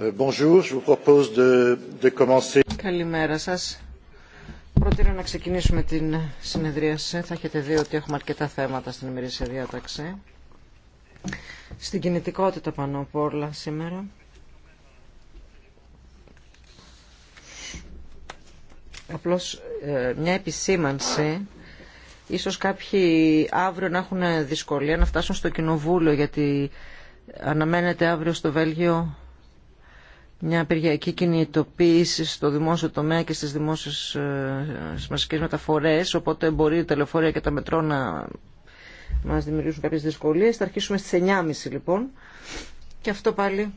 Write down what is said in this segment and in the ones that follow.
Euh, Καλημέρα σας. Προτείνω να ξεκινήσουμε την συνεδρίαση. Θα έχετε δει ότι έχουμε αρκετά θέματα στην ημερήσια διάταξη. Στην κινητικότητα πάνω από όλα σήμερα. Απλώς ε, μια επισήμανση Ίσως κάποιοι αύριο να έχουν δυσκολία να φτάσουν στο κοινοβούλιο γιατί αναμένεται αύριο στο Βέλγιο μια απεργιακή κινητοποίηση στο δημόσιο τομέα και στις δημόσιες ε, στις σημασικές μεταφορές, οπότε μπορεί η τηλεφορία και τα μετρό να μας δημιουργήσουν κάποιες δυσκολίες. Θα αρχίσουμε στις 9.30 λοιπόν και αυτό πάλι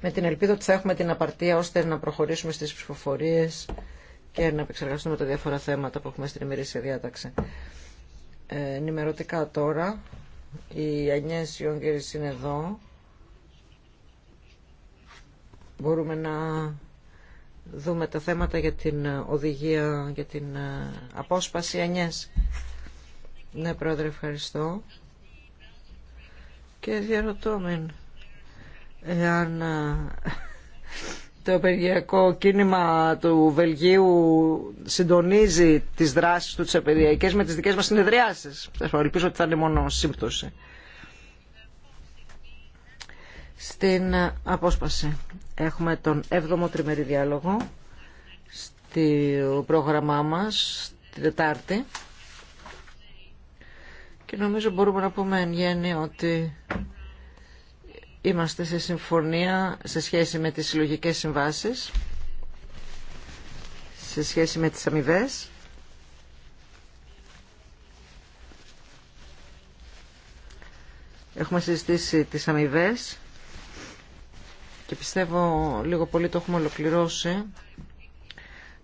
με την ελπίδα ότι θα έχουμε την απαρτία ώστε να προχωρήσουμε στις ψηφοφορίες και να επεξεργαστούμε τα διάφορα θέματα που έχουμε στην ημερήσια διάταξη. Ε, ενημερωτικά τώρα, οι Ανιές Ιόγκερης είναι εδώ μπορούμε να δούμε τα θέματα για την ε, οδηγία, για την ε, απόσπαση ενιές. Ναι, Πρόεδρε, ευχαριστώ. Και διαρωτώ εάν ε, το απεργιακό κίνημα του Βελγίου συντονίζει τις δράσεις του, τι με τις δικές μας συνεδριάσεις. Ελπίζω ότι θα είναι μόνο σύμπτωση. Στην απόσπαση Έχουμε τον 7ο τριμερή διάλογο στο πρόγραμμά μας τη Δετάρτη και νομίζω μπορούμε να πούμε εν γέννη ότι είμαστε σε συμφωνία σε σχέση με τις συλλογικέ συμβάσεις σε σχέση με τις αμοιβέ. Έχουμε συζητήσει τις αμοιβέ και πιστεύω λίγο πολύ το έχουμε ολοκληρώσει.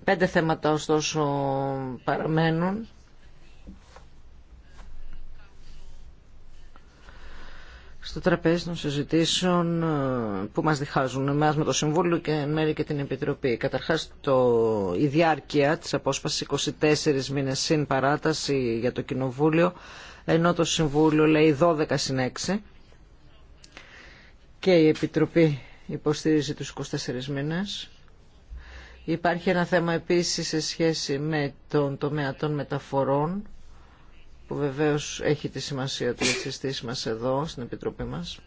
Πέντε θέματα ωστόσο παραμένουν. στο τραπέζι των συζητήσεων ε, που μας διχάζουν εμάς με το Συμβούλιο και εν μέρει και την Επιτροπή. Καταρχάς το, η διάρκεια της απόσπασης 24 μήνες συν παράταση για το Κοινοβούλιο ενώ το Συμβούλιο λέει 12 συν 6 και η Επιτροπή υποστήριζε τους 24 μήνες. Υπάρχει ένα θέμα επίσης σε σχέση με τον τομέα των μεταφορών, που βεβαίως έχει τη σημασία του εξιστής μας εδώ, στην Επιτροπή μας.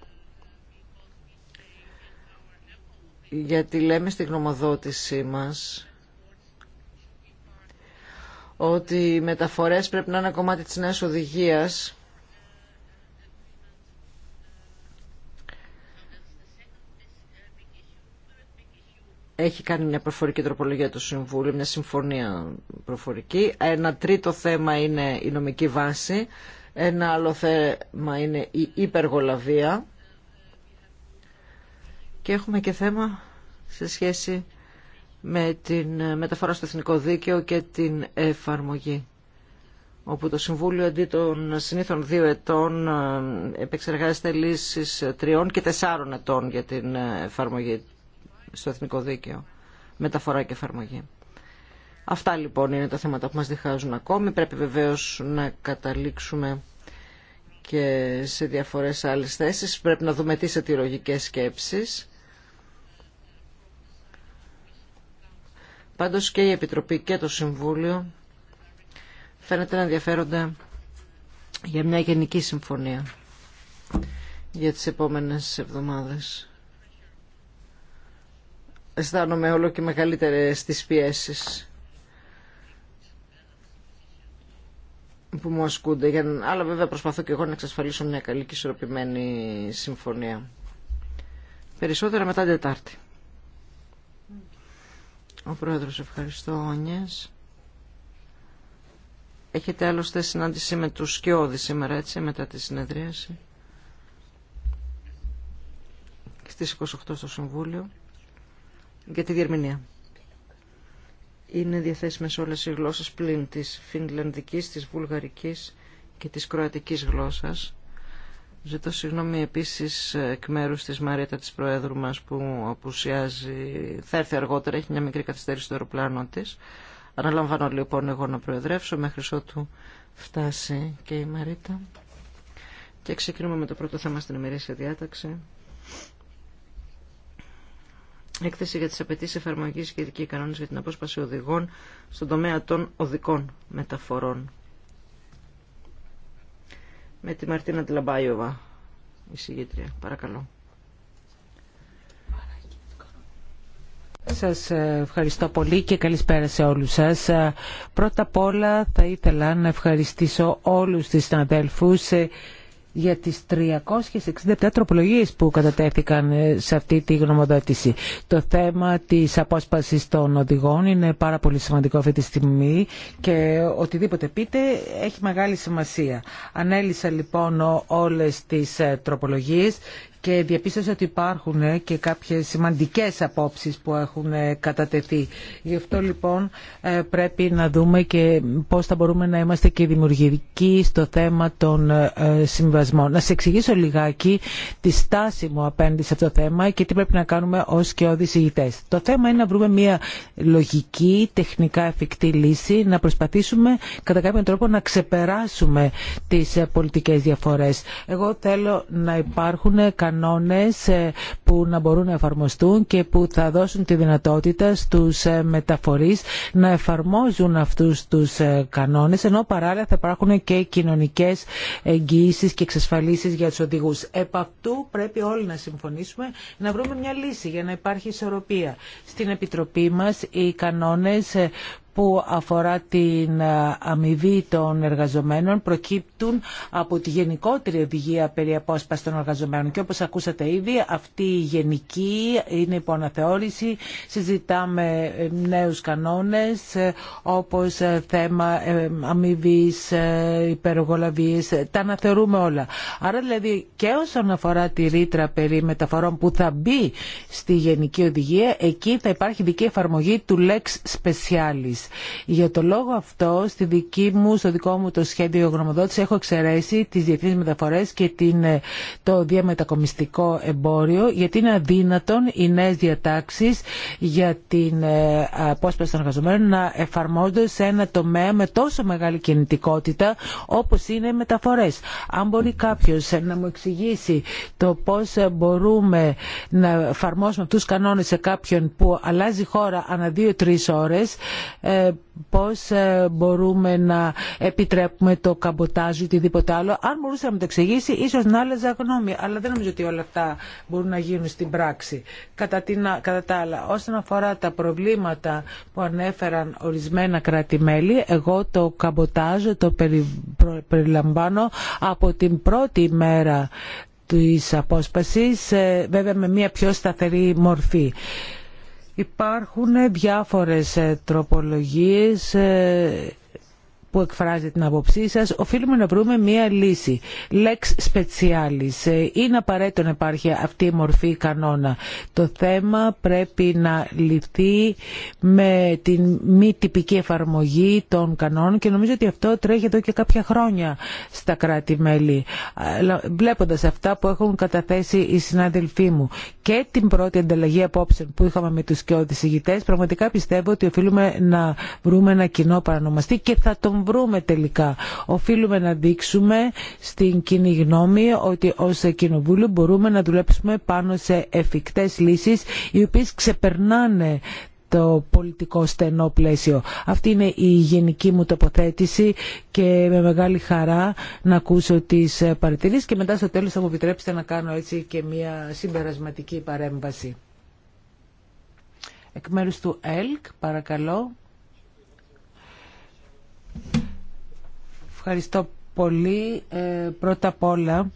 Γιατί λέμε στη γνωμοδότησή μας ότι οι μεταφορές πρέπει να είναι κομμάτι της νέας οδηγίας έχει κάνει μια προφορική τροπολογία του Συμβούλου, μια συμφωνία προφορική. Ένα τρίτο θέμα είναι η νομική βάση. Ένα άλλο θέμα είναι η υπεργολαβία. Και έχουμε και θέμα σε σχέση με την μεταφορά στο εθνικό δίκαιο και την εφαρμογή όπου το Συμβούλιο αντί των συνήθων δύο ετών ε, επεξεργάζεται λύσεις τριών και τεσσάρων ετών για την εφαρμογή στο εθνικό δίκαιο. Μεταφορά και εφαρμογή. Αυτά λοιπόν είναι τα θέματα που μας διχάζουν ακόμη. Πρέπει βεβαίως να καταλήξουμε και σε διαφορές άλλες θέσεις. Πρέπει να δούμε τις αιτιολογικές σκέψεις. Πάντως και η Επιτροπή και το Συμβούλιο φαίνεται να ενδιαφέρονται για μια γενική συμφωνία για τις επόμενες εβδομάδες αισθάνομαι όλο και μεγαλύτερες τις πιέσεις που μου ασκούνται. Για... Αλλά βέβαια προσπαθώ και εγώ να εξασφαλίσω μια καλή και ισορροπημένη συμφωνία. Περισσότερα μετά την Τετάρτη. Ο Πρόεδρος, ευχαριστώ, Όνιες. Έχετε άλλωστε συνάντηση με τους Σκιώδη σήμερα, έτσι, μετά τη συνεδρίαση. Στις 28 στο Συμβούλιο για τη διερμηνία. Είναι διαθέσιμες όλες οι γλώσσες πλην της φινλανδικής, της βουλγαρικής και της κροατικής γλώσσας. Ζητώ συγγνώμη επίσης εκ μέρου της Μαρίτα τη Προέδρου μας που απουσιάζει, θα έρθει αργότερα, έχει μια μικρή καθυστέρηση στο αεροπλάνο τη. Αναλαμβάνω λοιπόν εγώ να προεδρεύσω μέχρι ότου φτάσει και η Μαρίτα. Και ξεκινούμε με το πρώτο θέμα στην ημερήσια διάταξη. Έκθεση για τις απαιτήσει εφαρμογή και ειδικοί κανόνες για την απόσπαση οδηγών στον τομέα των οδικών μεταφορών. Με τη Μαρτίνα Τλαμπάιωβα, η Παρακαλώ. Σας ε, ευχαριστώ πολύ και καλησπέρα σε όλους σας. Ε, πρώτα απ' όλα θα ήθελα να ευχαριστήσω όλους τις συναδέλφους ε, για τις 367 τροπολογίες που κατατέθηκαν ε, σε αυτή τη γνωμοδότηση. Το θέμα της απόσπασης των οδηγών είναι πάρα πολύ σημαντικό αυτή τη στιγμή και οτιδήποτε πείτε έχει μεγάλη σημασία. Ανέλησα λοιπόν όλες τις ε, τροπολογίες και διαπίστωσα ότι υπάρχουν ε, και κάποιες σημαντικές απόψεις που έχουν ε, κατατεθεί. Γι' αυτό λοιπόν ε, πρέπει να δούμε και πώς θα μπορούμε να είμαστε και δημιουργικοί στο θέμα των συμβασμών. Να σε εξηγήσω λιγάκι τη στάση μου απέναντι σε αυτό το θέμα και τι πρέπει να κάνουμε ως και οδησηγητές. Το θέμα είναι να βρούμε μια λογική, τεχνικά εφικτή λύση, να προσπαθήσουμε κατά κάποιον τρόπο να ξεπεράσουμε τις πολιτικές διαφορές. Εγώ θέλω να υπάρχουν κανόνες ε, που να μπορούν να εφαρμοστούν και που θα δώσουν τη δυνατότητα στους ε, μεταφορείς να εφαρμόζουν αυτούς τους ε, κανόνες ενώ παράλληλα θα υπάρχουν και κοινωνικές εγγυήσεις και εξασφαλίσεις για τους οδηγούς. Επ' αυτού πρέπει όλοι να συμφωνήσουμε να βρούμε μια λύση για να υπάρχει ισορροπία. Στην Επιτροπή μας οι κανόνες που αφορά την ε, αμοιβή των εργαζομένων προκύπτουν από τη γενικότερη οδηγία περί απόσπαση των εργαζομένων. Και όπως ακούσατε ήδη, αυτή η γενική είναι υπό αναθεώρηση. Συζητάμε ε, νέους κανόνες ε, όπως θέμα αμοιβή, υπεργολαβίες. Τα αναθεωρούμε όλα. Άρα δηλαδή και όσον αφορά τη ρήτρα περί μεταφορών που θα μπει στη γενική οδηγία, εκεί θα υπάρχει δική εφαρμογή του Lex Specialis. Για το λόγο αυτό, στη δική μου, στο δικό μου το σχέδιο γνωμοδότηση έχω εξαιρέσει τις διεθνείς μεταφορές και την, ε, το διαμετακομιστικό εμπόριο, γιατί είναι αδύνατον οι νέε διατάξεις για την ε, απόσπαση των εργαζομένων να εφαρμόζονται σε ένα τομέα με τόσο μεγάλη κινητικότητα όπως είναι οι μεταφορές. Αν μπορεί κάποιος ε, να μου εξηγήσει το πώς μπορούμε να εφαρμόσουμε αυτούς τους κανόνες σε κάποιον που αλλάζει χώρα ανά δύο-τρεις ώρες, ε, πώς ε, μπορούμε να επιτρέπουμε το καμποτάζ ή οτιδήποτε άλλο. Αν μπορούσε να μου το εξηγήσει, ίσως να άλλαζα γνώμη. Αλλά δεν νομίζω ότι όλα αυτά μπορούν να γίνουν στην πράξη. Κατά, την, κατά τα άλλα, όσον αφορά τα προβλήματα που ανέφεραν ορισμένα κράτη-μέλη, εγώ το καμποτάζ το περιλαμβάνω από την πρώτη μέρα της απόσπασης, ε, βέβαια με μια πιο σταθερή μορφή. Υπάρχουν διάφορες ε, τροπολογίες ε, που εκφράζει την άποψή σας, οφείλουμε να βρούμε μία λύση. Lex specialis. Ε, είναι απαραίτητο να υπάρχει αυτή η μορφή κανόνα. Το θέμα πρέπει να ληφθεί με την μη τυπική εφαρμογή των κανόνων και νομίζω ότι αυτό τρέχει εδώ και κάποια χρόνια στα κράτη-μέλη. Βλέποντας αυτά που έχουν καταθέσει οι συνάδελφοί μου και την πρώτη ανταλλαγή απόψεων που είχαμε με τους και ηγητές, πραγματικά πιστεύω ότι οφείλουμε να βρούμε ένα κοινό παρανομαστή και θα τον βρούμε τελικά. Οφείλουμε να δείξουμε στην κοινή γνώμη ότι ως κοινοβούλιο μπορούμε να δουλέψουμε πάνω σε εφικτές λύσεις οι οποίες ξεπερνάνε το πολιτικό στενό πλαίσιο. Αυτή είναι η γενική μου τοποθέτηση και με μεγάλη χαρά να ακούσω τις παρατηρήσεις και μετά στο τέλος θα μου επιτρέψετε να κάνω έτσι και μια συμπερασματική παρέμβαση. Εκ μέρους του ΕΛΚ, παρακαλώ. Ευχαριστώ πολύ. Ε, πρώτα απ' όλα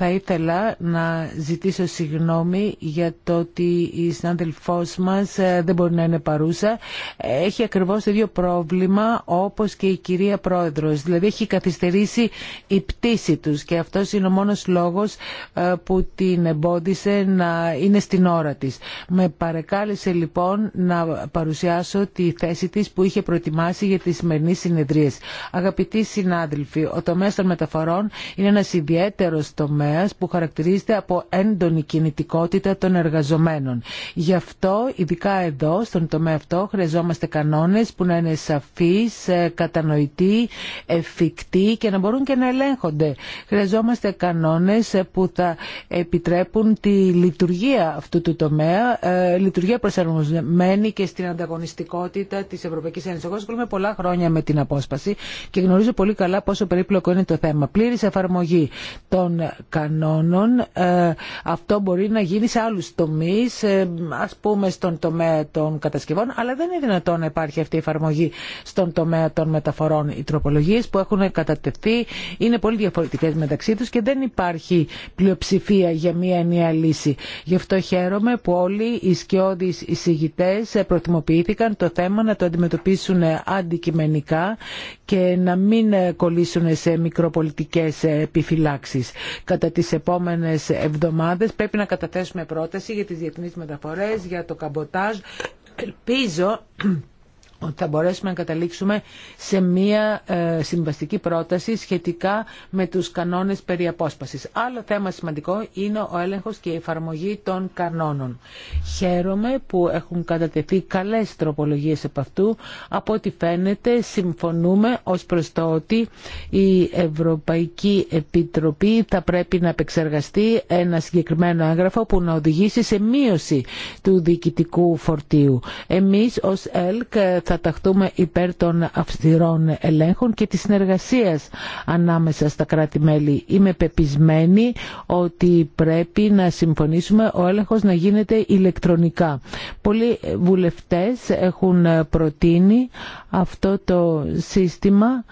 θα ήθελα να ζητήσω συγγνώμη για το ότι η συνάδελφός μας ε, δεν μπορεί να είναι παρούσα. Έχει ακριβώς το ίδιο πρόβλημα όπως και η κυρία Πρόεδρος. Δηλαδή έχει καθυστερήσει η πτήση τους και αυτός είναι ο μόνος λόγος ε, που την εμπόδισε να είναι στην ώρα της. Με παρεκάλεσε λοιπόν να παρουσιάσω τη θέση της που είχε προετοιμάσει για τις σημερινή συνεδρίες. Αγαπητοί συνάδελφοι, ο τομέας των μεταφορών είναι ένας ιδιαίτερος τομέας που χαρακτηρίζεται από έντονη κινητικότητα των εργαζομένων. Γι' αυτό, ειδικά εδώ, στον τομέα αυτό, χρειαζόμαστε κανόνες που να είναι σαφείς, ε, κατανοητοί, εφικτοί και να μπορούν και να ελέγχονται. Χρειαζόμαστε κανόνες ε, που θα επιτρέπουν τη λειτουργία αυτού του τομέα, ε, λειτουργία προσαρμοσμένη και στην ανταγωνιστικότητα της Ευρωπαϊκής Ένωσης. Εγώ ασχολούμαι πολλά χρόνια με την απόσπαση και γνωρίζω πολύ καλά πόσο περίπλοκο είναι το θέμα. Πλήρη εφαρμογή των κανόνων ε, αυτό μπορεί να γίνει σε άλλους τομείς, ε, ας πούμε στον τομέα των κατασκευών, αλλά δεν είναι δυνατόν να υπάρχει αυτή η εφαρμογή στον τομέα των μεταφορών. Οι τροπολογίες που έχουν κατατεθεί είναι πολύ διαφορετικές μεταξύ τους και δεν υπάρχει πλειοψηφία για μία ενιαία λύση. Γι' αυτό χαίρομαι που όλοι οι σκιώδεις εισηγητές ε, προτιμοποιήθηκαν το θέμα να το αντιμετωπίσουν αντικειμενικά και να μην κολλήσουν σε μικροπολιτικές επιφυλάξεις. Κατά τις επόμενες εβδομάδες. Πρέπει να καταθέσουμε πρόταση για τις διεθνείς μεταφορές, για το καμποτάζ. Ελπίζω ότι θα μπορέσουμε να καταλήξουμε σε μία ε, συμβαστική πρόταση σχετικά με τους κανόνες περί απόσπασης. Άλλο θέμα σημαντικό είναι ο έλεγχος και η εφαρμογή των κανόνων. Χαίρομαι που έχουν κατατεθεί καλές τροπολογίες από αυτού. Από ό,τι φαίνεται συμφωνούμε ως προς το ότι η Ευρωπαϊκή Επιτροπή θα πρέπει να επεξεργαστεί ένα συγκεκριμένο έγγραφο που να οδηγήσει σε μείωση του διοικητικού φορτίου. Εμείς ως ΕΛΚ θα ταχτούμε υπέρ των αυστηρών ελέγχων και της συνεργασίας ανάμεσα στα κράτη-μέλη. Είμαι πεπισμένη ότι πρέπει να συμφωνήσουμε ο έλεγχος να γίνεται ηλεκτρονικά. Πολλοί βουλευτές έχουν προτείνει αυτό το σύστημα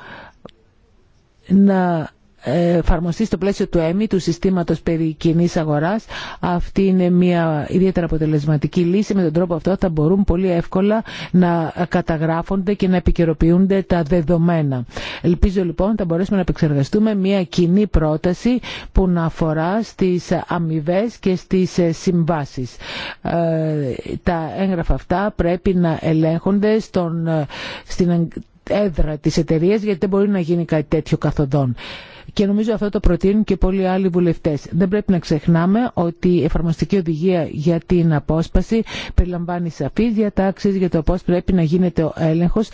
να εφαρμοστεί στο πλαίσιο του ΕΜΗ, του συστήματος περί κοινή αγορά. Αυτή είναι μια ιδιαίτερα αποτελεσματική λύση. Με τον τρόπο αυτό θα μπορούν πολύ εύκολα να καταγράφονται και να επικαιροποιούνται τα δεδομένα. Ελπίζω λοιπόν θα μπορέσουμε να επεξεργαστούμε μια κοινή πρόταση που να αφορά στις αμοιβέ και στις συμβάσεις. Ε, τα έγγραφα αυτά πρέπει να ελέγχονται στον, στην έδρα της εταιρείας γιατί δεν μπορεί να γίνει κάτι τέτοιο καθοδόν και νομίζω αυτό το προτείνουν και πολλοί άλλοι βουλευτές. Δεν πρέπει να ξεχνάμε ότι η εφαρμοστική οδηγία για την απόσπαση περιλαμβάνει σαφείς διατάξεις για το πώς πρέπει να γίνεται ο έλεγχος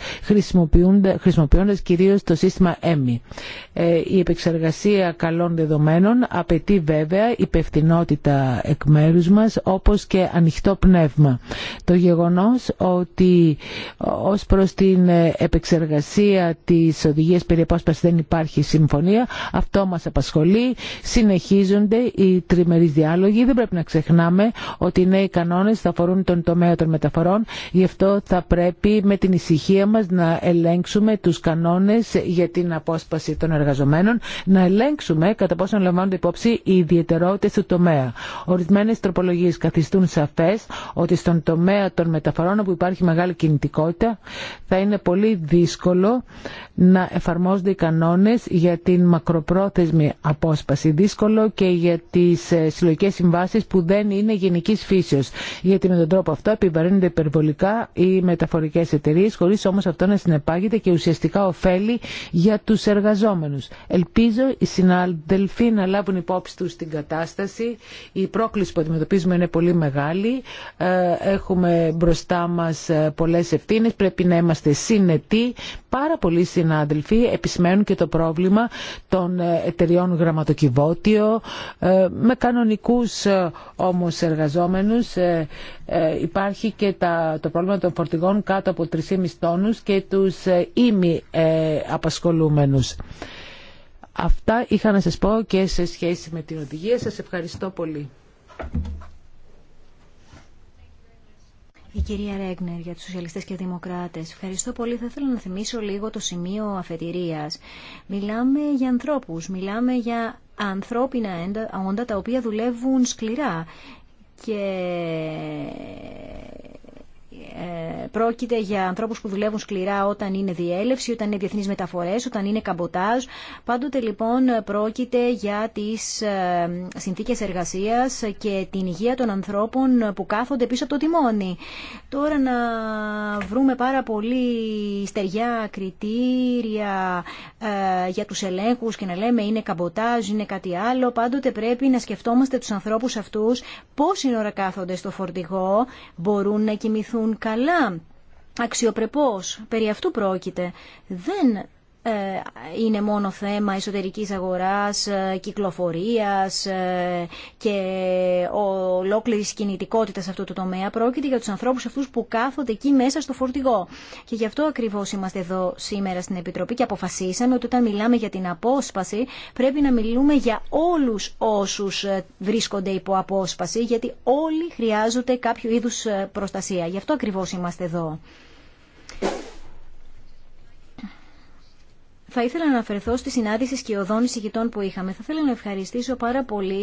χρησιμοποιώντας κυρίως το σύστημα Ε, Η επεξεργασία καλών δεδομένων απαιτεί βέβαια υπευθυνότητα εκ μέρους μας όπως και ανοιχτό πνεύμα. Το γεγονός ότι ως προς την επεξεργασία της οδηγίας περί απόσπασης δεν υπάρχει συμφωνία αυτό μας απασχολεί. Συνεχίζονται οι τριμερείς διάλογοι. Δεν πρέπει να ξεχνάμε ότι οι νέοι κανόνες θα αφορούν τον τομέα των μεταφορών. Γι' αυτό θα πρέπει με την ησυχία μας να ελέγξουμε τους κανόνες για την απόσπαση των εργαζομένων, να ελέγξουμε κατά πόσο λαμβάνονται υπόψη οι ιδιαιτερότητες του τομέα. Ορισμένες τροπολογίες καθιστούν σαφές ότι στον τομέα των μεταφορών όπου υπάρχει μεγάλη κινητικότητα θα είναι πολύ δύσκολο να εφαρμόζονται οι κανόνες για την μακρο μακροπρόθεσμη απόσπαση. Δύσκολο και για τις ε, συλλογικέ συμβάσεις που δεν είναι γενικής φύσεως. Γιατί με τον τρόπο αυτό επιβαρύνονται υπερβολικά οι μεταφορικές εταιρείε, χωρίς όμως αυτό να συνεπάγεται και ουσιαστικά ωφέλη για τους εργαζόμενους. Ελπίζω οι συναδελφοί να λάβουν υπόψη τους την κατάσταση. Η πρόκληση που αντιμετωπίζουμε είναι πολύ μεγάλη. Ε, έχουμε μπροστά μας ε, πολλές ευθύνε, πρέπει να είμαστε συνετοί. Πάρα πολλοί συνάδελφοι επισημαίνουν και το πρόβλημα των των ε, εταιριών γραμματοκιβώτιο ε, με κανονικούς όμως ε, εργαζόμενους υπάρχει και το πρόβλημα των φορτηγών κάτω από 3,5 τόνους και τους ήμι απασχολούμενους. Αυτά είχα να σας πω και σε σχέση με την οδηγία. Σας ευχαριστώ πολύ. Η κυρία Ρέγνερ για τους σοσιαλιστές και δημοκράτες. Ευχαριστώ πολύ. Θα ήθελα να θυμίσω λίγο το σημείο αφετηρίας. Μιλάμε για ανθρώπους, μιλάμε για ανθρώπινα όντα τα οποία δουλεύουν σκληρά. Και ε, πρόκειται για ανθρώπους που δουλεύουν σκληρά όταν είναι διέλευση, όταν είναι διεθνείς μεταφορές, όταν είναι καμποτάζ. Πάντοτε λοιπόν πρόκειται για τις ε, συνθήκες εργασίας και την υγεία των ανθρώπων που κάθονται πίσω από το τιμόνι. Τώρα να βρούμε πάρα πολύ στεριά κριτήρια ε, για τους ελέγχους και να λέμε είναι καμποτάζ, είναι κάτι άλλο. Πάντοτε πρέπει να σκεφτόμαστε τους ανθρώπους αυτούς πώς είναι ώρα κάθονται στο φορτηγό, μπορούν να κοιμηθούν καλά, αξιοπρεπώς, περί αυτού πρόκειται. Δεν ε, είναι μόνο θέμα εσωτερικής αγοράς, ε, κυκλοφορίας ε, και ολόκληρης κινητικότητας αυτό του τομέα. Πρόκειται για τους ανθρώπους αυτούς που κάθονται εκεί μέσα στο φορτηγό. Και γι' αυτό ακριβώς είμαστε εδώ σήμερα στην Επιτροπή και αποφασίσαμε ότι όταν μιλάμε για την απόσπαση πρέπει να μιλούμε για όλους όσους βρίσκονται υπό απόσπαση γιατί όλοι χρειάζονται κάποιο είδους προστασία. Γι' αυτό ακριβώς είμαστε εδώ. Θα ήθελα να αναφερθώ στη συνάντηση σκιωδών εισηγητών που είχαμε. Θα ήθελα να ευχαριστήσω πάρα πολύ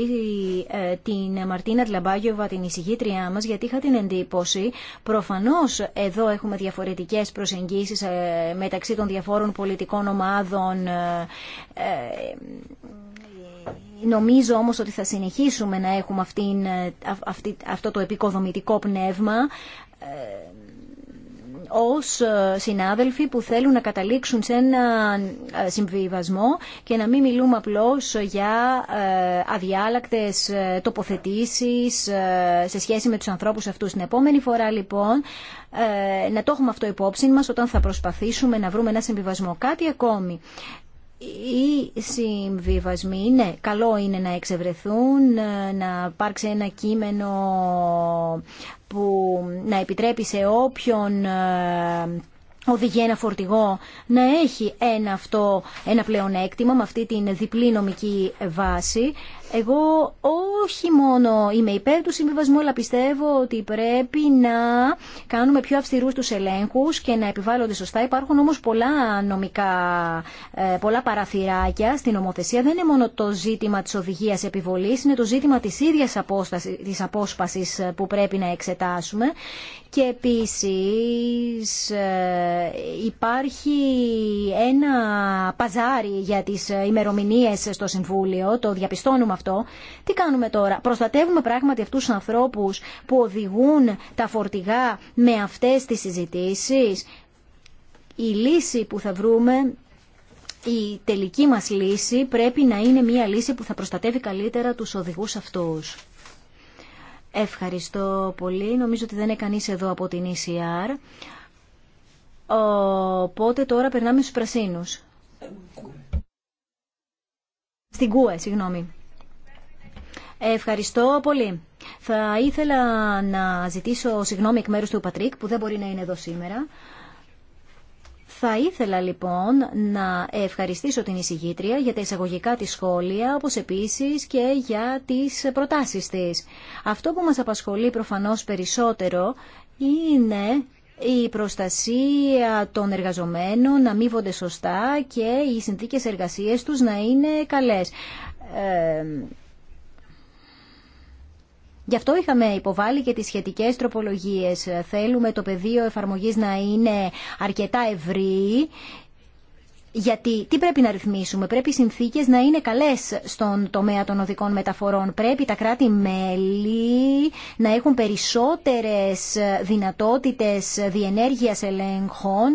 ε, την Μαρτίνα Τλαμπάγιοβα, την εισηγήτριά μα γιατί είχα την εντύπωση, προφανώς εδώ έχουμε διαφορετικές προσεγγίσεις ε, μεταξύ των διαφόρων πολιτικών ομάδων, ε, Νομίζω όμως ότι θα συνεχίσουμε να έχουμε αυτό το επικοδομητικό πνεύμα ως ε, συνάδελφοι που θέλουν να καταλήξουν σε ένα ε, συμβιβασμό και να μην μιλούμε απλώς για ε, αδιάλακτες τοποθετήσεις σε σχέση με τους ανθρώπους αυτούς. Την επόμενη φορά λοιπόν να το έχουμε αυτό υπόψη μας όταν θα προσπαθήσουμε να βρούμε ένα συμβιβασμό. Κάτι ακόμη οι συμβιβασμοί είναι, καλό είναι να εξευρεθούν, να υπάρξει ένα κείμενο που να επιτρέπει σε όποιον ε, οδηγεί ένα φορτηγό να έχει ένα, αυτό, ένα πλεονέκτημα με αυτή την διπλή νομική βάση. Εγώ όχι μόνο είμαι υπέρ του συμβιβασμού, αλλά πιστεύω ότι πρέπει να κάνουμε πιο αυστηρούς τους ελέγχους και να επιβάλλονται σωστά. Υπάρχουν όμως πολλά νομικά, ε, πολλά παραθυράκια στην ομοθεσία. Δεν είναι μόνο το ζήτημα της οδηγίας επιβολής, είναι το ζήτημα της ίδιας απόστασης, της απόσπασης ε, που πρέπει να εξετάσουμε. Και επίσης ε, υπάρχει ένα παζάρι για τις ημερομηνίες στο Συμβούλιο, το διαπιστώνουμε τι κάνουμε τώρα, προστατεύουμε πράγματι αυτούς τους ανθρώπους που οδηγούν τα φορτηγά με αυτές τις συζητήσει. Η λύση που θα βρούμε η τελική μας λύση πρέπει να είναι μια λύση που θα προστατεύει καλύτερα τους οδηγούς αυτούς. Ευχαριστώ πολύ. Νομίζω ότι δεν είναι κανείς εδώ από την ECR. Οπότε τώρα περνάμε στους πρασίνους. Στην ΚΟΕ, συγγνώμη. Ευχαριστώ πολύ. Θα ήθελα να ζητήσω συγγνώμη εκ μέρους του Πατρίκ που δεν μπορεί να είναι εδώ σήμερα. Θα ήθελα λοιπόν να ευχαριστήσω την εισηγήτρια για τα εισαγωγικά της σχόλια, όπως επίσης και για τις προτάσεις της. Αυτό που μας απασχολεί προφανώς περισσότερο είναι η προστασία των εργαζομένων να μείβονται σωστά και οι συνθήκες εργασίες τους να είναι καλές. Ε, Γι' αυτό είχαμε υποβάλει και τις σχετικές τροπολογίες. Θέλουμε το πεδίο εφαρμογής να είναι αρκετά ευρύ. Γιατί τι πρέπει να ρυθμίσουμε, πρέπει οι συνθήκες να είναι καλές στον τομέα των οδικών μεταφορών. Πρέπει τα κράτη-μέλη να έχουν περισσότερες δυνατότητες διενέργειας ελέγχων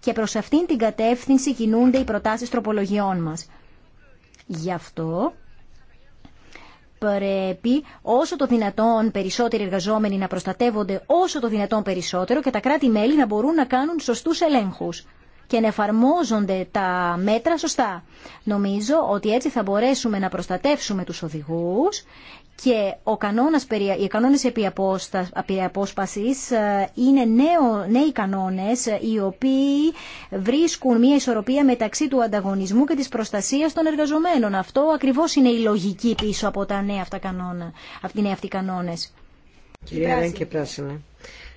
και προς αυτήν την κατεύθυνση κινούνται οι προτάσεις τροπολογιών μας. Γι' αυτό πρέπει όσο το δυνατόν περισσότεροι εργαζόμενοι να προστατεύονται όσο το δυνατόν περισσότερο και τα κράτη-μέλη να μπορούν να κάνουν σωστούς ελέγχους και να εφαρμόζονται τα μέτρα σωστά. Νομίζω ότι έτσι θα μπορέσουμε να προστατεύσουμε τους οδηγούς και ο κανόνας, οι κανόνες επί απόσπασης ε, είναι νέο, νέοι κανόνες ε, οι οποίοι βρίσκουν μια ισορροπία μεταξύ του ανταγωνισμού και της προστασίας των εργαζομένων. Αυτό ακριβώς είναι η λογική πίσω από τα νέα αυτά κανόνα, αυτοί αυτοί κανόνες. Κυρία Ρέν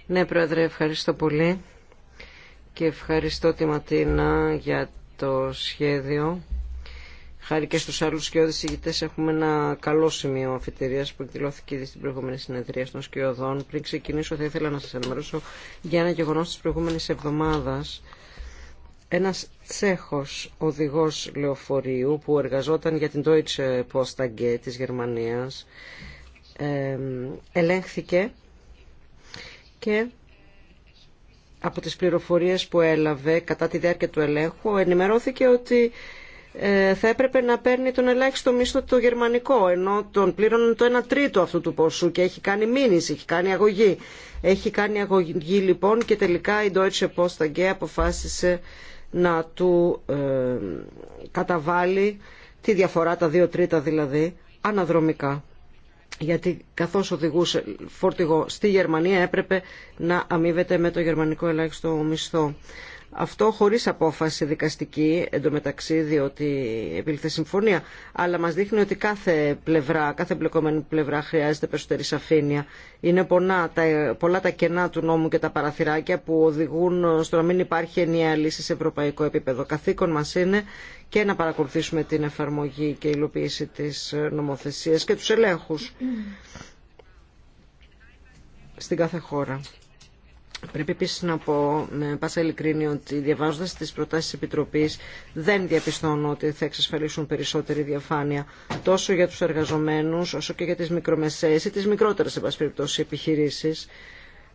Ναι, Πρόεδρε, ευχαριστώ πολύ και ευχαριστώ τη Ματίνα για το σχέδιο. Χάρη και στους άλλους σκιώδες ηγητές έχουμε ένα καλό σημείο αφιτερίας που εκδηλώθηκε ήδη στην προηγούμενη συνεδρία των σκιωδών. Πριν ξεκινήσω θα ήθελα να σας ενημερώσω για ένα γεγονός της προηγούμενης εβδομάδας. Ένας Τσέχος οδηγός λεωφορείου που εργαζόταν για την Deutsche Post AG της Γερμανίας ελέγχθηκε και από τις πληροφορίες που έλαβε κατά τη διάρκεια του ελέγχου ενημερώθηκε ότι ε, θα έπρεπε να παίρνει τον ελάχιστο μισθό το γερμανικό ενώ τον πλήρωνε το 1 τρίτο αυτού του ποσού και έχει κάνει μήνυση, έχει κάνει αγωγή. Έχει κάνει αγωγή λοιπόν και τελικά η Deutsche Post AG αποφάσισε να του ε, καταβάλει τη διαφορά, τα 2 τρίτα δηλαδή, αναδρομικά γιατί καθώς οδηγούσε φορτηγό στη Γερμανία έπρεπε να αμείβεται με το γερμανικό ελάχιστο μισθό. Αυτό χωρίς απόφαση δικαστική εντωμεταξύ διότι επήλθε συμφωνία αλλά μας δείχνει ότι κάθε πλευρά, κάθε εμπλεκόμενη πλευρά χρειάζεται περισσότερη σαφήνεια. Είναι πολλά τα, πολλά τα κενά του νόμου και τα παραθυράκια που οδηγούν στο να μην υπάρχει ενιαία λύση σε ευρωπαϊκό επίπεδο. Καθήκον μας είναι και να παρακολουθήσουμε την εφαρμογή και υλοποίηση της νομοθεσίας και τους ελέγχους στην κάθε χώρα. Πρέπει επίση να πω με πάσα ειλικρίνη ότι διαβάζοντα τι προτάσει τη Επιτροπή δεν διαπιστώνω ότι θα εξασφαλίσουν περισσότερη διαφάνεια τόσο για του εργαζομένου όσο και για τι μικρομεσαίε ή τι μικρότερε επιχειρήσει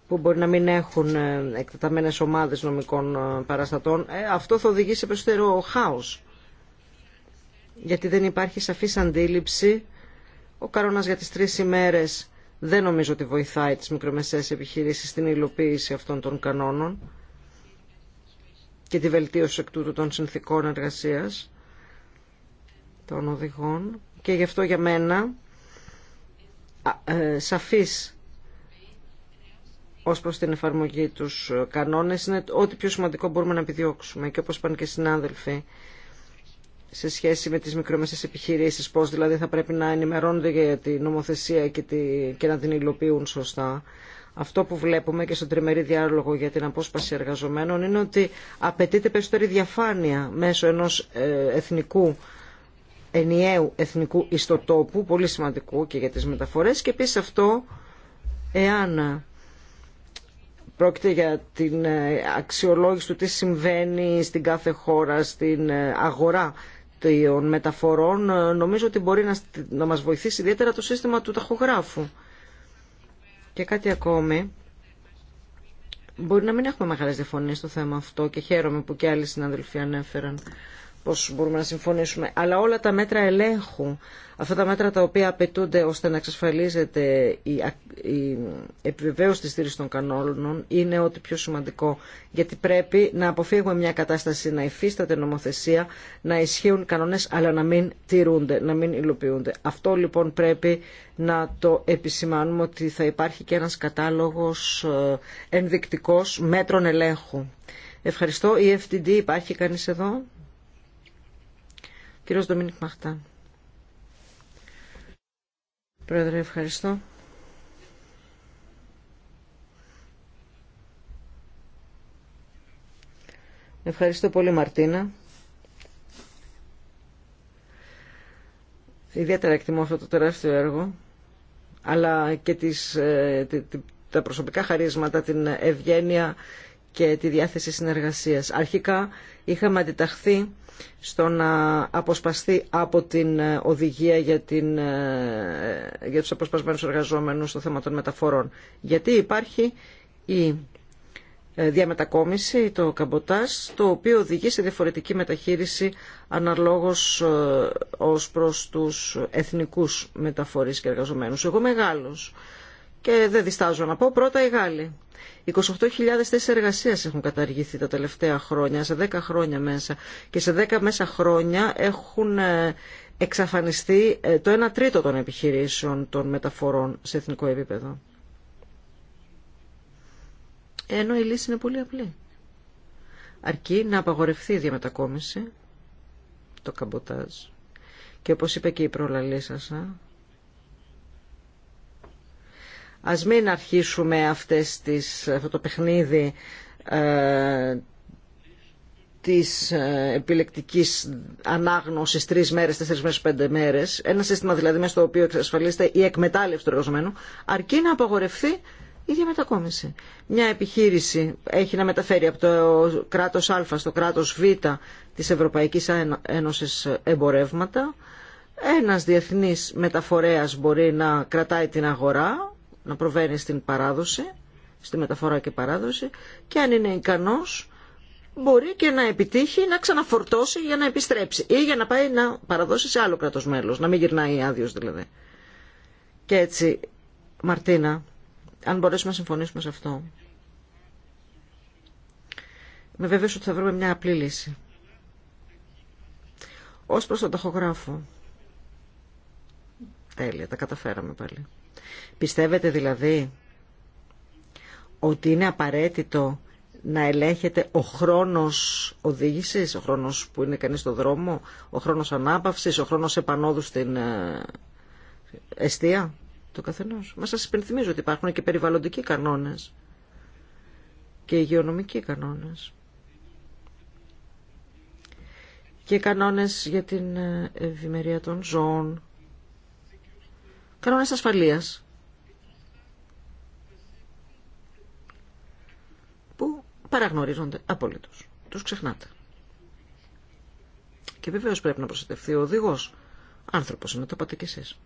που μπορεί να μην έχουν ε, εκτεταμένε ομάδε νομικών ε, παραστατών. Ε, αυτό θα οδηγήσει σε περισσότερο χάο. Γιατί δεν υπάρχει σαφή αντίληψη. Ο καρόνα για τι τρει ημέρε δεν νομίζω ότι βοηθάει τις μικρομεσαίες επιχειρήσεις στην υλοποίηση αυτών των κανόνων και τη βελτίωση εκ τούτου των συνθήκων εργασίας των οδηγών και γι' αυτό για μένα ε, σαφής ως προς την εφαρμογή τους κανόνες είναι ό,τι πιο σημαντικό μπορούμε να επιδιώξουμε και όπως είπαν και οι συνάδελφοι σε σχέση με τις μικρομεσαίες επιχειρήσεις, πώς δηλαδή θα πρέπει να ενημερώνονται για τη νομοθεσία και, τη, και να την υλοποιούν σωστά. Αυτό που βλέπουμε και στον τριμερή διάλογο για την απόσπαση εργαζομένων είναι ότι απαιτείται περισσότερη διαφάνεια μέσω ενός ε, εθνικού ενιαίου εθνικού ιστοτόπου, πολύ σημαντικού και για τις μεταφορές και επίσης αυτό εάν πρόκειται για την ε, αξιολόγηση του τι συμβαίνει στην κάθε χώρα, στην ε, αγορά των μεταφορών ε, νομίζω ότι μπορεί να μας βοηθήσει ιδιαίτερα το σύστημα του ταχογράφου. Και κάτι ακόμη, μπορεί να μην έχουμε μεγάλες διαφωνίες στο θέμα αυτό και χαίρομαι που και άλλοι συναδελφοί ανέφεραν πώς μπορούμε να συμφωνήσουμε, αλλά όλα τα μέτρα ελέγχου, αυτά τα μέτρα τα οποία απαιτούνται ώστε να εξασφαλίζεται η, η επιβεβαίωση της στήριξης των κανόνων, είναι ότι πιο σημαντικό, γιατί πρέπει να αποφύγουμε μια κατάσταση να υφίσταται νομοθεσία, να ισχύουν κανόνες, αλλά να μην τηρούνται, να μην υλοποιούνται. Αυτό λοιπόν πρέπει να το επισημάνουμε ότι θα υπάρχει και ένας κατάλογος ε, ενδεικτικός μέτρων ελέγχου. Ευχαριστώ. Η FTD υπάρχει κανείς εδώ. Κύριος Ντομίνικ Μαχτάν. Πρόεδρε, ευχαριστώ. Ευχαριστώ πολύ Μαρτίνα. Ιδιαίτερα εκτιμώ αυτό το τεράστιο έργο, αλλά και τις, ε, τα προσωπικά χαρίσματα, την ευγένεια και τη διάθεση συνεργασίας. Αρχικά είχαμε αντιταχθεί στο να αποσπαστεί από την ε, οδηγία για, την, ε, για τους αποσπασμένους εργαζόμενους στο θέμα των μεταφορών. Γιατί υπάρχει η ε, διαμετακόμιση, το καμποτάζ, το οποίο οδηγεί σε διαφορετική μεταχείριση αναλόγως ως προς τους εθνικούς μεταφορείς και εργαζομένους. Εγώ μεγάλος και δεν διστάζω να πω πρώτα οι Γάλλοι. 28.000 θέσει εργασία έχουν καταργηθεί τα τελευταία χρόνια, σε 10 χρόνια μέσα. Και σε 10 μέσα χρόνια έχουν ε, εξαφανιστεί ε, το 1 τρίτο των επιχειρήσεων των μεταφορών σε εθνικό επίπεδο. Ενώ η λύση είναι πολύ απλή. Αρκεί να απαγορευτεί η διαμετακόμιση, το καμποτάζ. Και όπως είπε και η προλαλή σας, ε, Ας μην αρχίσουμε αυτές τις, αυτό το παιχνίδι ε, της ε, επιλεκτικής ανάγνωσης τρεις μέρες, τέσσερις μέρες, πέντε μέρες, ένα σύστημα δηλαδή μέσα στο οποίο εξασφαλίζεται η εκμετάλλευση του εργαζομένου, αρκεί να απαγορευτεί η διαμετακόμιση. Μια επιχείρηση έχει να μεταφέρει από το κράτος Α στο κράτος Β της Ευρωπαϊκής Ένωσης εμπορεύματα. Ένας διεθνής μεταφορέας μπορεί να κρατάει την αγορά να προβαίνει στην παράδοση, στη μεταφορά και παράδοση και αν είναι ικανός μπορεί και να επιτύχει να ξαναφορτώσει για να επιστρέψει ή για να πάει να παραδώσει σε άλλο κράτος μέλος, να μην γυρνάει άδειος δηλαδή. Και έτσι, Μαρτίνα, αν μπορέσουμε να συμφωνήσουμε σε αυτό, με βέβαιος ότι θα βρούμε μια απλή λύση. Ως προς τον ταχογράφο. Τέλεια, τα καταφέραμε πάλι. Πιστεύετε δηλαδή ότι είναι απαραίτητο να ελέγχεται ο χρόνος οδήγησης, ο χρόνος που είναι κανείς στο δρόμο, ο χρόνος ανάπαυσης, ο χρόνος επανόδου στην εστία του καθενός. Μα σας υπενθυμίζω ότι υπάρχουν και περιβαλλοντικοί κανόνες και υγειονομικοί κανόνες και κανόνες για την ε, ευημερία των ζώων κανόνες ασφαλείας που παραγνωρίζονται απολύτως. Τους ξεχνάτε. Και βεβαίως πρέπει να προστατευτεί ο οδηγός. Άνθρωπος είναι, το πάτε κι εσείς.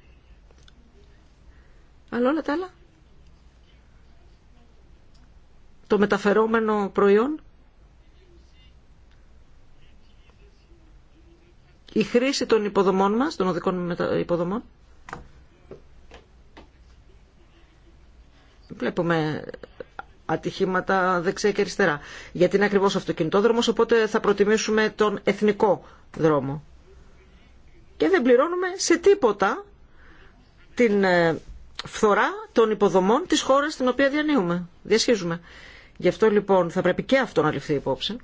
Αλλά όλα τα άλλα. Το μεταφερόμενο προϊόν. Η χρήση των υποδομών μας, των οδικών υποδομών. βλέπουμε ατυχήματα δεξιά και αριστερά. Γιατί είναι ακριβώς αυτοκινητόδρομος, οπότε θα προτιμήσουμε τον εθνικό δρόμο. Και δεν πληρώνουμε σε τίποτα την ε, φθορά των υποδομών της χώρας στην οποία διανύουμε, διασχίζουμε. Γι' αυτό λοιπόν θα πρέπει και αυτό να ληφθεί υπόψη.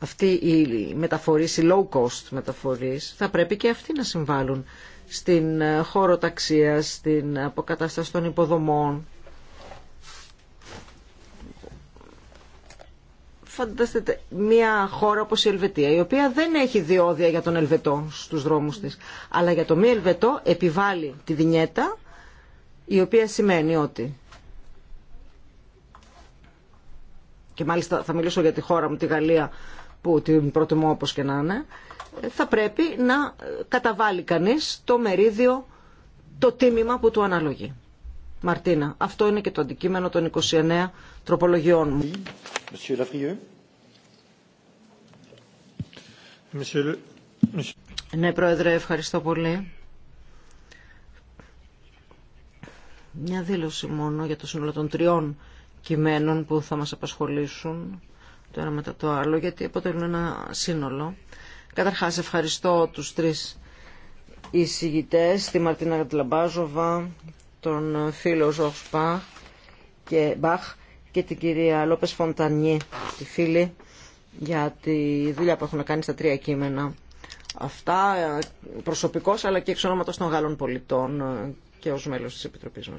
Αυτή η μεταφορή, η low cost μεταφορής, θα πρέπει και αυτοί να συμβάλλουν στην ε, χώρο ταξίας, στην αποκατάσταση των υποδομών. Φανταστείτε, μια χώρα όπως η Ελβετία, η οποία δεν έχει διόδια για τον Ελβετό στους δρόμους της, αλλά για το μη Ελβετό επιβάλλει τη δινιέτα, η οποία σημαίνει ότι και μάλιστα θα μιλήσω για τη χώρα μου, τη Γαλλία, που την προτιμώ όπως και να είναι, θα πρέπει να καταβάλει κανείς το μερίδιο, το τίμημα που του αναλογεί. Μαρτίνα, αυτό είναι και το αντικείμενο των 29 τροπολογιών μου. Ναι, Πρόεδρε, ευχαριστώ πολύ. Μια δήλωση μόνο για το σύνολο των τριών κειμένων που θα μας απασχολήσουν το ένα μετά το άλλο, γιατί αποτελούν ένα σύνολο. Καταρχάς ευχαριστώ τους τρεις εισηγητές, τη Μαρτίνα Γατλαμπάζοβα, τον φίλο και, Μπαχ και την κυρία Λόπες Φοντανιέ, τη φίλη, για τη δουλειά που έχουν κάνει στα τρία κείμενα. Αυτά προσωπικός αλλά και εξ ονόματος των Γάλλων πολιτών και ως μέλος της Επιτροπής.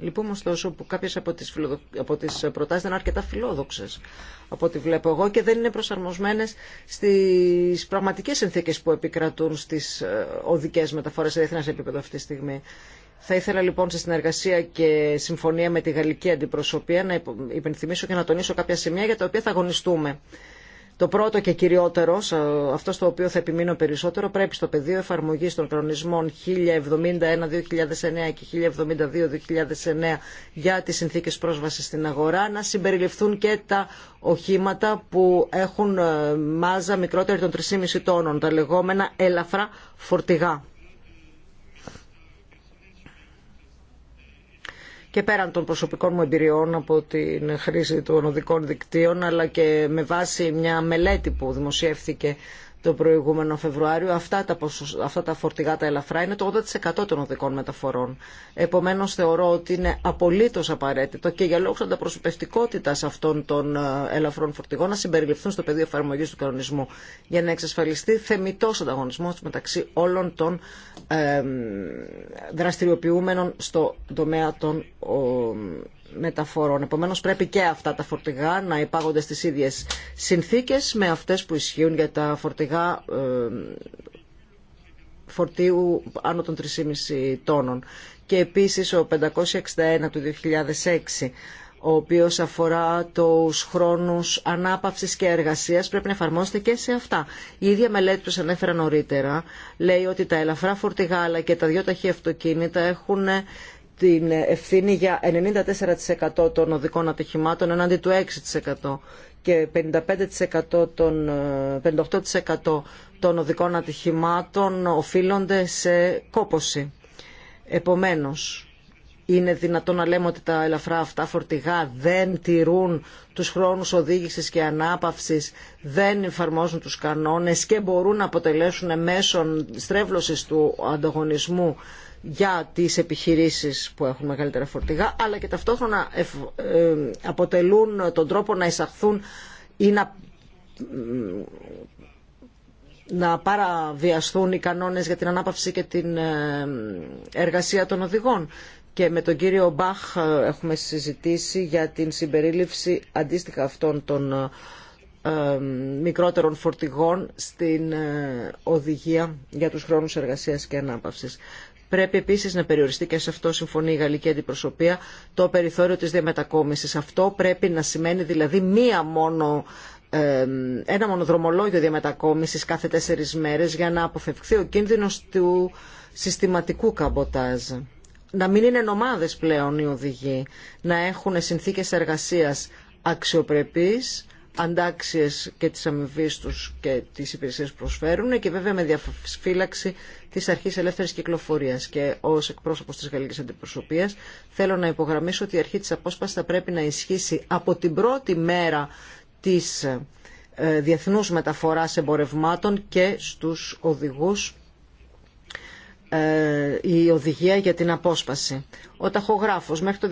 Λυπούμε λοιπόν, ωστόσο που κάποιες από τις, φιλοδο... δεν είναι αρκετά φιλόδοξε, από ό,τι βλέπω εγώ και δεν είναι προσαρμοσμένες στις πραγματικέ συνθήκε που επικρατούν στις ε, οδικέ μεταφορέ σε διεθνέ επίπεδο αυτή τη στιγμή. Θα ήθελα λοιπόν σε συνεργασία και συμφωνία με τη γαλλική αντιπροσωπεία να υπενθυμίσω και να τονίσω κάποια σημεία για τα οποία θα αγωνιστούμε. Το πρώτο και κυριότερο, ε, αυτό στο οποίο θα επιμείνω περισσότερο, πρέπει στο πεδίο εφαρμογή των κρονισμων 1071 1071-2009 και 1072-2009 για τι συνθήκε πρόσβαση στην αγορά να συμπεριληφθούν και τα οχήματα που έχουν ε, μάζα μικρότερη των 3,5 τόνων, τα λεγόμενα ελαφρά φορτηγά. και πέραν των προσωπικών μου εμπειριών από την χρήση των οδικών δικτύων αλλά και με βάση μια μελέτη που δημοσιεύθηκε το προηγούμενο Φεβρουάριο. Αυτά τα, αυτά τα φορτηγά τα ελαφρά είναι το 80% των οδικών μεταφορών. Επομένως θεωρώ ότι είναι απολύτως απαραίτητο και για λόγους ανταπροσωπευτικότητα αυτών των ε, ελαφρών φορτηγών να συμπεριληφθούν στο πεδίο εφαρμογή του κανονισμού για να εξασφαλιστεί θεμητό ανταγωνισμό μεταξύ όλων των ε, δραστηριοποιούμενων στο τομέα των μεταφορών. Επομένως πρέπει και αυτά τα φορτηγά να υπάγονται στις ίδιες συνθήκες με αυτές που ισχύουν για τα φορτηγά φορτίου άνω των 3,5 τόνων. Και επίσης ο 561 του 2006 ο οποίος αφορά τους χρόνους ανάπαυσης και εργασίας πρέπει να εφαρμόζεται και σε αυτά. Η ίδια μελέτη που σας ανέφερα νωρίτερα λέει ότι τα ελαφρά φορτηγά αλλά και τα δυο ταχύ αυτοκίνητα έχουν την ευθύνη για 94% των οδικών ατυχημάτων εναντί του 6% και 55% των, 58% ε, των οδικών ατυχημάτων οφείλονται σε κόπωση. Επομένως, είναι δυνατόν να λέμε ότι τα ελαφρά αυτά φορτηγά δεν τηρούν τους χρόνους οδήγησης και ανάπαυσης, δεν εφαρμόζουν τους κανόνες και μπορούν να αποτελέσουν μέσον στρέβλωσης του ανταγωνισμού για τις επιχειρήσεις που έχουν μεγαλύτερα φορτηγά, αλλά και ταυτόχρονα αποτελούν τον τρόπο να εισαχθούν ή να να παραβιαστούν οι κανόνες για την ανάπαυση και την εργασία των οδηγών. Και με τον κύριο Μπαχ ε, έχουμε συζητήσει για την συμπερίληψη αντίστοιχα αυτών των ε, μικρότερων φορτηγών στην ε, οδηγία για τους χρόνους εργασίας και ανάπαυσης. Πρέπει επίση να περιοριστεί και σε αυτό συμφωνεί η Γαλλική Αντιπροσωπεία το περιθώριο τη διαμετακόμιση. Αυτό πρέπει να σημαίνει δηλαδή μία μόνο ένα μονοδρομολόγιο διαμετακόμισης κάθε τέσσερις μέρες για να αποφευχθεί ο κίνδυνος του συστηματικού καμποτάζ. Να μην είναι νομάδες πλέον οι οδηγοί, να έχουν συνθήκες εργασίας αξιοπρεπείς, αντάξιε και τις αμοιβή του και τις υπηρεσίες που προσφέρουν και βέβαια με διαφύλαξη τη αρχή ελεύθερης κυκλοφορίας και ω εκπρόσωπο τη Γαλλική αντιπροσωπεία. θέλω να υπογραμμίσω ότι η αρχή της απόσπασης θα πρέπει να ισχύσει από την πρώτη μέρα της ε, διεθνού μεταφοράς εμπορευμάτων και στους οδηγούς ε, η οδηγία για την απόσπαση. Ο ταχογράφος μέχρι το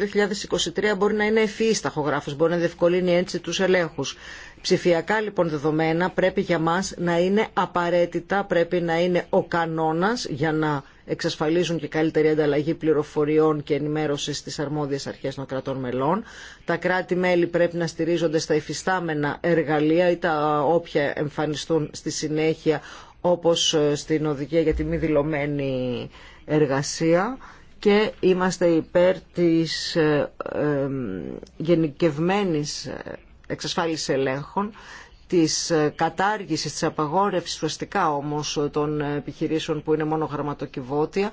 2023 μπορεί να είναι ευφυής ταχογράφος, μπορεί να διευκολύνει έτσι τους ελέγχους. Ψηφιακά λοιπόν δεδομένα πρέπει για μας να είναι απαραίτητα, πρέπει να είναι ο κανόνας για να εξασφαλίζουν και καλύτερη ανταλλαγή πληροφοριών και ενημέρωση στις αρμόδιες αρχές των κρατών μελών. Τα κράτη-μέλη πρέπει να στηρίζονται στα υφιστάμενα εργαλεία ή τα όποια εμφανιστούν στη συνέχεια όπως ε, στην οδηγία για τη μη δηλωμένη εργασία και είμαστε υπέρ της ε, ε, γενικευμένης εξασφάλισης ελέγχων της ε, κατάργησης, της απαγόρευσης ουσιαστικά όμως των επιχειρήσεων που είναι μόνο γραμματοκιβώτια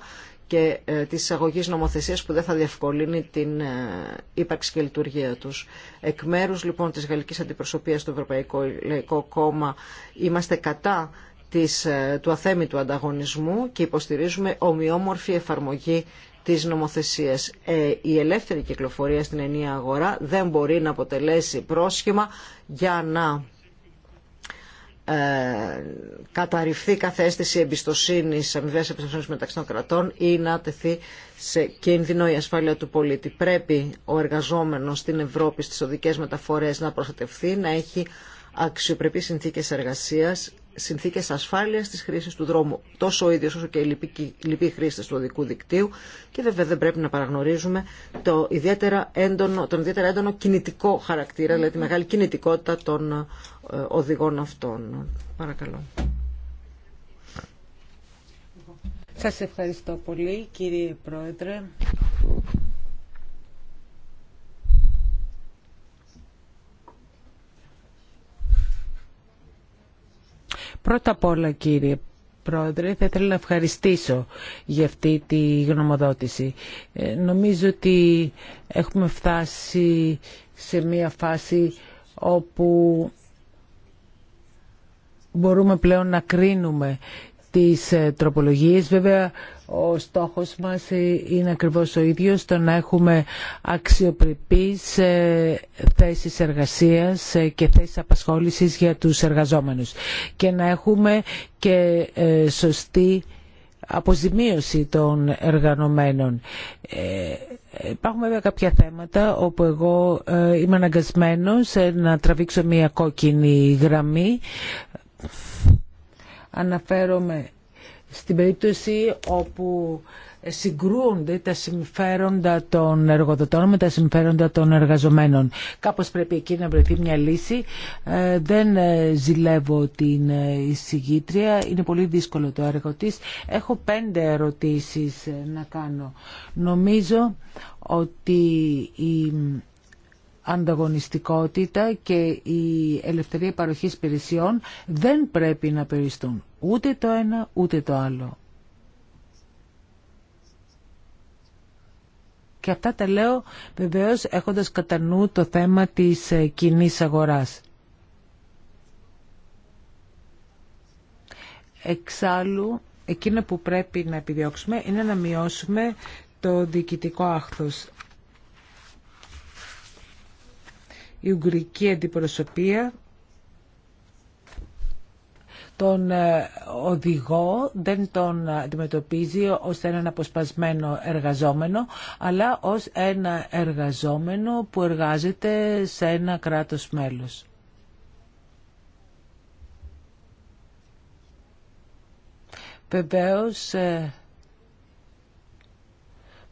και ε, της εισαγωγή νομοθεσίας που δεν θα διευκολύνει την ύπαρξη και λειτουργία τους. Εκ μέρους λοιπόν της Γαλλικής Αντιπροσωπείας του Ευρωπαϊκού Λαϊκού Κόμμα είμαστε κατά της, ε, του ανταγωνισμού και υποστηρίζουμε ομοιόμορφη εφαρμογή της νομοθεσίας. Ε, η ελεύθερη κυκλοφορία στην ενία αγορά δεν μπορεί να αποτελέσει πρόσχημα για να ε, καταρριφθεί καθέστηση εμπιστοσύνη, αμοιβέ εμπιστοσύνη μεταξύ των κρατών ή να τεθεί σε κίνδυνο η ασφάλεια του πολίτη. Πρέπει ο εργαζόμενο στην Ευρώπη στι οδικέ μεταφορέ να τεθει σε κινδυνο η ασφαλεια του πολιτη πρεπει ο εργαζομενος στην ευρωπη στις οδικες μεταφορες να έχει αξιοπρεπεί συνθήκε εργασία Συνθήκε ασφάλειας τη χρήση του δρόμου. Τόσο ο ίδιος όσο και οι λοιποί χρήστε του οδικού δικτύου και βέβαια δεν πρέπει να παραγνωρίζουμε το ιδιαίτερα έντονο, τον ιδιαίτερα έντονο κινητικό χαρακτήρα, δηλαδή τη μεγάλη κινητικότητα των ε, οδηγών αυτών. Παρακαλώ. Σας ευχαριστώ πολύ κύριε Πρόεδρε. Πρώτα απ' όλα κύριε Πρόεδρε, θα ήθελα να ευχαριστήσω για αυτή τη γνωμοδότηση. Ε, νομίζω ότι έχουμε φτάσει σε μια φάση όπου μπορούμε πλέον να κρίνουμε τις ε, τροπολογίες. Βέβαια ο στόχος μας ε, είναι ακριβώς ο ίδιος, το να έχουμε αξιοπρεπείς ε, θέσεις εργασίας ε, και θέσεις απασχόλησης για τους εργαζόμενους και να έχουμε και σωστή αποζημίωση των εργανομένων. Υπάρχουν βέβαια κάποια θέματα όπου εγώ είμαι αναγκασμένος να τραβήξω μια κόκκινη γραμμή. Αναφέρομαι στην περίπτωση όπου συγκρούονται τα συμφέροντα των εργοδοτών με τα συμφέροντα των εργαζομένων. Κάπως πρέπει εκεί να βρεθεί μια λύση. Ε, δεν ε, ζηλεύω την ε, εισηγήτρια, είναι πολύ δύσκολο το έργο της. Έχω πέντε ερωτήσεις να κάνω. Νομίζω ότι ανταγωνιστικότητα και η ελευθερία παροχής υπηρεσιών δεν πρέπει να περιστούν ούτε το ένα ούτε το άλλο. Και αυτά τα λέω βεβαίως έχοντας κατά νου το θέμα της ε, κοινή αγοράς. Εξάλλου, εκείνο που πρέπει να επιδιώξουμε είναι να μειώσουμε το διοικητικό άχθος. η Ουγγρική αντιπροσωπεία τον ε, οδηγό δεν τον αντιμετωπίζει ως έναν αποσπασμένο εργαζόμενο, αλλά ως ένα εργαζόμενο που εργάζεται σε ένα κράτος μέλος. Βεβαίως, ε,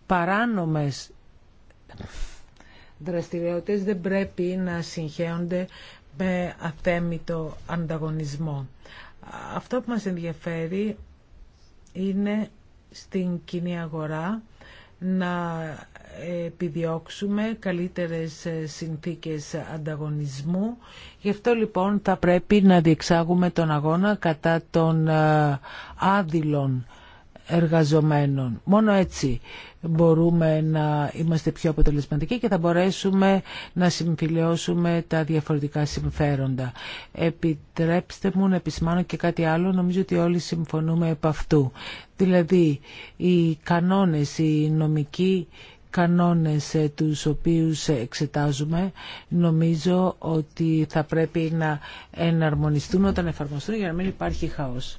παράνομες δραστηριότητες δεν πρέπει να συγχέονται με αθέμητο ανταγωνισμό. Αυτό που μας ενδιαφέρει είναι στην κοινή αγορά να επιδιώξουμε καλύτερες συνθήκες ανταγωνισμού. Γι' αυτό λοιπόν θα πρέπει να διεξάγουμε τον αγώνα κατά των ε, άδειλων εργαζομένων. Μόνο έτσι μπορούμε να είμαστε πιο αποτελεσματικοί και θα μπορέσουμε να συμφιλειώσουμε τα διαφορετικά συμφέροντα. Επιτρέψτε μου να επισημάνω και κάτι άλλο, νομίζω ότι όλοι συμφωνούμε επ' αυτού. Δηλαδή, οι κανόνες, οι νομικοί κανόνες ε, τους οποίους εξετάζουμε νομίζω ότι θα πρέπει να εναρμονιστούν όταν εφαρμοστούν για να μην υπάρχει χαός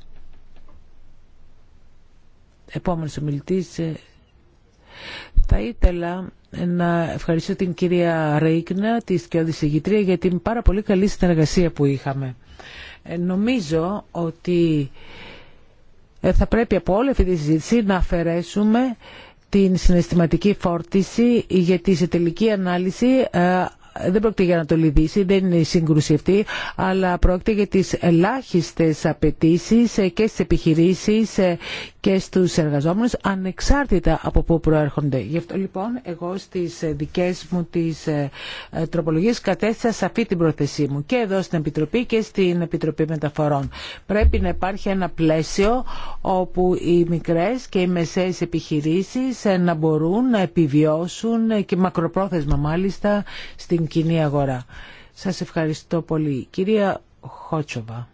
επόμενος ομιλητής. Ε, θα ήθελα να ευχαριστήσω την κυρία Ρέικνα, τη σκιώδη για την πάρα πολύ καλή συνεργασία που είχαμε. Ε, νομίζω ότι ε, θα πρέπει από όλη αυτή τη συζήτηση να αφαιρέσουμε την συναισθηματική φόρτιση γιατί σε τελική ανάλυση δεν πρόκειται για να το λυδίσει, δεν είναι η σύγκρουση αυτή, αλλά πρόκειται για τις ελάχιστες απαιτήσει και στις επιχειρήσεις και στους εργαζόμενους ανεξάρτητα από πού προέρχονται. Γι' αυτό λοιπόν εγώ στις ε, δικές μου τις ε, ε, τροπολογίες κατέστησα σαφή την προθεσή μου και εδώ στην Επιτροπή και στην Επιτροπή Μεταφορών. Πρέπει να υπάρχει ένα πλαίσιο όπου οι μικρές και οι μεσαίες επιχειρήσεις να μπορούν να επιβιώσουν και μακροπρόθεσμα μάλιστα στην κοινή αγορά. Σας ευχαριστώ πολύ. Κυρία Χότσοβα.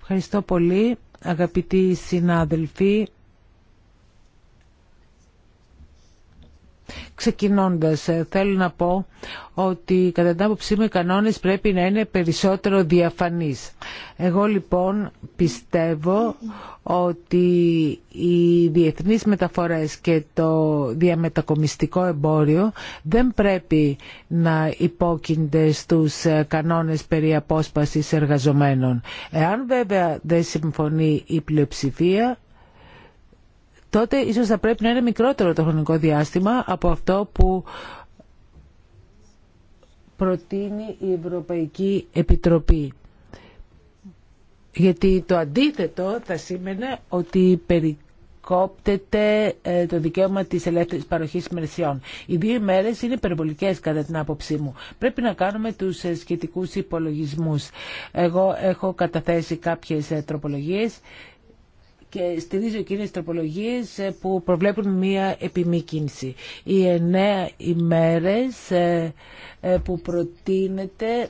Ευχαριστώ πολύ. Αγαπητοί συνάδελφοι, Ξεκινώντας, ε, θέλω να πω ότι κατά την άποψή μου οι κανόνες πρέπει να είναι περισσότερο διαφανείς. Εγώ λοιπόν πιστεύω ότι οι διεθνείς μεταφορές και το διαμετακομιστικό εμπόριο δεν πρέπει να υπόκεινται στους ε, κανόνες περί απόσπασης εργαζομένων. Εάν βέβαια δεν συμφωνεί η πλειοψηφία, τότε ίσως θα πρέπει να είναι μικρότερο το χρονικό διάστημα από αυτό που προτείνει η Ευρωπαϊκή Επιτροπή. Γιατί το αντίθετο θα σήμαινε ότι περικόπτεται ε, το δικαίωμα της ελεύθερης παροχής μερσιών. Οι δύο ημέρες είναι υπερβολικές κατά την άποψή μου. Πρέπει να κάνουμε τους ε, σχετικούς υπολογισμούς. Εγώ έχω καταθέσει κάποιες ε, τροπολογίες και στηρίζω τις τροπολογίες ε, που προβλέπουν μία επιμήκυνση. Οι εννέα ημέρες ε, ε, που προτείνεται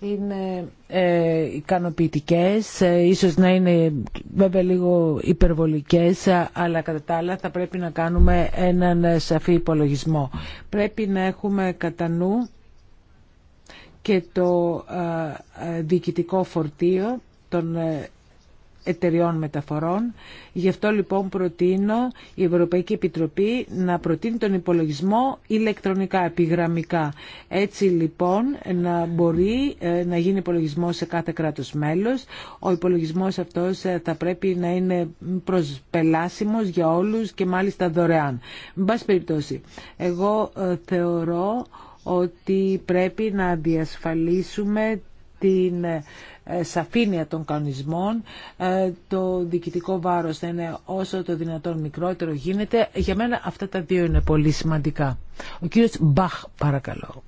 είναι ε, ικανοποιητικές, ίσως να είναι βέβαια λίγο υπερβολικές, αλλά κατά τα άλλα θα πρέπει να κάνουμε έναν σαφή υπολογισμό. Πρέπει να έχουμε κατά νου και το διοικητικό φορτίο των εταιριών μεταφορών. Γι' αυτό λοιπόν προτείνω η Ευρωπαϊκή Επιτροπή να προτείνει τον υπολογισμό ηλεκτρονικά, επιγραμμικά. Έτσι λοιπόν να μπορεί ε, να γίνει υπολογισμό σε κάθε κράτος μέλος. Ο υπολογισμός αυτός ε, θα πρέπει να είναι προσπελάσιμος για όλους και μάλιστα δωρεάν. Μπας περιπτώσει, εγώ ε, θεωρώ ότι πρέπει να διασφαλίσουμε την ε, σαφήνεια των κανονισμών, ε, το διοικητικό βάρος θα είναι όσο το δυνατόν μικρότερο γίνεται. Για μένα αυτά τα δύο είναι πολύ σημαντικά. Ο κύριος Μπαχ, παρακαλώ.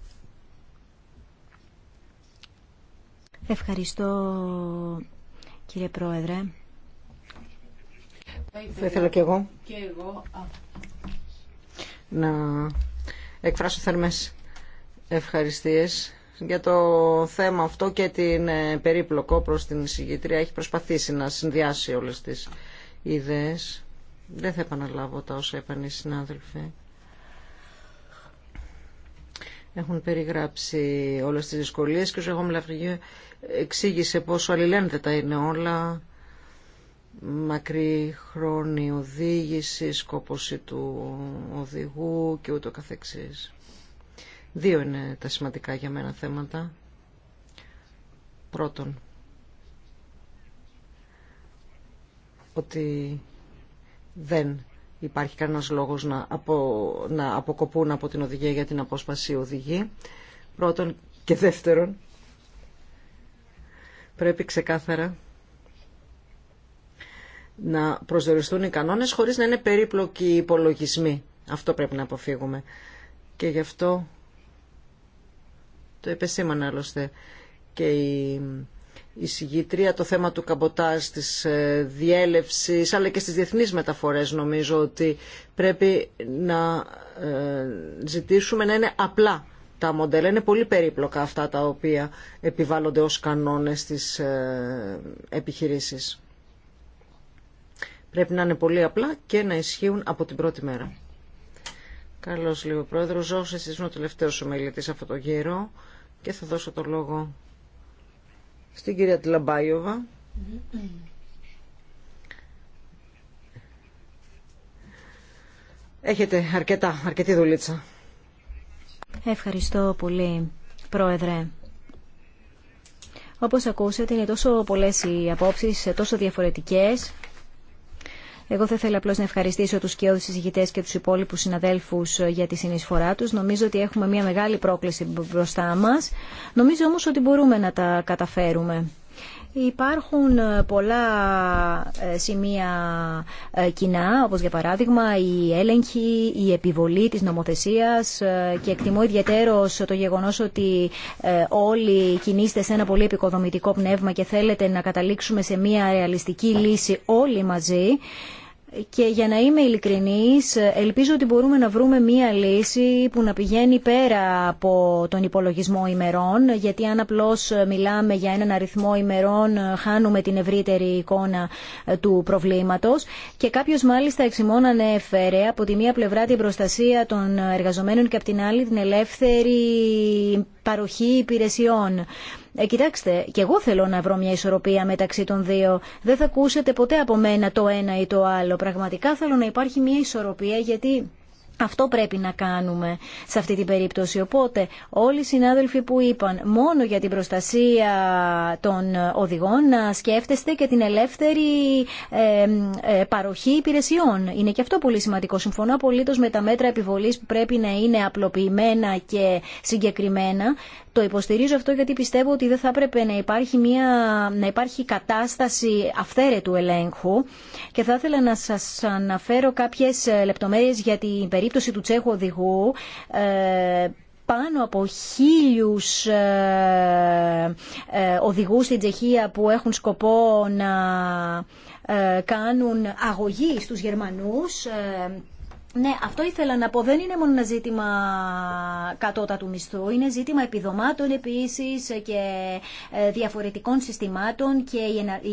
Ευχαριστώ κύριε Πρόεδρε. Θα ήθελα και εγώ, εγώ. να εκφράσω θερμές ευχαριστίες για το θέμα αυτό και την ε, περίπλοκο προς την εισηγητρία. Έχει προσπαθήσει να συνδυάσει όλες τις ιδέες. Δεν θα επαναλάβω τα όσα είπαν οι συνάδελφοι. Έχουν περιγράψει όλες τις δυσκολίες και ο Ζεγόμ εξήγησε πόσο αλληλένδετα είναι όλα. Μακρύ χρόνη οδήγηση, του οδηγού και ούτω καθεξής. Δύο είναι τα σημαντικά για μένα θέματα. Πρώτον, ότι δεν υπάρχει κανένας λόγος να, απο, να αποκοπούν από την οδηγία για την απόσπαση οδηγή. Πρώτον και δεύτερον, πρέπει ξεκάθαρα να προσδιοριστούν οι κανόνες χωρίς να είναι περίπλοκοι οι υπολογισμοί. Αυτό πρέπει να αποφύγουμε. Και γι' αυτό το επεσήμανε άλλωστε και η η συγγήτρια, το θέμα του καμποτάζ, της ε, διέλευσης, αλλά και στις διεθνείς μεταφορές νομίζω ότι πρέπει να ε, ζητήσουμε να είναι απλά τα μοντέλα. Είναι πολύ περίπλοκα αυτά τα οποία επιβάλλονται ως κανόνες στις ε, επιχειρήσεις. Πρέπει να είναι πολύ απλά και να ισχύουν από την πρώτη μέρα. Καλώς λίγο πρόεδρο. Ζώσες, είναι ο τελευταίος ομιλητής αυτό το γύρο και θα δώσω το λόγο στην κυρία Τλαμπάιωβα. Έχετε αρκετά, αρκετή δουλίτσα. Ευχαριστώ πολύ, Πρόεδρε. Όπως ακούσατε, είναι τόσο πολλές οι απόψεις, τόσο διαφορετικές εγώ θα ήθελα απλώ να ευχαριστήσω του σκιώδει συζητητέ και του υπόλοιπου συναδέλφου ε, για τη συνεισφορά του. Νομίζω ότι έχουμε μια μεγάλη πρόκληση μπροστά μα. Νομίζω όμω ότι μπορούμε να τα καταφέρουμε. Υπάρχουν ε, πολλά ε, σημεία ε, κοινά, όπως για παράδειγμα η έλεγχη, η επιβολή της νομοθεσίας και εκτιμώ ιδιαίτερος το γεγονός ότι όλοι κινείστε σε ένα πολύ επικοδομητικό πνεύμα και θέλετε να καταλήξουμε σε μια ρεαλιστική λύση όλοι μαζί. Και για να είμαι ειλικρινής, ελπίζω ότι μπορούμε να βρούμε μία λύση που να πηγαίνει πέρα από τον υπολογισμό ημερών, γιατί αν απλώς μιλάμε για έναν αριθμό ημερών, χάνουμε την ευρύτερη εικόνα ε, του προβλήματος. Και κάποιος μάλιστα εξημών ανέφερε από τη μία πλευρά την προστασία των εργαζομένων και από την άλλη την ελεύθερη παροχή υπηρεσιών. Ε, κοιτάξτε, και εγώ θέλω να βρω μια ισορροπία μεταξύ των δύο. Δεν θα ακούσετε ποτέ από μένα το ένα ή το άλλο. Πραγματικά θέλω να υπάρχει μια ισορροπία γιατί αυτό πρέπει να κάνουμε σε αυτή την περίπτωση. Οπότε όλοι οι συνάδελφοι που είπαν μόνο για την προστασία των οδηγών να σκέφτεστε και την ελεύθερη ε, ε, παροχή υπηρεσιών. Είναι και αυτό πολύ σημαντικό. Συμφωνώ απολύτως με τα μέτρα επιβολής που πρέπει να είναι απλοποιημένα και συγκεκριμένα. Το υποστηρίζω αυτό γιατί πιστεύω ότι δεν θα έπρεπε να υπάρχει, μια, να υπάρχει κατάσταση αυθαίρετου ελέγχου και θα ήθελα να σας αναφέρω κάποιες ε, λεπτομέρειες για την περίπτωση του Τσέχου οδηγού ε, πάνω από χίλιους ε, οδηγούς στην Τσεχία που έχουν σκοπό να κάνουν αγωγή στους Γερμανούς ναι, αυτό ήθελα να πω. Δεν είναι μόνο ένα ζήτημα κατώτατου μισθού. Είναι ζήτημα επιδομάτων επίση και ε, διαφορετικών συστημάτων και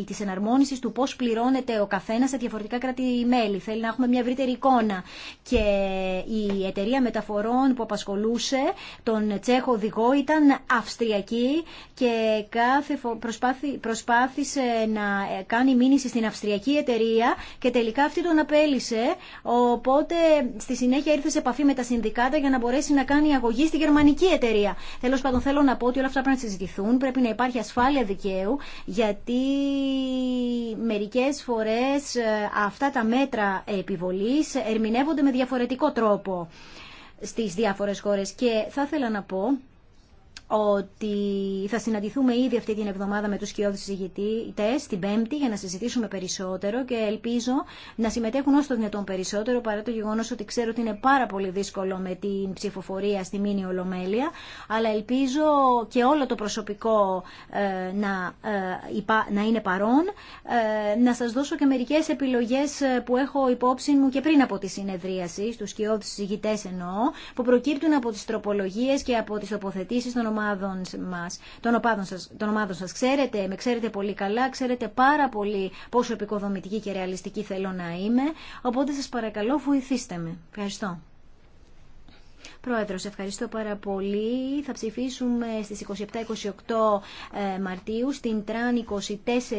τη εναρμόνιση του πώ πληρώνεται ο καθένα σε διαφορετικά κράτη-μέλη. Θέλει να έχουμε μια ευρύτερη εικόνα. Και η εταιρεία μεταφορών που απασχολούσε τον Τσέχο οδηγό ήταν αυστριακή και κάθε προσπάθησε να ε, κάνει μήνυση στην αυστριακή εταιρεία και τελικά αυτή τον απέλησε. Οπότε στη συνέχεια ήρθε σε επαφή με τα συνδικάτα για να μπορέσει να κάνει αγωγή στη γερμανική εταιρεία. Τέλο πάντων, θέλω να πω ότι όλα αυτά πρέπει να συζητηθούν, πρέπει να υπάρχει ασφάλεια δικαίου, γιατί μερικέ φορέ ε, αυτά τα μέτρα επιβολή ερμηνεύονται με διαφορετικό τρόπο στις διάφορες χώρες. Και θα ήθελα να πω ότι θα συναντηθούμε ήδη αυτή την εβδομάδα με τους σκιώδους συζητητές την Πέμπτη για να συζητήσουμε περισσότερο και ελπίζω να συμμετέχουν όσο το δυνατόν περισσότερο παρά το γεγονός ότι ξέρω ότι είναι πάρα πολύ δύσκολο με την ψηφοφορία στη μήνυ Ολομέλεια αλλά ελπίζω και όλο το προσωπικό ε, να, ε, να είναι παρόν ε, να σας δώσω και μερικές επιλογές που έχω υπόψη μου και πριν από τη συνεδρίαση στους σκιώδους συζητητές εννοώ που προκύπτουν από τις τροπολογίες και από τις τοποθετήσεις των ομάδων, μας, των, ομάδων σας, των ομάδων σας. Ξέρετε, με ξέρετε πολύ καλά, ξέρετε πάρα πολύ πόσο επικοδομητική και ρεαλιστική θέλω να είμαι, οπότε σας παρακαλώ βοηθήστε με. Ευχαριστώ. Πρόεδρος, ευχαριστώ πάρα πολύ. Θα ψηφίσουμε στις 27-28 ε, Μαρτίου, στην Τραν 24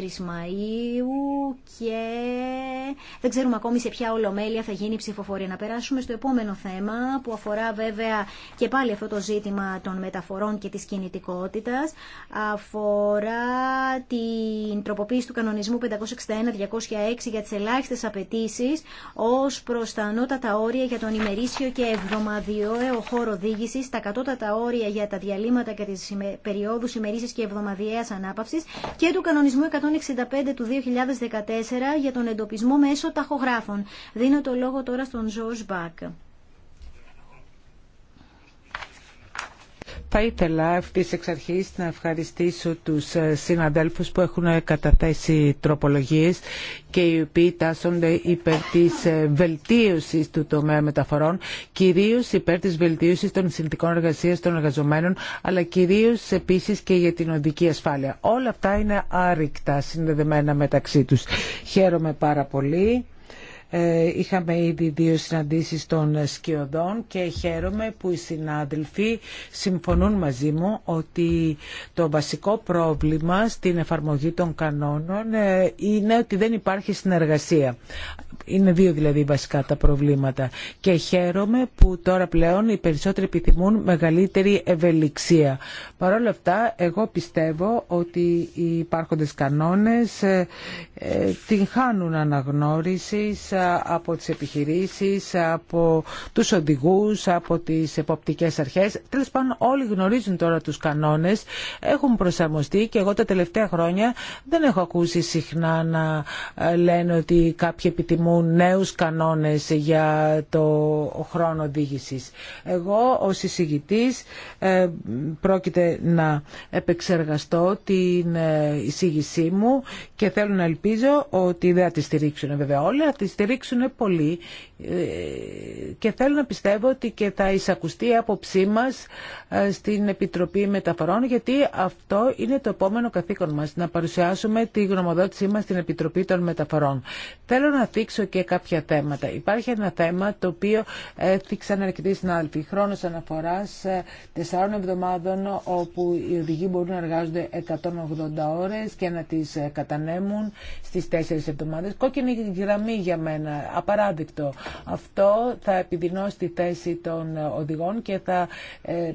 Μαΐου και δεν ξέρουμε ακόμη σε ποια ολομέλεια θα γίνει η ψηφοφορία. Να περάσουμε στο επόμενο θέμα που αφορά βέβαια και πάλι αυτό το ζήτημα των μεταφορών και της κινητικότητας. Αφορά την τροποποίηση του κανονισμού 561-206 για τις ελάχιστες απαιτήσει ως προς τα ανώτατα όρια για τον ημερήσιο και εβδομαδιαίο νέο χώρο οδήγηση, τα κατώτατα όρια για τα διαλύματα και τι περιόδου ημερήσια και εβδομαδιαία ανάπαυση και του κανονισμού 165 του 2014 για τον εντοπισμό μέσω ταχογράφων. Δίνω το λόγο τώρα στον Ζωζ Μπακ. Θα ήθελα αυτή εξ αρχή να ευχαριστήσω του ε, συναδέλφου που έχουν καταθέσει τροπολογίες και οι οποίοι τάσσονται υπέρ τη ε, βελτίωση του τομέα μεταφορών, κυρίω υπέρ τη βελτίωση των συνθηκών εργασία των εργαζομένων, αλλά κυρίω επίση και για την οδική ασφάλεια. Όλα αυτά είναι άρρηκτα συνδεδεμένα μεταξύ του. Χαίρομαι πάρα πολύ ε, είχαμε ήδη δύο συναντήσεις των σκιωδών και χαίρομαι που οι συνάδελφοι συμφωνούν μαζί μου ότι το βασικό πρόβλημα στην εφαρμογή των κανόνων ε, είναι ότι δεν υπάρχει συνεργασία. Είναι δύο δηλαδή βασικά τα προβλήματα. Και χαίρομαι που τώρα πλέον οι περισσότεροι επιθυμούν μεγαλύτερη ευελιξία. Παρ' όλα αυτά, εγώ πιστεύω ότι οι υπάρχοντες κανόνες ε, την χάνουν αναγνώρισης από τις επιχειρήσεις, από τους οδηγούς, από τις εποπτικές αρχές. Τέλος πάντων όλοι γνωρίζουν τώρα τους κανόνες, έχουν προσαρμοστεί και εγώ τα τελευταία χρόνια δεν έχω ακούσει συχνά να ε, λένε ότι κάποιοι επιτιμούν νέους κανόνες για το χρόνο οδήγησης. Εγώ ως εισηγητής ε, πρόκειται να επεξεργαστώ την ε, εισήγησή μου και θέλω να ελπίζω ότι δεν θα τη στηρίξουν βέβαια όλοι, Υπότιτλοι πολύ και θέλω να πιστεύω ότι και θα εισακουστεί η άποψή μα ε, στην Επιτροπή Μεταφορών γιατί αυτό είναι το επόμενο καθήκον μα. να παρουσιάσουμε τη γνωμοδότησή μα στην Επιτροπή των Μεταφορών. Θέλω να θίξω και κάποια θέματα. Υπάρχει ένα θέμα το οποίο έθιξαν αρκετοί συνάδελφοι. χρόνο αναφορά ε, τεσσάρων εβδομάδων όπου οι οδηγοί μπορούν να εργάζονται 180 ώρε και να τι ε, κατανέμουν στις τέσσερις εβδομάδε. Κόκκινη γραμμή για μένα, απαράδεκτο. Αυτό θα επιδεινώσει τη θέση των οδηγών και θα ε,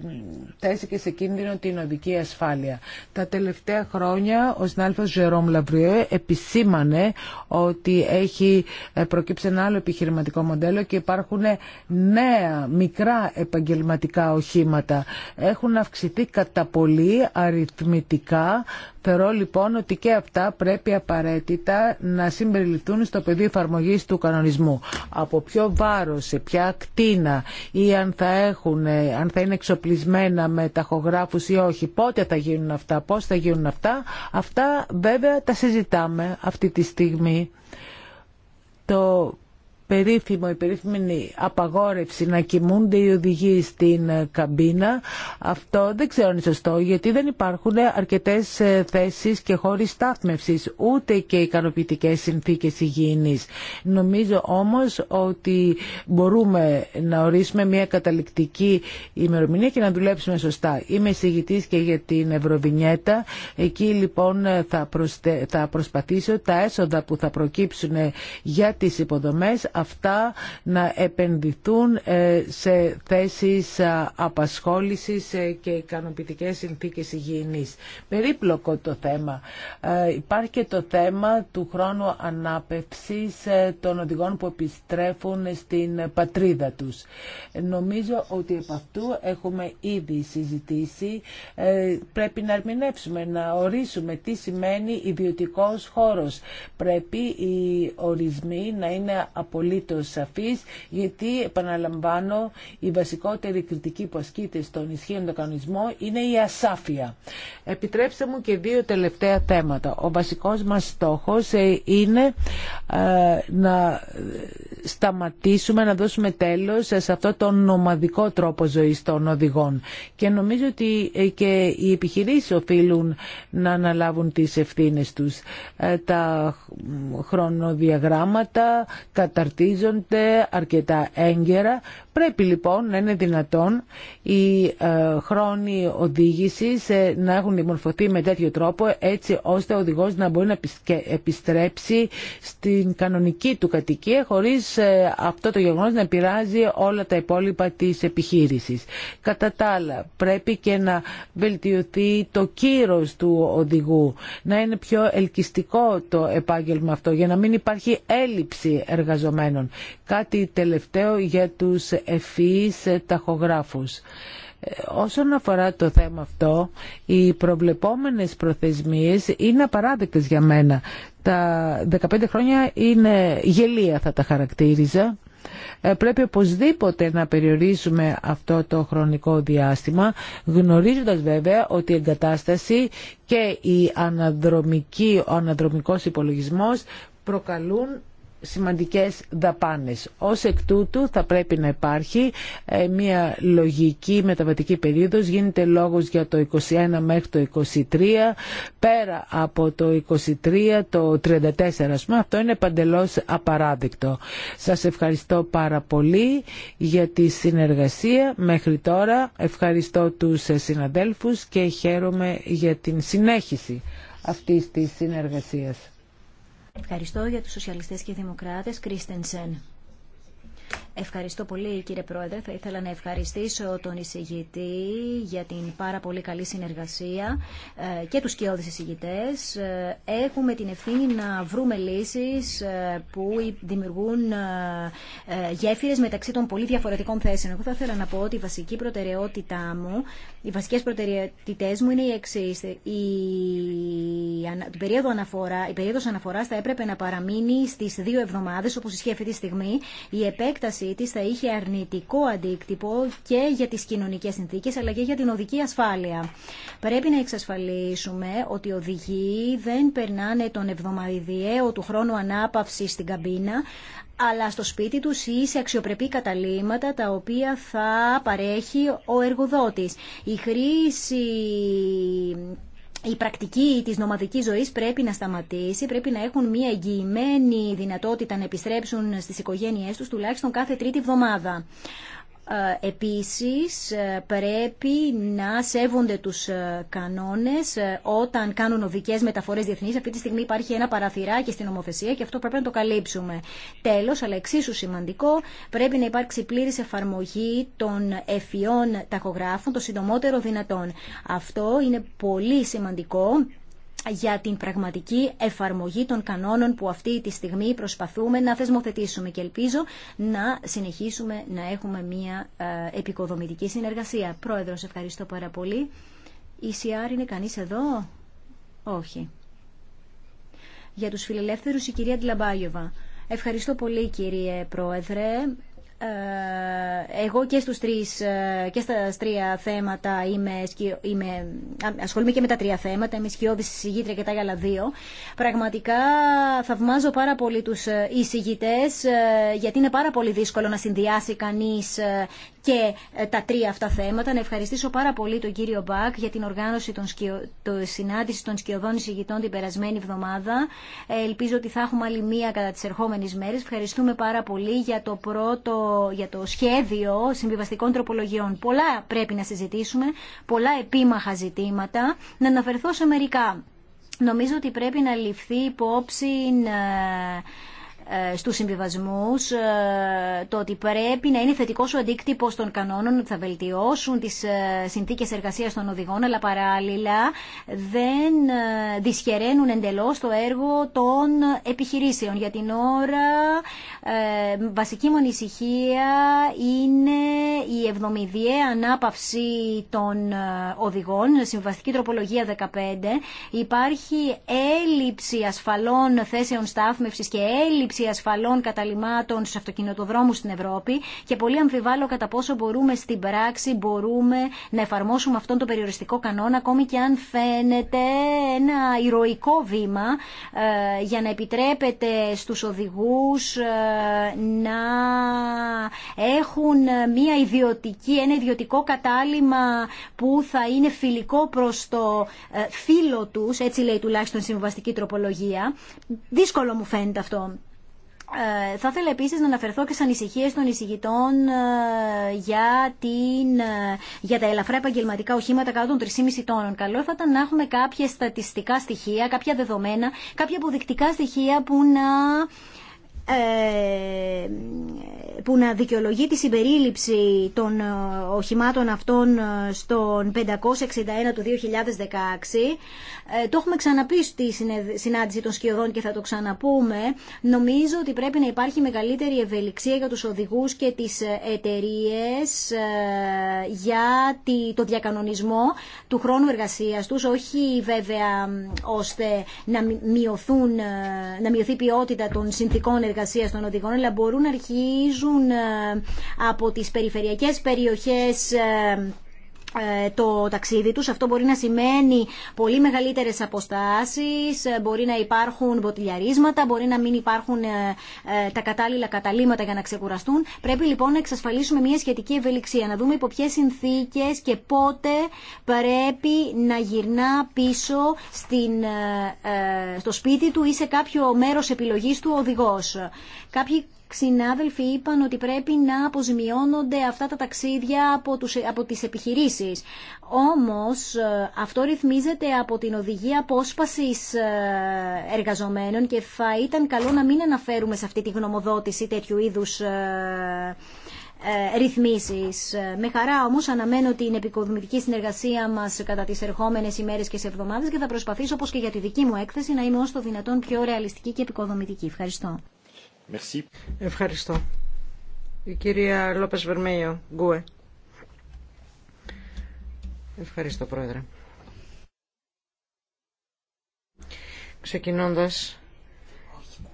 θέσει και σε κίνδυνο την οδική ασφάλεια. Τα τελευταία χρόνια ο συνάλφος Ζερόμ Λαβριέ επισήμανε ότι έχει ε, προκύψει ένα άλλο επιχειρηματικό μοντέλο και υπάρχουν νέα μικρά επαγγελματικά οχήματα. Έχουν αυξηθεί κατά πολύ αριθμητικά. Θεωρώ λοιπόν ότι και αυτά πρέπει απαραίτητα να συμπεριληφθούν στο πεδίο εφαρμογή του κανονισμού. Από ποιο βάρος, σε ποια ακτίνα ή αν θα, έχουν, αν θα είναι εξοπλισμένα με ταχογράφους ή όχι, πότε θα γίνουν αυτά, πώς θα γίνουν αυτά, αυτά βέβαια τα συζητάμε αυτή τη στιγμή. Το περίφημο, η περίφημη απαγόρευση να κοιμούνται οι οδηγοί στην ε, καμπίνα. Αυτό δεν ξέρω αν είναι σωστό, γιατί δεν υπάρχουν αρκετές ε, θέσεις και χώροι στάθμευσης, ούτε και ικανοποιητικές συνθήκες υγιεινής. Νομίζω όμως ότι μπορούμε να ορίσουμε μια καταληκτική ημερομηνία και να δουλέψουμε σωστά. Είμαι συγητή και για την Ευρωβινιέτα. Εκεί λοιπόν ε, θα, προσθε... θα προσπαθήσω τα έσοδα που θα προκύψουν για τις υποδομές αυτά να επενδυθούν ε, σε θέσεις ε, απασχόλησης ε, και ικανοποιητικές συνθήκες υγιεινής. Περίπλοκο το θέμα. Υπάρχει και το θέμα του χρόνου ανάπευσης των οδηγών που επιστρέφουν στην πατρίδα τους. Νομίζω ότι από αυτού έχουμε ήδη συζητήσει. Πρέπει να ερμηνεύσουμε, να ορίσουμε τι σημαίνει ιδιωτικός χώρος. Πρέπει οι ορισμοί να είναι απολύτως απολύτως σαφής, γιατί επαναλαμβάνω η βασικότερη κριτική που ασκείται στον ισχύοντο κανονισμό είναι η ασάφεια. Επιτρέψτε μου και δύο τελευταία θέματα. Ο βασικός μας στόχος ε, είναι ε, να σταματήσουμε, να δώσουμε τέλος σε αυτό το νομαδικό τρόπο ζωής των οδηγών. Και νομίζω ότι ε, και οι επιχειρήσεις οφείλουν να αναλάβουν τις ευθύνες τους. Τα χρονοδιαγράμματα, καταρτικά αρκετά έγκαιρα. Πρέπει λοιπόν να είναι δυνατόν οι ε, χρόνοι οδήγησης ε, να έχουν μορφωθεί με τέτοιο τρόπο έτσι ώστε ο οδηγός να μπορεί να επιστρέψει στην κανονική του κατοικία χωρίς ε, αυτό το γεγονός να επηρεάζει όλα τα υπόλοιπα της επιχείρησης. Κατά τα άλλα πρέπει και να βελτιωθεί το κύρος του οδηγού, να είναι πιο ελκυστικό το επάγγελμα αυτό για να μην υπάρχει έλλειψη εργαζομένων Κάτι τελευταίο για τους ευφυείς ταχογράφους. Όσον αφορά το θέμα αυτό, οι προβλεπόμενες προθεσμίες είναι απαράδεκτες για μένα. Τα 15 χρόνια είναι γελία θα τα χαρακτήριζα. Ε, πρέπει οπωσδήποτε να περιορίσουμε αυτό το χρονικό διάστημα, γνωρίζοντας βέβαια ότι η εγκατάσταση και η αναδρομική, ο αναδρομικός υπολογισμός προκαλούν σημαντικές δαπάνες. Ως εκ τούτου θα πρέπει να υπάρχει ε, μια λογική μεταβατική περίοδος. Γίνεται λόγος για το 21 μέχρι το 23. Πέρα από το 23, το 34 ας πούμε, αυτό είναι παντελώς απαράδεκτο. Σας ευχαριστώ πάρα πολύ για τη συνεργασία μέχρι τώρα. Ευχαριστώ τους ε, συναδέλφους και χαίρομαι για την συνέχιση αυτής της συνεργασίας. Ευχαριστώ για τους σοσιαλιστές και δημοκράτες. Κρίστενσεν. Ευχαριστώ πολύ κύριε Πρόεδρε. Θα ήθελα να ευχαριστήσω τον εισηγητή για την πάρα πολύ καλή συνεργασία ε, και τους κοιόδης εισηγητές. Ε, έχουμε την ευθύνη να βρούμε λύσεις ε, που δημιουργούν γέφυρες μεταξύ των πολύ διαφορετικών θέσεων. Εγώ θα ήθελα να πω ότι η βασική προτεραιότητά μου, οι βασικές προτεραιότητές μου είναι οι εξή. Η, περίοδο αναφορά, η περίοδος αναφοράς θα έπρεπε να παραμείνει στις δύο εβδομάδες όπως ισχύει αυτή τη στιγμή. Η επέκταση ανάπτυξή τη θα είχε αρνητικό αντίκτυπο και για τις κοινωνικές συνθήκες αλλά και για την οδική ασφάλεια. Πρέπει να εξασφαλίσουμε ότι οι οδηγοί δεν περνάνε τον εβδομαδιαίο του χρόνου ανάπαυση στην καμπίνα αλλά στο σπίτι τους ή σε αξιοπρεπή καταλήμματα τα οποία θα παρέχει ο εργοδότης. Η χρήση η πρακτική της νομαδικής ζωής πρέπει να σταματήσει, πρέπει να έχουν μια εγγυημένη δυνατότητα να επιστρέψουν στις οικογένειές τους τουλάχιστον κάθε τρίτη εβδομάδα. Ε, επίσης ε, πρέπει να σέβονται τους ε, κανόνες όταν κάνουν οδικές μεταφορές διεθνείς. Αυτή τη στιγμή υπάρχει ένα παραθυράκι στην ομοθεσία και αυτό πρέπει να το καλύψουμε. Τέλος, αλλά εξίσου σημαντικό, πρέπει να υπάρξει πλήρης εφαρμογή των εφιών ταχογράφων το συντομότερο δυνατόν. Αυτό είναι πολύ σημαντικό για την πραγματική εφαρμογή των κανόνων που αυτή τη στιγμή προσπαθούμε να θεσμοθετήσουμε και ελπίζω να συνεχίσουμε να έχουμε μια ε, επικοδομητική συνεργασία. Πρόεδρος, ευχαριστώ πάρα πολύ. Η ΣΥΑΡ είναι κανείς εδώ? Όχι. Για τους φιλελεύθερους η κυρία Τλαμπάγιοβα. Ευχαριστώ πολύ κύριε Πρόεδρε. Ε, εγώ και, στους τρεις, ε, και στα τρία θέματα είμαι, είμαι, ασχολούμαι και με τα τρία θέματα, είμαι σκιώδης συγγήτρια και τα άλλα δύο. Πραγματικά θαυμάζω πάρα πολύ τους ε, εισηγητές γιατί είναι πάρα πολύ δύσκολο να συνδυάσει κανείς και ε, τα τρία αυτά θέματα. Να ευχαριστήσω πάρα πολύ τον κύριο Μπακ για την οργάνωση των σκιο... συνάντηση των σκιωδών εισηγητών την περασμένη εβδομάδα. Ε, ελπίζω ότι θα έχουμε άλλη μία κατά τις ερχόμενες μέρες. Ευχαριστούμε πάρα πολύ για το, πρώτο... για το σχέδιο συμβιβαστικών τροπολογιών. Πολλά πρέπει να συζητήσουμε, πολλά επίμαχα ζητήματα. Να αναφερθώ σε μερικά. Νομίζω ότι πρέπει να ληφθεί υπόψη ε, ε, στους συμβιβασμούς ε, το ότι πρέπει να είναι θετικός ο αντίκτυπος των κανόνων ότι θα βελτιώσουν τις ε, συνθήκες εργασίας των οδηγών αλλά παράλληλα δεν δυσχεραίνουν εντελώς το έργο των επιχειρήσεων. Για την ώρα βασική μου ανησυχία είναι η εβδομηδιαία ανάπαυση των οδηγών, συμβαστική τροπολογία 15. Υπάρχει έλλειψη ασφαλών θέσεων στάθμευσης και έλλειψη ασφαλών καταλημάτων στου αυτοκινητοδρόμους στην Ευρώπη και πολύ αμφιβάλλω κατά πόσο μπορούμε στην πράξη μπορούμε να εφαρμόσουμε αυτόν τον περιοριστικό κανόνα ακόμη και αν φαίνεται ένα ηρωικό βήμα ε, για να επιτρέπεται στους οδηγούς ε, να έχουν μια ιδιωτική, ένα ιδιωτικό κατάλημα που θα είναι φιλικό προς το ε, φίλο τους, έτσι λέει τουλάχιστον συμβαστική τροπολογία. Δύσκολο μου φαίνεται αυτό. Ε, θα ήθελα επίσης να αναφερθώ και στις ανησυχίε των εισηγητών ε, για, την, ε, για τα ελαφρά επαγγελματικά οχήματα κάτω των 3,5 τόνων. Καλό θα ήταν να έχουμε κάποια στατιστικά στοιχεία, κάποια δεδομένα, κάποια αποδεικτικά στοιχεία που να ε, που να δικαιολογεί τη συμπερίληψη των ε, οχημάτων αυτών ε, στον 561 του 2016. Το έχουμε ξαναπεί στη συνάντηση των σκιωδών και θα το ξαναπούμε. Νομίζω ότι πρέπει να υπάρχει μεγαλύτερη ευελιξία για τους οδηγούς και τις εταιρείε για το διακανονισμό του χρόνου εργασίας τους, όχι βέβαια ώστε να, μειωθούν, να μειωθεί η ποιότητα των συνθήκων εργασίας των οδηγών, αλλά μπορούν να αρχίζουν ε, από τις περιφερειακές περιοχές ε, ε, το ταξίδι τους. Αυτό μπορεί να σημαίνει πολύ μεγαλύτερες αποστάσεις, ε, μπορεί να υπάρχουν μποτιλιαρίσματα, μπορεί να μην υπάρχουν ε, τα κατάλληλα καταλήματα για να ξεκουραστούν. Πρέπει λοιπόν να εξασφαλίσουμε μια σχετική ευελιξία, να δούμε υπό ποιε συνθήκες και πότε πρέπει να γυρνά πίσω στην, στο σπίτι του ή σε κάποιο μέρος επιλογής του οδηγός. Κάποιοι συνάδελφοι είπαν ότι πρέπει να αποζημιώνονται αυτά τα ταξίδια από, τους, από τις επιχειρήσεις. Όμως ε, αυτό ρυθμίζεται από την οδηγία απόσπασης ε, εργαζομένων και θα ήταν καλό να μην αναφέρουμε σε αυτή τη γνωμοδότηση τέτοιου είδους ε, ρυθμίσεις. Με χαρά όμως αναμένω την επικοδομητική συνεργασία μας κατά τις ερχόμενες ημέρες και σε εβδομάδες και θα προσπαθήσω όπως και για τη δική μου έκθεση να είμαι όσο το δυνατόν πιο ρεαλιστική και επικοδομητική. Ευχαριστώ. Ευχαριστώ. Η κυρία Λόπες Βερμέιο, Γκουε. Ευχαριστώ, Πρόεδρε. Ξεκινώντας,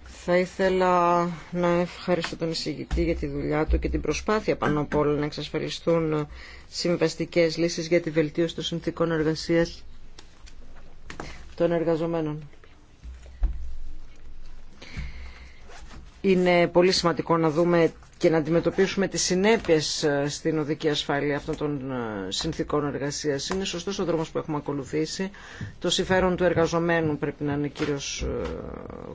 θα ήθελα να ευχαριστώ τον εισηγητή για τη δουλειά του και την προσπάθεια πάνω απ' όλα να εξασφαλιστούν συμβαστικές λύσεις για τη βελτίωση των συνθήκων εργασίας των εργαζομένων. είναι πολύ σημαντικό να δούμε και να αντιμετωπίσουμε τις συνέπειες ε, στην οδική ασφάλεια αυτών των ε, συνθήκων εργασίας. Είναι σωστός ο δρόμος που έχουμε ακολουθήσει. Το συμφέρον του εργαζομένου πρέπει να είναι κύριος ε,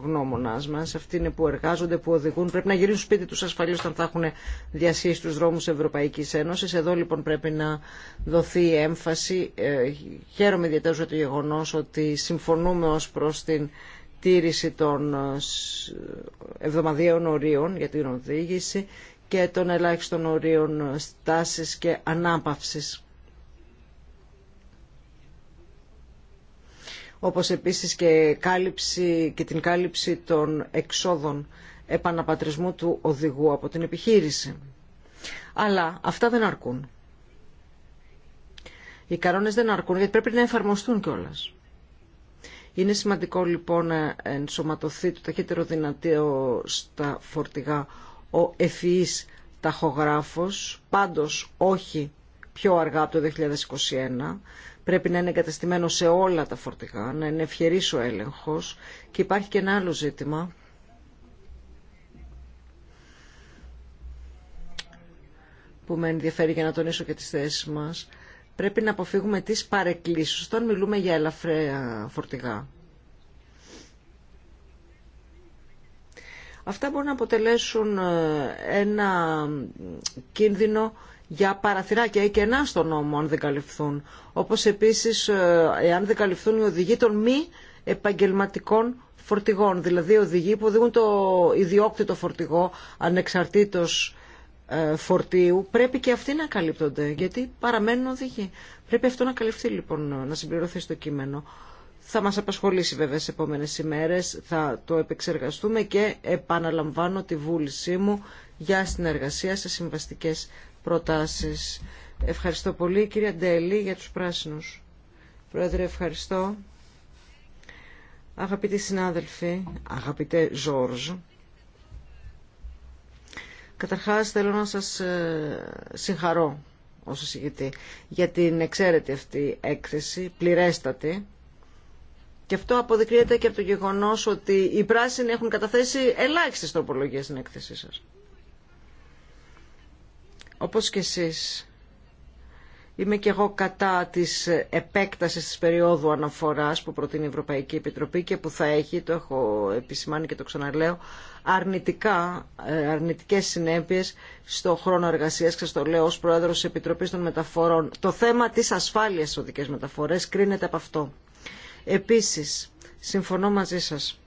γνώμονας μας. Αυτοί είναι που εργάζονται, που οδηγούν. Πρέπει να γυρίσουν σπίτι τους ασφαλείς όταν θα έχουν διασχίσει τους δρόμους Ευρωπαϊκής Ένωσης. Εδώ λοιπόν πρέπει να δοθεί έμφαση. Χαίρομαι ιδιαίτερα για το γεγονός ότι συμφωνούμε ως προς την τήρηση των ε, εβδομαδιαίων ορίων για την οδήγηση και των ελάχιστων ορίων στάσης και ανάπαυσης. Όπως επίσης και, κάλυψη, και την κάλυψη των εξόδων επαναπατρισμού του οδηγού από την επιχείρηση. Αλλά αυτά δεν αρκούν. Οι κανόνες δεν αρκούν γιατί πρέπει να εφαρμοστούν κιόλας. Είναι σημαντικό λοιπόν να ενσωματωθεί το ταχύτερο δυνατό στα φορτηγά ο ευφυής ταχογράφος, πάντως όχι πιο αργά από το 2021. Πρέπει να είναι εγκαταστημένο σε όλα τα φορτηγά, να είναι ευχερής ο έλεγχος. Και υπάρχει και ένα άλλο ζήτημα. που με ενδιαφέρει για να τονίσω και τις θέσεις μας πρέπει να αποφύγουμε τις παρεκκλήσεις όταν μιλούμε για ελαφρέα φορτηγά. Αυτά μπορούν να αποτελέσουν ε, ένα κίνδυνο για παραθυράκια ή κενά στον νόμο αν δεν καλυφθούν. Όπως επίσης ε, εάν δεν καλυφθούν οι οδηγοί των μη επαγγελματικών φορτηγών, δηλαδή οδηγοί που οδηγούν το ιδιόκτητο φορτηγό ανεξαρτήτως ε, φορτίου πρέπει και αυτοί να καλύπτονται γιατί παραμένουν οδηγοί. Πρέπει αυτό να καλυφθεί λοιπόν, να συμπληρωθεί στο κείμενο. Θα μας απασχολήσει βέβαια σε επόμενες ημέρες, θα το επεξεργαστούμε και επαναλαμβάνω τη βούλησή μου για συνεργασία σε συμβαστικές προτάσεις. Ευχαριστώ πολύ κυρία Ντέλη για τους πράσινους. Πρόεδρε ευχαριστώ. Αγαπητοί συνάδελφοι, αγαπητέ Ζόρζ, Καταρχάς θέλω να σας ε, συγχαρώ ως εισηγητή για την εξαίρετη αυτή έκθεση, πληρέστατη. Και αυτό αποδεικνύεται και από το γεγονός ότι οι πράσινοι έχουν καταθέσει ελάχιστες τροπολογίες στην έκθεσή σας. Όπως και εσείς, είμαι και εγώ κατά της επέκτασης της περίοδου αναφοράς που προτείνει η Ευρωπαϊκή Επιτροπή και που θα έχει, το έχω επισημάνει και το ξαναλέω, αρνητικά, ε, αρνητικές συνέπειες στο χρόνο εργασίας και στο λέω ως Πρόεδρος της Επιτροπής των Μεταφορών. Το θέμα της ασφάλειας στις οδικές μεταφορές κρίνεται από αυτό. Επίσης, συμφωνώ μαζί σας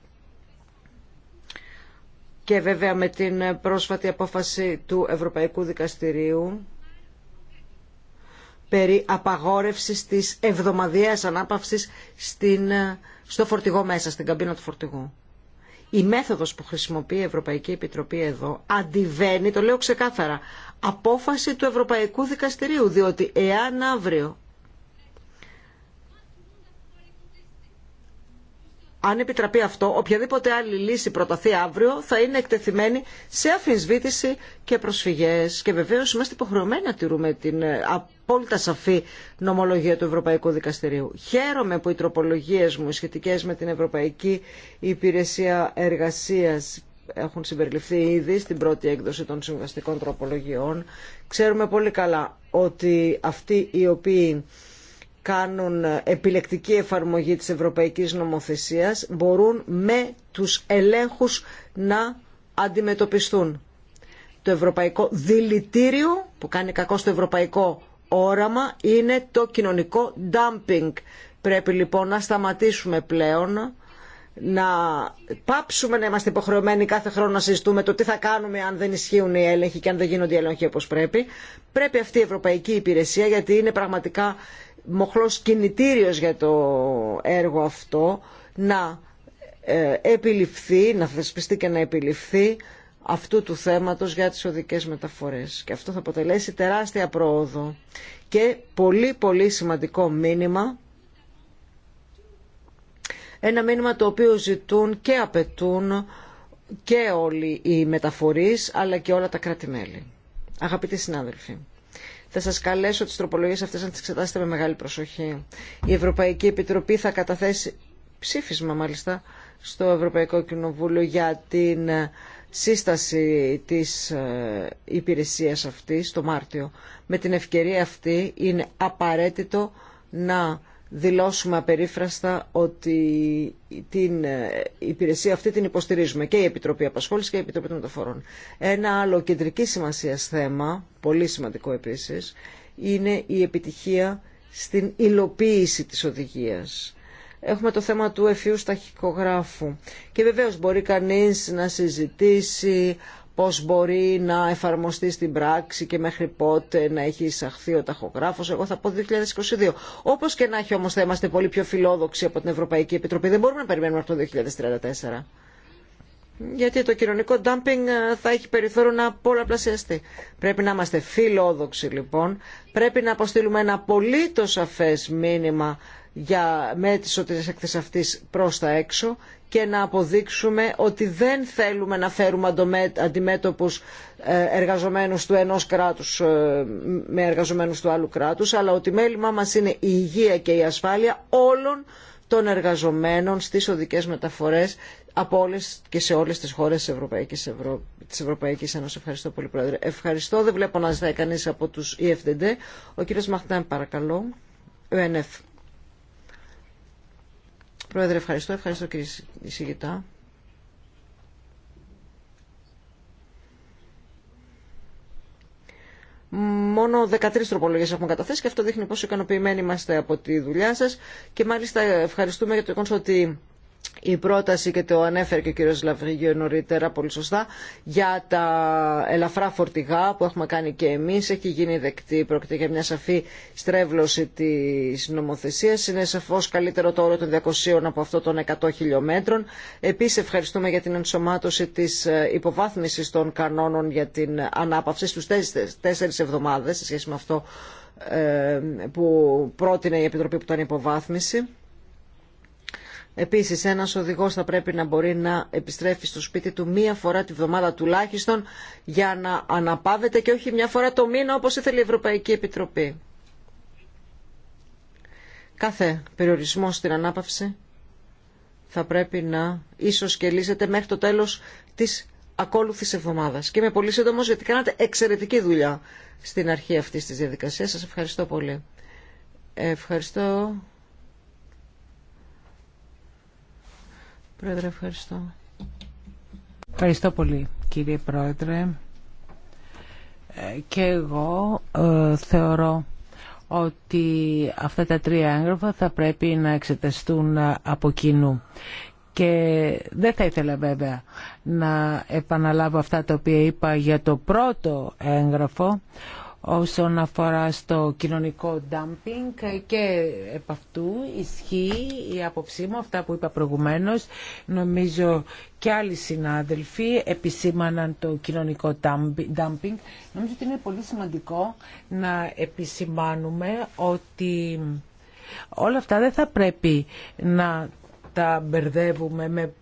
και βέβαια με την πρόσφατη απόφαση του Ευρωπαϊκού Δικαστηρίου περί απαγόρευσης της εβδομαδιαίας ανάπαυσης στο φορτηγό μέσα, στην καμπίνα του φορτηγού η μέθοδος που χρησιμοποιεί η Ευρωπαϊκή Επιτροπή εδώ αντιβαίνει, το λέω ξεκάθαρα, απόφαση του Ευρωπαϊκού Δικαστηρίου, διότι εάν αύριο αν επιτραπεί αυτό, οποιαδήποτε άλλη λύση προταθεί αύριο θα είναι εκτεθειμένη σε αφισβήτηση και προσφυγέ. Και βεβαίως είμαστε υποχρεωμένοι να τηρούμε την ε, απόλυτα σαφή νομολογία του Ευρωπαϊκού Δικαστηρίου. Χαίρομαι που οι τροπολογίες μου σχετικέ με την Ευρωπαϊκή Υπηρεσία Εργασίας έχουν συμπεριληφθεί ήδη στην πρώτη έκδοση των συμβαστικών τροπολογιών. Ξέρουμε πολύ καλά ότι αυτοί οι οποίοι κάνουν επιλεκτική εφαρμογή της ευρωπαϊκής νομοθεσίας μπορούν με τους ελέγχους να αντιμετωπιστούν. Το ευρωπαϊκό δηλητήριο που κάνει κακό στο ευρωπαϊκό όραμα είναι το κοινωνικό dumping. Πρέπει λοιπόν να σταματήσουμε πλέον να πάψουμε να είμαστε υποχρεωμένοι κάθε χρόνο να συζητούμε το τι θα κάνουμε αν δεν ισχύουν οι έλεγχοι και αν δεν γίνονται οι έλεγχοι όπως πρέπει. Πρέπει αυτή η Ευρωπαϊκή Υπηρεσία, γιατί είναι πραγματικά μοχλός κινητήριος για το έργο αυτό να ε, επιληφθεί, να θεσπιστεί και να επιληφθεί αυτού του θέματος για τις οδικές μεταφορές. Και αυτό θα αποτελέσει τεράστια πρόοδο και πολύ πολύ σημαντικό μήνυμα ένα μήνυμα το οποίο ζητούν και απαιτούν και όλοι οι μεταφορείς αλλά και όλα τα κράτη-μέλη. Αγαπητοί συνάδελφοι, θα σα καλέσω τι τροπολογίε αυτέ να τις εξετάσετε με μεγάλη προσοχή. Η Ευρωπαϊκή Επιτροπή θα καταθέσει ψήφισμα μάλιστα στο Ευρωπαϊκό Κοινοβούλιο για την ε, σύσταση της ε, υπηρεσίας αυτής το Μάρτιο. Με την ευκαιρία αυτή είναι απαραίτητο να δηλώσουμε απερίφραστα ότι την ε, υπηρεσία αυτή την υποστηρίζουμε και η Επιτροπή Απασχόλησης και η Επιτροπή των Μεταφορών. Ένα άλλο κεντρική σημασία θέμα, πολύ σημαντικό επίσης, είναι η επιτυχία στην υλοποίηση της οδηγίας. Έχουμε το θέμα του εφιούς ταχυκογράφου και βεβαίως μπορεί κανείς να συζητήσει πώς μπορεί να εφαρμοστεί στην πράξη και μέχρι πότε να έχει εισαχθεί ο ταχογράφος. Εγώ θα πω 2022. Όπως και να έχει όμως θα είμαστε πολύ πιο φιλόδοξοι από την Ευρωπαϊκή Επιτροπή. Δεν μπορούμε να περιμένουμε από το 2034. Γιατί το κοινωνικό ντάμπινγκ ε, θα έχει περιθώριο να πολλαπλασιαστεί. Πρέπει να είμαστε φιλόδοξοι λοιπόν. Πρέπει να αποστείλουμε ένα πολύ σαφές μήνυμα για, με τις εκθέσεις αυτής προς τα έξω και να αποδείξουμε ότι δεν θέλουμε να φέρουμε αντιμέτωπους ε, εργαζομένους του ενός κράτους ε, με εργαζομένους του άλλου κράτους, αλλά ότι μέλημά μας είναι η υγεία και η ασφάλεια όλων των εργαζομένων στις οδικές μεταφορές από όλες και σε όλες τις χώρες τη Ευρωπαϊκή Ευρω... Ευρωπαϊκής Ένωση. Ευχαριστώ πολύ, Πρόεδρε. Ευχαριστώ. Δεν βλέπω να ζητάει κανεί από του EFDD. Ο κύριο Μαχτάν, παρακαλώ. Πρόεδρε, ευχαριστώ. Ευχαριστώ κύριε Σιγητά. Μόνο 13 τροπολογίες έχουμε καταθέσει και αυτό δείχνει πόσο ικανοποιημένοι είμαστε από τη δουλειά σας και μάλιστα ευχαριστούμε για το εικόνσο ότι η πρόταση και το ανέφερε και ο κύριος Λαβρίγιο νωρίτερα πολύ σωστά για τα ελαφρά φορτηγά που έχουμε κάνει και εμείς έχει γίνει δεκτή πρόκειται για μια σαφή στρέβλωση της νομοθεσίας είναι σαφώς καλύτερο το όρο των 200 από αυτό των 100 χιλιόμετρων επίσης ευχαριστούμε για την ενσωμάτωση της υποβάθμισης των κανόνων για την ανάπαυση στους τέσσερις εβδομάδες σε σχέση με αυτό ε, που πρότεινε η Επιτροπή που ήταν υποβάθμιση Επίσης ένας οδηγός θα πρέπει να μπορεί να επιστρέφει στο σπίτι του μία φορά τη βδομάδα τουλάχιστον για να αναπαύεται και όχι μια φορά το μήνα όπως ήθελε η Ευρωπαϊκή Επιτροπή. Κάθε περιορισμό στην ανάπαυση θα πρέπει να ίσως και λύσετε μέχρι το τέλος της ακόλουθης εβδομάδας. Και είμαι πολύ σύντομο γιατί κάνατε εξαιρετική δουλειά στην αρχή αυτής της διαδικασίας. Σας ευχαριστώ πολύ. Ευχαριστώ. Πρόεδρε, ευχαριστώ. Ευχαριστώ πολύ, κύριε Πρόεδρε. Ε, και εγώ ε, θεωρώ ότι αυτά τα τρία έγγραφα θα πρέπει να εξεταστούν ε, από κοινού. Και δεν θα ήθελα βέβαια να επαναλάβω αυτά τα οποία είπα για το πρώτο έγγραφο, όσον αφορά στο κοινωνικό dumping και επ' αυτού ισχύει η άποψή μου, αυτά που είπα προηγουμένως. Νομίζω και άλλοι συνάδελφοι επισήμαναν το κοινωνικό dumping. Νομίζω ότι είναι πολύ σημαντικό να επισημάνουμε ότι όλα αυτά δεν θα πρέπει να τα μπερδεύουμε με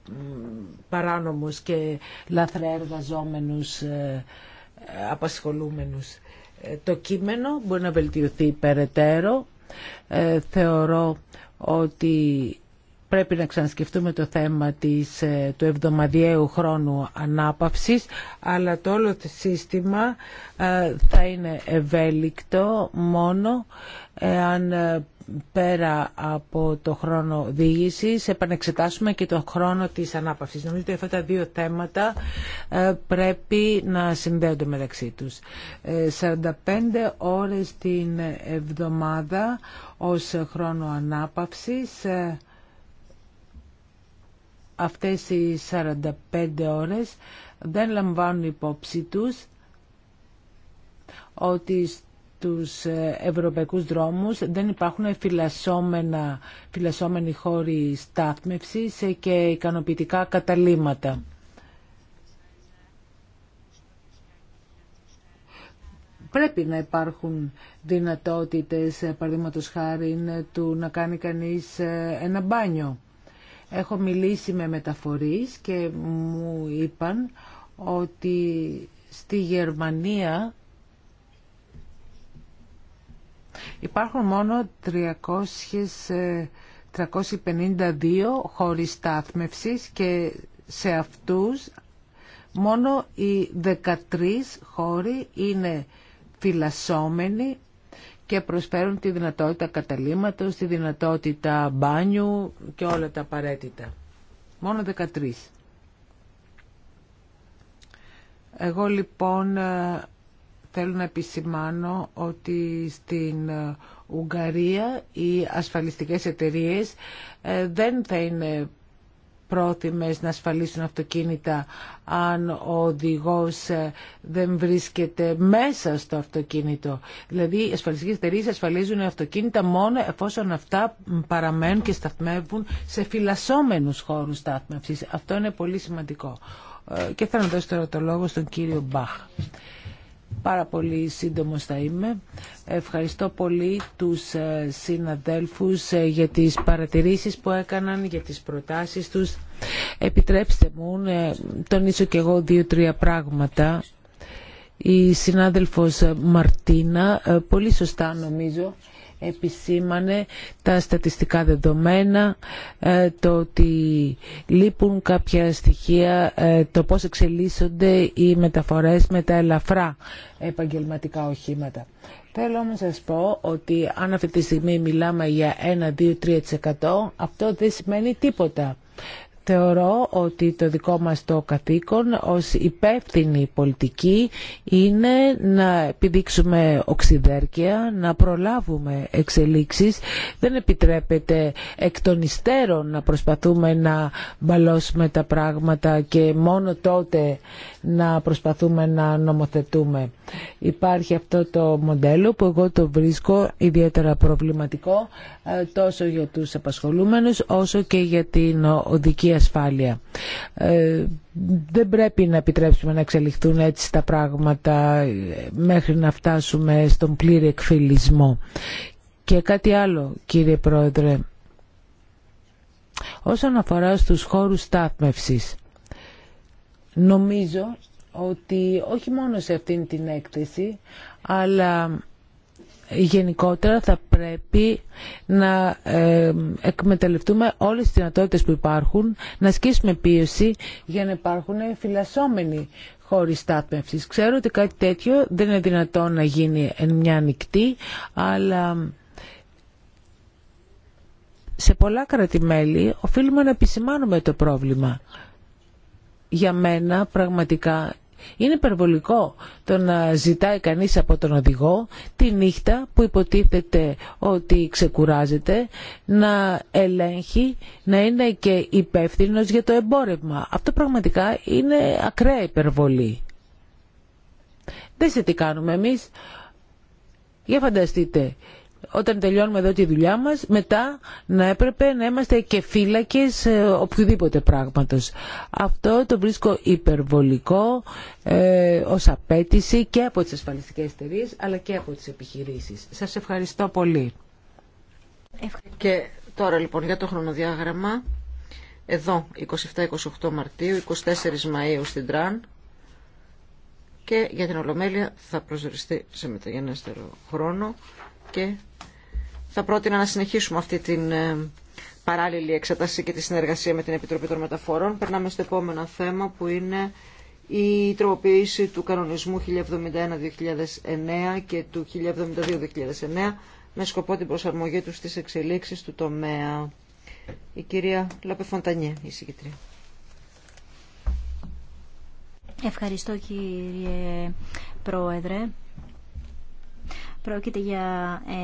παράνομους και λαθρεεργαζόμενους ε, απασχολούμενους το κείμενο μπορεί να βελτιωθεί περαιτέρω. Ε, θεωρώ ότι πρέπει να ξανασκεφτούμε το θέμα της, ε, του εβδομαδιαίου χρόνου ανάπαυσης, αλλά το όλο το σύστημα ε, θα είναι ευέλικτο μόνο εάν πέρα από το χρόνο διήγηση, επανεξετάσουμε και το χρόνο της ανάπαυσης. Νομίζω ότι αυτά τα δύο θέματα ε, πρέπει να συνδέονται μεταξύ τους. 45 ε, ώρες την εβδομάδα ως χρόνο ανάπαυσης. Ε, αυτές οι 45 ώρες δεν λαμβάνουν υπόψη τους ότι τους ε, ευρωπαϊκούς δρόμους δεν υπάρχουν φυλασσόμενοι χώροι στάθμευσης και ικανοποιητικά καταλήματα. Πρέπει να υπάρχουν δυνατότητες, ε, παραδείγματο χάρη, του να κάνει κανείς ε, ένα μπάνιο. Έχω μιλήσει με μεταφορείς και μου είπαν ότι στη Γερμανία Υπάρχουν μόνο 352 ε, χώροι στάθμευση και σε αυτούς μόνο οι 13 χώροι είναι φυλασσόμενοι και προσφέρουν τη δυνατότητα καταλήμματος, τη δυνατότητα μπάνιου και όλα τα απαραίτητα. Μόνο 13. Εγώ λοιπόν ε, θέλω να επισημάνω ότι στην ε, Ουγγαρία οι ασφαλιστικές εταιρείες ε, δεν θα είναι πρόθυμες να ασφαλίσουν αυτοκίνητα αν ο οδηγός ε, δεν βρίσκεται μέσα στο αυτοκίνητο. Δηλαδή οι ασφαλιστικές εταιρείες ασφαλίζουν αυτοκίνητα μόνο εφόσον αυτά παραμένουν και σταθμεύουν σε φυλασσόμενους χώρους στάθμευσης. Αυτό είναι πολύ σημαντικό. Και θέλω να δώσω τώρα το λόγο στον κύριο Μπαχ. Πάρα πολύ σύντομος θα είμαι. Ευχαριστώ πολύ τους ε, συναδέλφους ε, για τις παρατηρήσεις που έκαναν, για τις προτάσεις τους. Επιτρέψτε μου, ε, τονίσω και εγώ δύο-τρία πράγματα. Η συνάδελφος Μαρτίνα, πολύ σωστά νομίζω, επισήμανε τα στατιστικά δεδομένα, ε, το ότι λείπουν κάποια στοιχεία, ε, το πώς εξελίσσονται οι μεταφορές με τα ελαφρά επαγγελματικά οχήματα. Θέλω όμως να σας πω ότι αν αυτή τη στιγμή μιλάμε για 1, 2, 3% αυτό δεν σημαίνει τίποτα. Θεωρώ ότι το δικό μας το καθήκον ως υπεύθυνη πολιτική είναι να επιδείξουμε οξυδέρκεια, να προλάβουμε εξελίξεις. Δεν επιτρέπεται εκ των υστέρων να προσπαθούμε να μπαλώσουμε τα πράγματα και μόνο τότε να προσπαθούμε να νομοθετούμε. Υπάρχει αυτό το μοντέλο που εγώ το βρίσκω ιδιαίτερα προβληματικό ε, τόσο για τους απασχολούμενους όσο και για την οδική ασφάλεια. Ε, δεν πρέπει να επιτρέψουμε να εξελιχθούν έτσι τα πράγματα ε, μέχρι να φτάσουμε στον πλήρη εκφυλισμό. Και κάτι άλλο κύριε Πρόεδρε. Όσον αφορά στους χώρους στάθμευσης, νομίζω ότι όχι μόνο σε αυτήν την έκθεση, αλλά γενικότερα θα πρέπει να ε, εκμεταλλευτούμε όλες τις δυνατότητες που υπάρχουν, να ασκήσουμε πίεση για να υπάρχουν φυλασσόμενοι χώροι στάθμευσης. Ξέρω ότι κάτι τέτοιο δεν είναι δυνατό να γίνει εν μια νυχτή, αλλά σε πολλά κράτη-μέλη οφείλουμε να επισημάνουμε το πρόβλημα. Για μένα πραγματικά είναι υπερβολικό το να ζητάει κανείς από τον οδηγό τη νύχτα που υποτίθεται ότι ξεκουράζεται να ελέγχει, να είναι και υπεύθυνο για το εμπόρευμα. Αυτό πραγματικά είναι ακραία υπερβολή. Δεν τι κάνουμε εμείς. Για φανταστείτε, όταν τελειώνουμε εδώ τη δουλειά μας, μετά να έπρεπε να είμαστε και φύλακες ε, οποιοδήποτε πράγματος. Αυτό το βρίσκω υπερβολικό ε, ως απέτηση και από τις ασφαλιστικές εταιρείε, αλλά και από τις επιχειρήσεις. Σας ευχαριστώ πολύ. Και τώρα λοιπόν για το χρονοδιάγραμμα. Εδώ 27-28 Μαρτίου, 24 Μαΐου στην Τραν, και για την Ολομέλεια θα προσδοριστεί σε μεταγενέστερο χρόνο και θα πρότεινα να συνεχίσουμε αυτή την ε, παράλληλη εξέταση και τη συνεργασία με την Επιτροπή των Μεταφορών. Περνάμε στο επόμενο θέμα που είναι η τροποποίηση του κανονισμού 1071-2009 και του 1072-2009 με σκοπό την προσαρμογή του στις εξελίξεις του τομέα. Η κυρία Λαπεφοντανιέ, η συγκεκριά. Ευχαριστώ κύριε Πρόεδρε. Πρόκειται για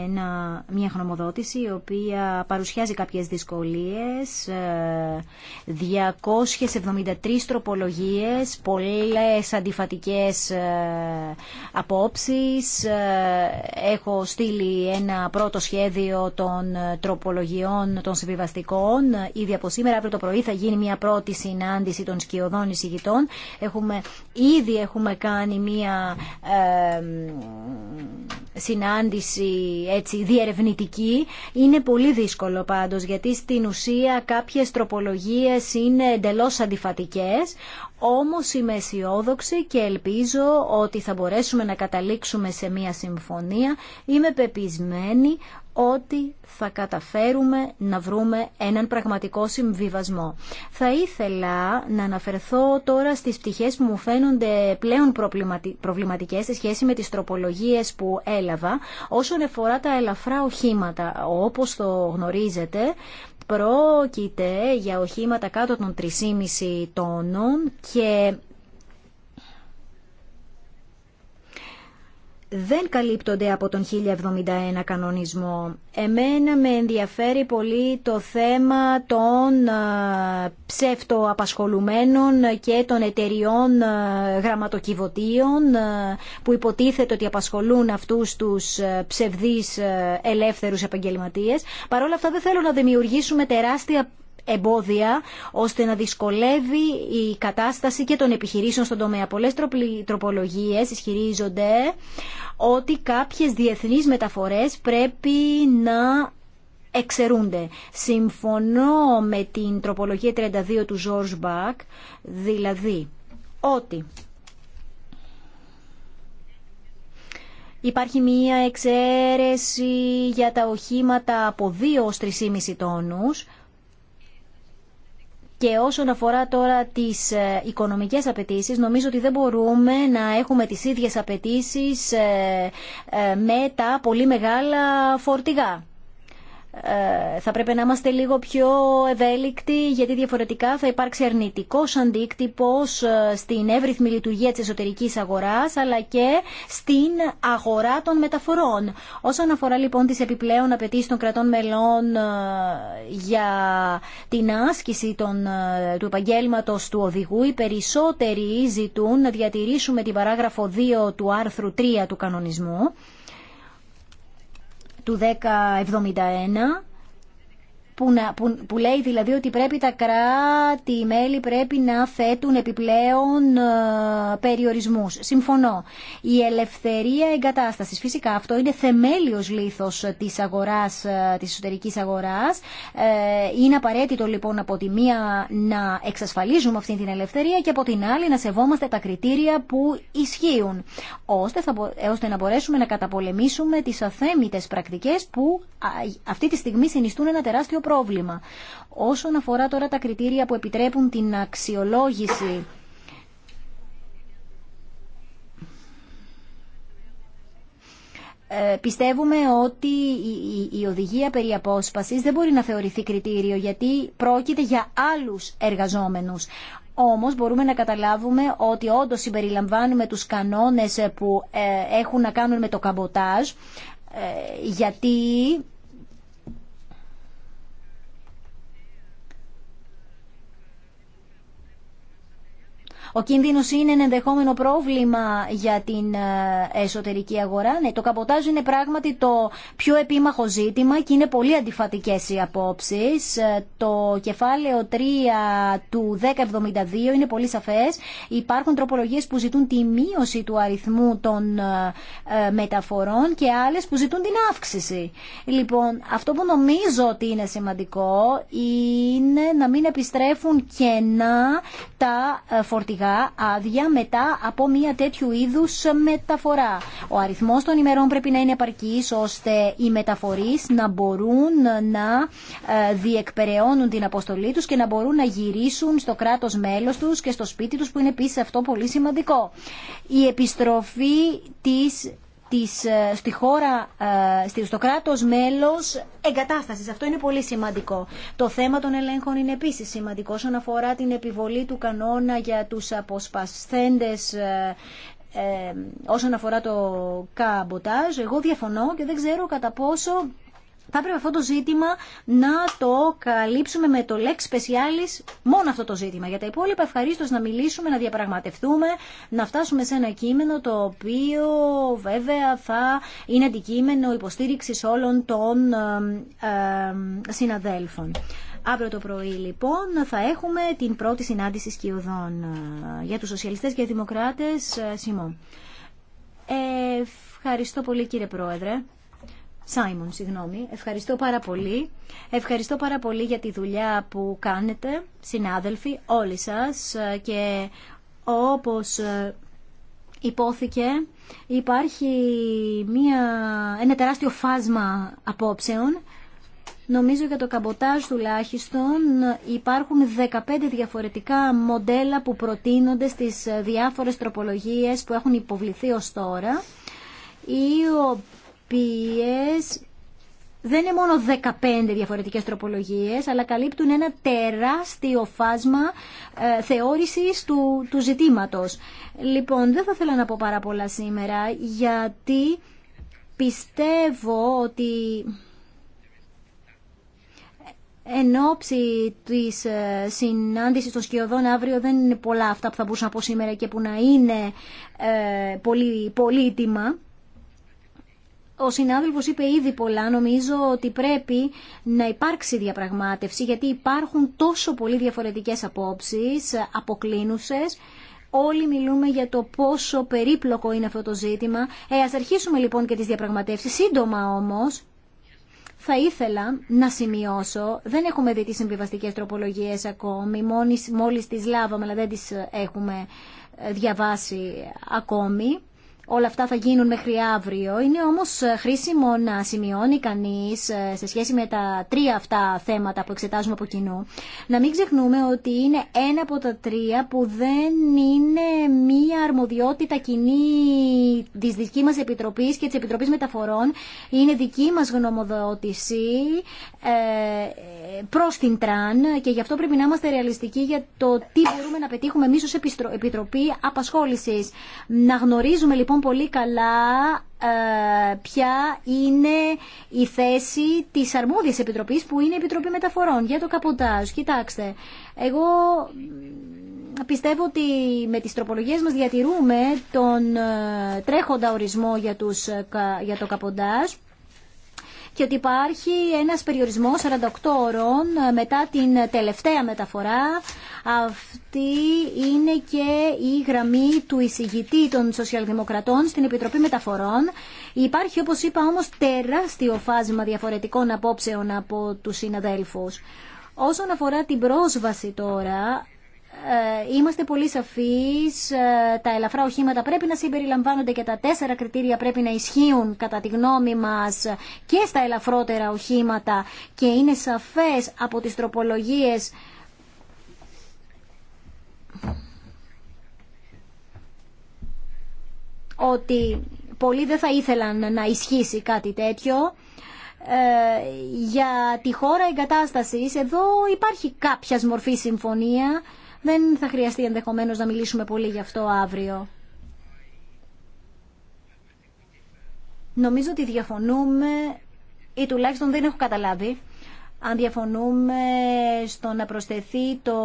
ένα, μια χρονομοδότηση η οποία παρουσιάζει κάποιες δυσκολίες, 273 ε, τροπολογίες, πολλές αντιφατικές ε, απόψεις. Ε, έχω στείλει ένα πρώτο σχέδιο των τροπολογιών των συμβιβαστικών. Ήδη από σήμερα, αύριο το πρωί θα γίνει μια πρώτη συνάντηση των σκιωδών εισηγητών. Έχουμε, ήδη έχουμε κάνει μια συνάντηση έτσι, διερευνητική. Είναι πολύ δύσκολο πάντως γιατί στην ουσία κάποιες τροπολογίες είναι εντελώς αντιφατικές όμως είμαι αισιόδοξη και ελπίζω ότι θα μπορέσουμε να καταλήξουμε σε μια συμφωνία. Είμαι πεπισμένη ότι θα καταφέρουμε να βρούμε έναν πραγματικό συμβιβασμό. Θα ήθελα να αναφερθώ τώρα στις πτυχές που μου φαίνονται πλέον προβληματικές σε σχέση με τις τροπολογίες που έλαβα όσον αφορά τα ελαφρά οχήματα. Όπως το γνωρίζετε, πρόκειται για οχήματα κάτω των 3,5 τόνων και δεν καλύπτονται από τον 1071 κανονισμό. Εμένα με ενδιαφέρει πολύ το θέμα των ε, ψευτοαπασχολουμένων και των εταιριών ε, γραμματοκιβωτίων ε, που υποτίθεται ότι απασχολούν αυτούς τους ψευδείς ελεύθερους επαγγελματίες. Παρ' όλα αυτά δεν θέλω να δημιουργήσουμε τεράστια εμπόδια ώστε να δυσκολεύει η κατάσταση και των επιχειρήσεων στον τομέα. Πολλές τροπολογίες ισχυρίζονται ότι κάποιες διεθνείς μεταφορές πρέπει να εξαιρούνται. Συμφωνώ με την τροπολογία 32 του George Μπακ, δηλαδή ότι Υπάρχει μία εξαίρεση για τα οχήματα από 2 ως 3,5 τόνους και όσον αφορά τώρα τις ε, οικονομικέ απαιτήσει, νομίζω ότι δεν μπορούμε να έχουμε τις ίδιες απαιτήσει ε, ε, με τα πολύ μεγάλα φορτηγά. Ε, θα πρέπει να είμαστε λίγο πιο ευέλικτοι γιατί διαφορετικά θα υπάρξει αρνητικό αντίκτυπος ε, στην εύρυθμη λειτουργία τη εσωτερικής αγοράς αλλά και στην αγορά των μεταφορών. Όσον αφορά λοιπόν τις επιπλέον απαιτήσει των κρατών μελών ε, για την άσκηση των, του επαγγέλματο του οδηγού οι περισσότεροι ζητούν να διατηρήσουμε την παράγραφο 2 του άρθρου 3 του κανονισμού του 1071 που, να, που, λέει δηλαδή ότι πρέπει τα κράτη, οι μέλη πρέπει να θέτουν επιπλέον ε, περιορισμούς. Συμφωνώ. Η ελευθερία εγκατάστασης. Φυσικά αυτό είναι θεμέλιος λήθος της αγοράς, ε, της εσωτερικής αγοράς. Ε, είναι απαραίτητο λοιπόν από τη μία να εξασφαλίζουμε αυτή την ελευθερία και από την άλλη να σεβόμαστε τα κριτήρια που ισχύουν. Ώστε, θα, ώστε να μπορέσουμε να καταπολεμήσουμε τις αθέμητες πρακτικές που αυτή τη στιγμή συνιστούν ένα τεράστιο πρόβλημα. Όσον αφορά τώρα τα κριτήρια που επιτρέπουν την αξιολόγηση ε, πιστεύουμε ότι η, οδηγία περί απόσπασης δεν μπορεί να θεωρηθεί κριτήριο γιατί πρόκειται για άλλους εργαζόμενους. Όμως μπορούμε να καταλάβουμε ότι όντως συμπεριλαμβάνουμε τους κανόνες που ε, έχουν να κάνουν με το καμποτάζ ε, γιατί Ο κίνδυνο είναι ένα ενδεχόμενο πρόβλημα για την ε, εσωτερική αγορά. Ναι, το Καποτάζου είναι πράγματι το πιο επίμαχο ζήτημα και είναι πολύ αντιφατικέ οι απόψει. Ε, το κεφάλαιο 3 του 1072 είναι πολύ σαφέ. Υπάρχουν τροπολογίες που ζητούν τη μείωση του αριθμού των ε, μεταφορών και άλλε που ζητούν την αύξηση. Λοιπόν, αυτό που νομίζω ότι είναι σημαντικό είναι να μην επιστρέφουν κενά τα φορτηγά σιγά άδεια μετά από μια τέτοιου είδου μεταφορά. Ο αριθμό των ημερών πρέπει να είναι επαρκή, ώστε οι μεταφορεί να μπορούν να ε, διεκπεραιώνουν την αποστολή του και να μπορούν να γυρίσουν στο κράτος μέλο του και στο σπίτι τους που είναι επίση αυτό πολύ σημαντικό. Η επιστροφή της της, ε, στη χώρα, ε, στο κράτο μέλος εγκατάστασης. Αυτό είναι πολύ σημαντικό. Το θέμα των ελέγχων είναι επίσης σημαντικό όσον αφορά την επιβολή του κανόνα για τους αποσπασθέντες ε, όσον αφορά το καμποτάζ. Εγώ διαφωνώ και δεν ξέρω κατά πόσο θα έπρεπε αυτό το ζήτημα να το καλύψουμε με το lex specialis μόνο αυτό το ζήτημα. Για τα υπόλοιπα ευχαρίστω να μιλήσουμε, να διαπραγματευτούμε, να φτάσουμε σε ένα κείμενο το οποίο βέβαια θα είναι αντικείμενο υποστήριξη όλων των συναδέλφων. Αύριο το πρωί λοιπόν θα έχουμε την πρώτη συνάντηση σκιωδών ε, για τους σοσιαλιστές και δημοκράτες. Ε, Σιμό. Ε, ευχαριστώ πολύ κύριε Πρόεδρε. Σάιμον, συγγνώμη. Ευχαριστώ πάρα πολύ. Ευχαριστώ πάρα πολύ για τη δουλειά που κάνετε, συνάδελφοι, όλοι σας και όπως ε, υπόθηκε υπάρχει μια, ένα τεράστιο φάσμα απόψεων. Νομίζω για το καμποτάζ τουλάχιστον υπάρχουν 15 διαφορετικά μοντέλα που προτείνονται στις διάφορες τροπολογίες που έχουν υποβληθεί ως τώρα οποίες δεν είναι μόνο 15 διαφορετικές τροπολογίες, αλλά καλύπτουν ένα τεράστιο φάσμα ε, θεώρησης του, του ζητήματος. Λοιπόν, δεν θα ήθελα να πω πάρα πολλά σήμερα, γιατί πιστεύω ότι εν ώψη της ε, συνάντησης των σκιωδών αύριο δεν είναι πολλά αυτά που θα μπορούσα να πω σήμερα και που να είναι ε, πολύ πολύτιμα. Ο συνάδελφος είπε ήδη πολλά. Νομίζω ότι πρέπει να υπάρξει διαπραγμάτευση γιατί υπάρχουν τόσο πολύ διαφορετικές απόψεις, αποκλίνουσες. Όλοι μιλούμε για το πόσο περίπλοκο είναι αυτό το ζήτημα. Ε, ας αρχίσουμε λοιπόν και τις διαπραγματεύσεις. Σύντομα όμως, θα ήθελα να σημειώσω, δεν έχουμε δει τις συμβιβαστικές τροπολογίες ακόμη, μόλις, μόλις τις λάβαμε αλλά δεν τις έχουμε ε, διαβάσει ακόμη όλα αυτά θα γίνουν μέχρι αύριο. Είναι όμως ε, χρήσιμο να σημειώνει κανείς ε, σε σχέση με τα τρία αυτά θέματα που εξετάζουμε από κοινού. Να μην ξεχνούμε ότι είναι ένα από τα τρία που δεν είναι μία αρμοδιότητα κοινή της δική μας Επιτροπής και της Επιτροπής Μεταφορών. Είναι δική μας γνωμοδότηση ε, προς την ΤΡΑΝ και γι' αυτό πρέπει να είμαστε ρεαλιστικοί για το τι μπορούμε να πετύχουμε εμείς ως Επιτροπή Απασχόληση Να γνωρίζουμε λοιπόν πολύ καλά ε, ποια είναι η θέση της αρμόδιας επιτροπής που είναι η Επιτροπή Μεταφορών για το Καποντάζ. Κοιτάξτε, εγώ πιστεύω ότι με τις τροπολογίες μας διατηρούμε τον ε, τρέχοντα ορισμό για, τους, ε, για το καποντάζ και ότι υπάρχει ένας περιορισμός 48 ώρων ε, μετά την τελευταία μεταφορά αυτή είναι και η γραμμή του εισηγητή των σοσιαλδημοκρατών στην Επιτροπή Μεταφορών. Υπάρχει, όπως είπα, όμως τεράστιο φάσμα διαφορετικών απόψεων από τους συναδέλφους. Όσον αφορά την πρόσβαση τώρα, ε, είμαστε πολύ σαφείς, ε, τα ελαφρά οχήματα πρέπει να συμπεριλαμβάνονται και τα τέσσερα κριτήρια πρέπει να ισχύουν κατά τη γνώμη μας και στα ελαφρότερα οχήματα και είναι σαφές από τις τροπολογίες ότι πολλοί δεν θα ήθελαν να ισχύσει κάτι τέτοιο. Ε, για τη χώρα εγκατάστασης, εδώ υπάρχει κάποια μορφή συμφωνία. Δεν θα χρειαστεί ενδεχομένως να μιλήσουμε πολύ γι' αυτό αύριο. Νομίζω ότι διαφωνούμε ή τουλάχιστον δεν έχω καταλάβει αν διαφωνούμε στο να προσθεθεί το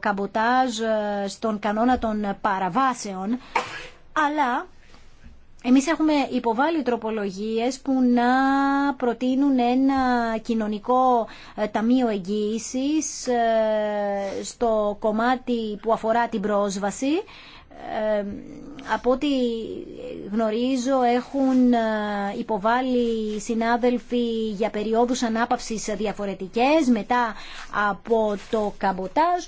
καμποτάζ στον κανόνα των παραβάσεων, αλλά εμείς έχουμε υποβάλει τροπολογίες που να προτείνουν ένα κοινωνικό ε, ταμείο εγγύησης ε, στο κομμάτι που αφορά την πρόσβαση ε, από ό,τι γνωρίζω έχουν ε, υποβάλει συνάδελφοι για περιόδους ανάπαυσης διαφορετικές μετά από το καμποτάζ.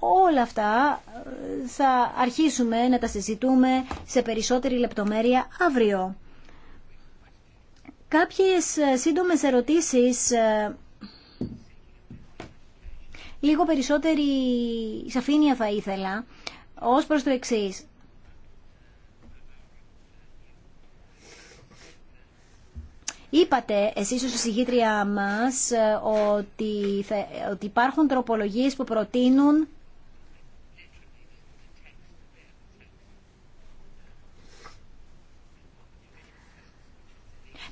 Όλα αυτά ε, θα αρχίσουμε να τα συζητούμε σε περισσότερη λεπτομέρεια αύριο. Κάποιες ε, σύντομες ερωτήσεις λίγο περισσότερη σαφήνεια θα ήθελα ως προς το εξής. Είπατε εσείς ως εισηγήτρια μας ε, ότι, ότι υπάρχουν τροπολογίες που προτείνουν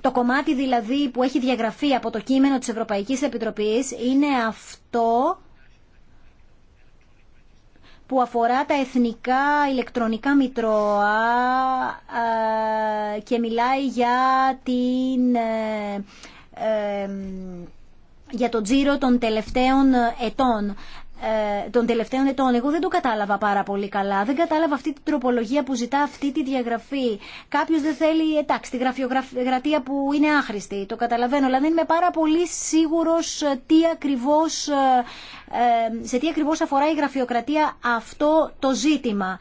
Το κομμάτι δηλαδή που έχει διαγραφεί από το κείμενο της Ευρωπαϊκής Επιτροπής είναι αυτό που αφορά τα εθνικά ηλεκτρονικά μητρώα και μιλάει για την ε, ε, για τον τζίρο των τελευταίων ετών. Ε, των τελευταίων ετών. Εγώ δεν το κατάλαβα πάρα πολύ καλά. Δεν κατάλαβα αυτή την τροπολογία που ζητά αυτή τη διαγραφή. Κάποιο δεν θέλει, εντάξει, τη γραφειοκρατία που είναι άχρηστη. Το καταλαβαίνω, αλλά δεν είμαι πάρα πολύ σίγουρο ε, τι ακριβώς, ε, σε τι ακριβώ αφορά η γραφειοκρατία αυτό το ζήτημα.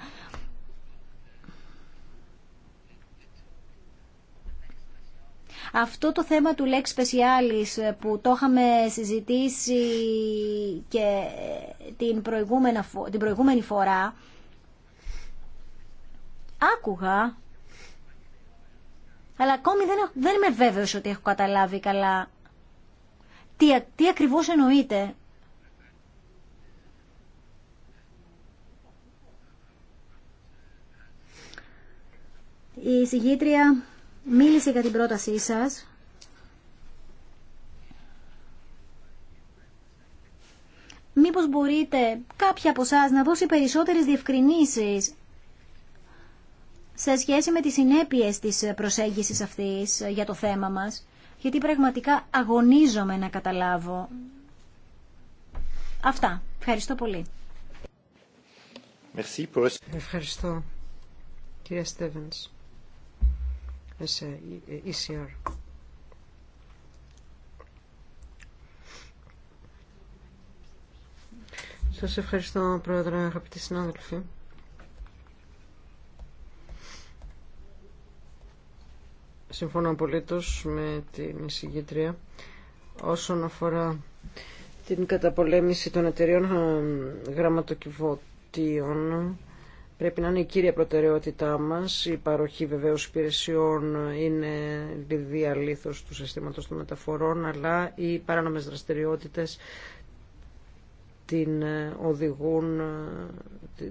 Αυτό το θέμα του Lex Specialis που το είχαμε συζητήσει και την, προηγούμενη φορά, άκουγα, αλλά ακόμη δεν, είμαι βέβαιος ότι έχω καταλάβει καλά τι, τι ακριβώς εννοείται. Η συγγήτρια μίλησε για την πρότασή σας. Μήπως μπορείτε κάποια από εσά να δώσει περισσότερες διευκρινήσεις σε σχέση με τις συνέπειες της προσέγγισης αυτής για το θέμα μας, γιατί πραγματικά αγωνίζομαι να καταλάβω. Αυτά. Ευχαριστώ πολύ. Ευχαριστώ, κυρία Στέβενς. ECR. Σας ευχαριστώ πρόεδρε αγαπητοί συνάδελφοι. Συμφωνώ απολύτως με την εισηγήτρια όσον αφορά την καταπολέμηση των εταιριών ε, γραμματοκιβωτίων Πρέπει να είναι η κύρια προτεραιότητά μας. Η παροχή βεβαίως υπηρεσιών είναι διαλύθος του συστήματος των μεταφορών, αλλά οι παράνομες δραστηριότητες την ε, οδηγούν, ε,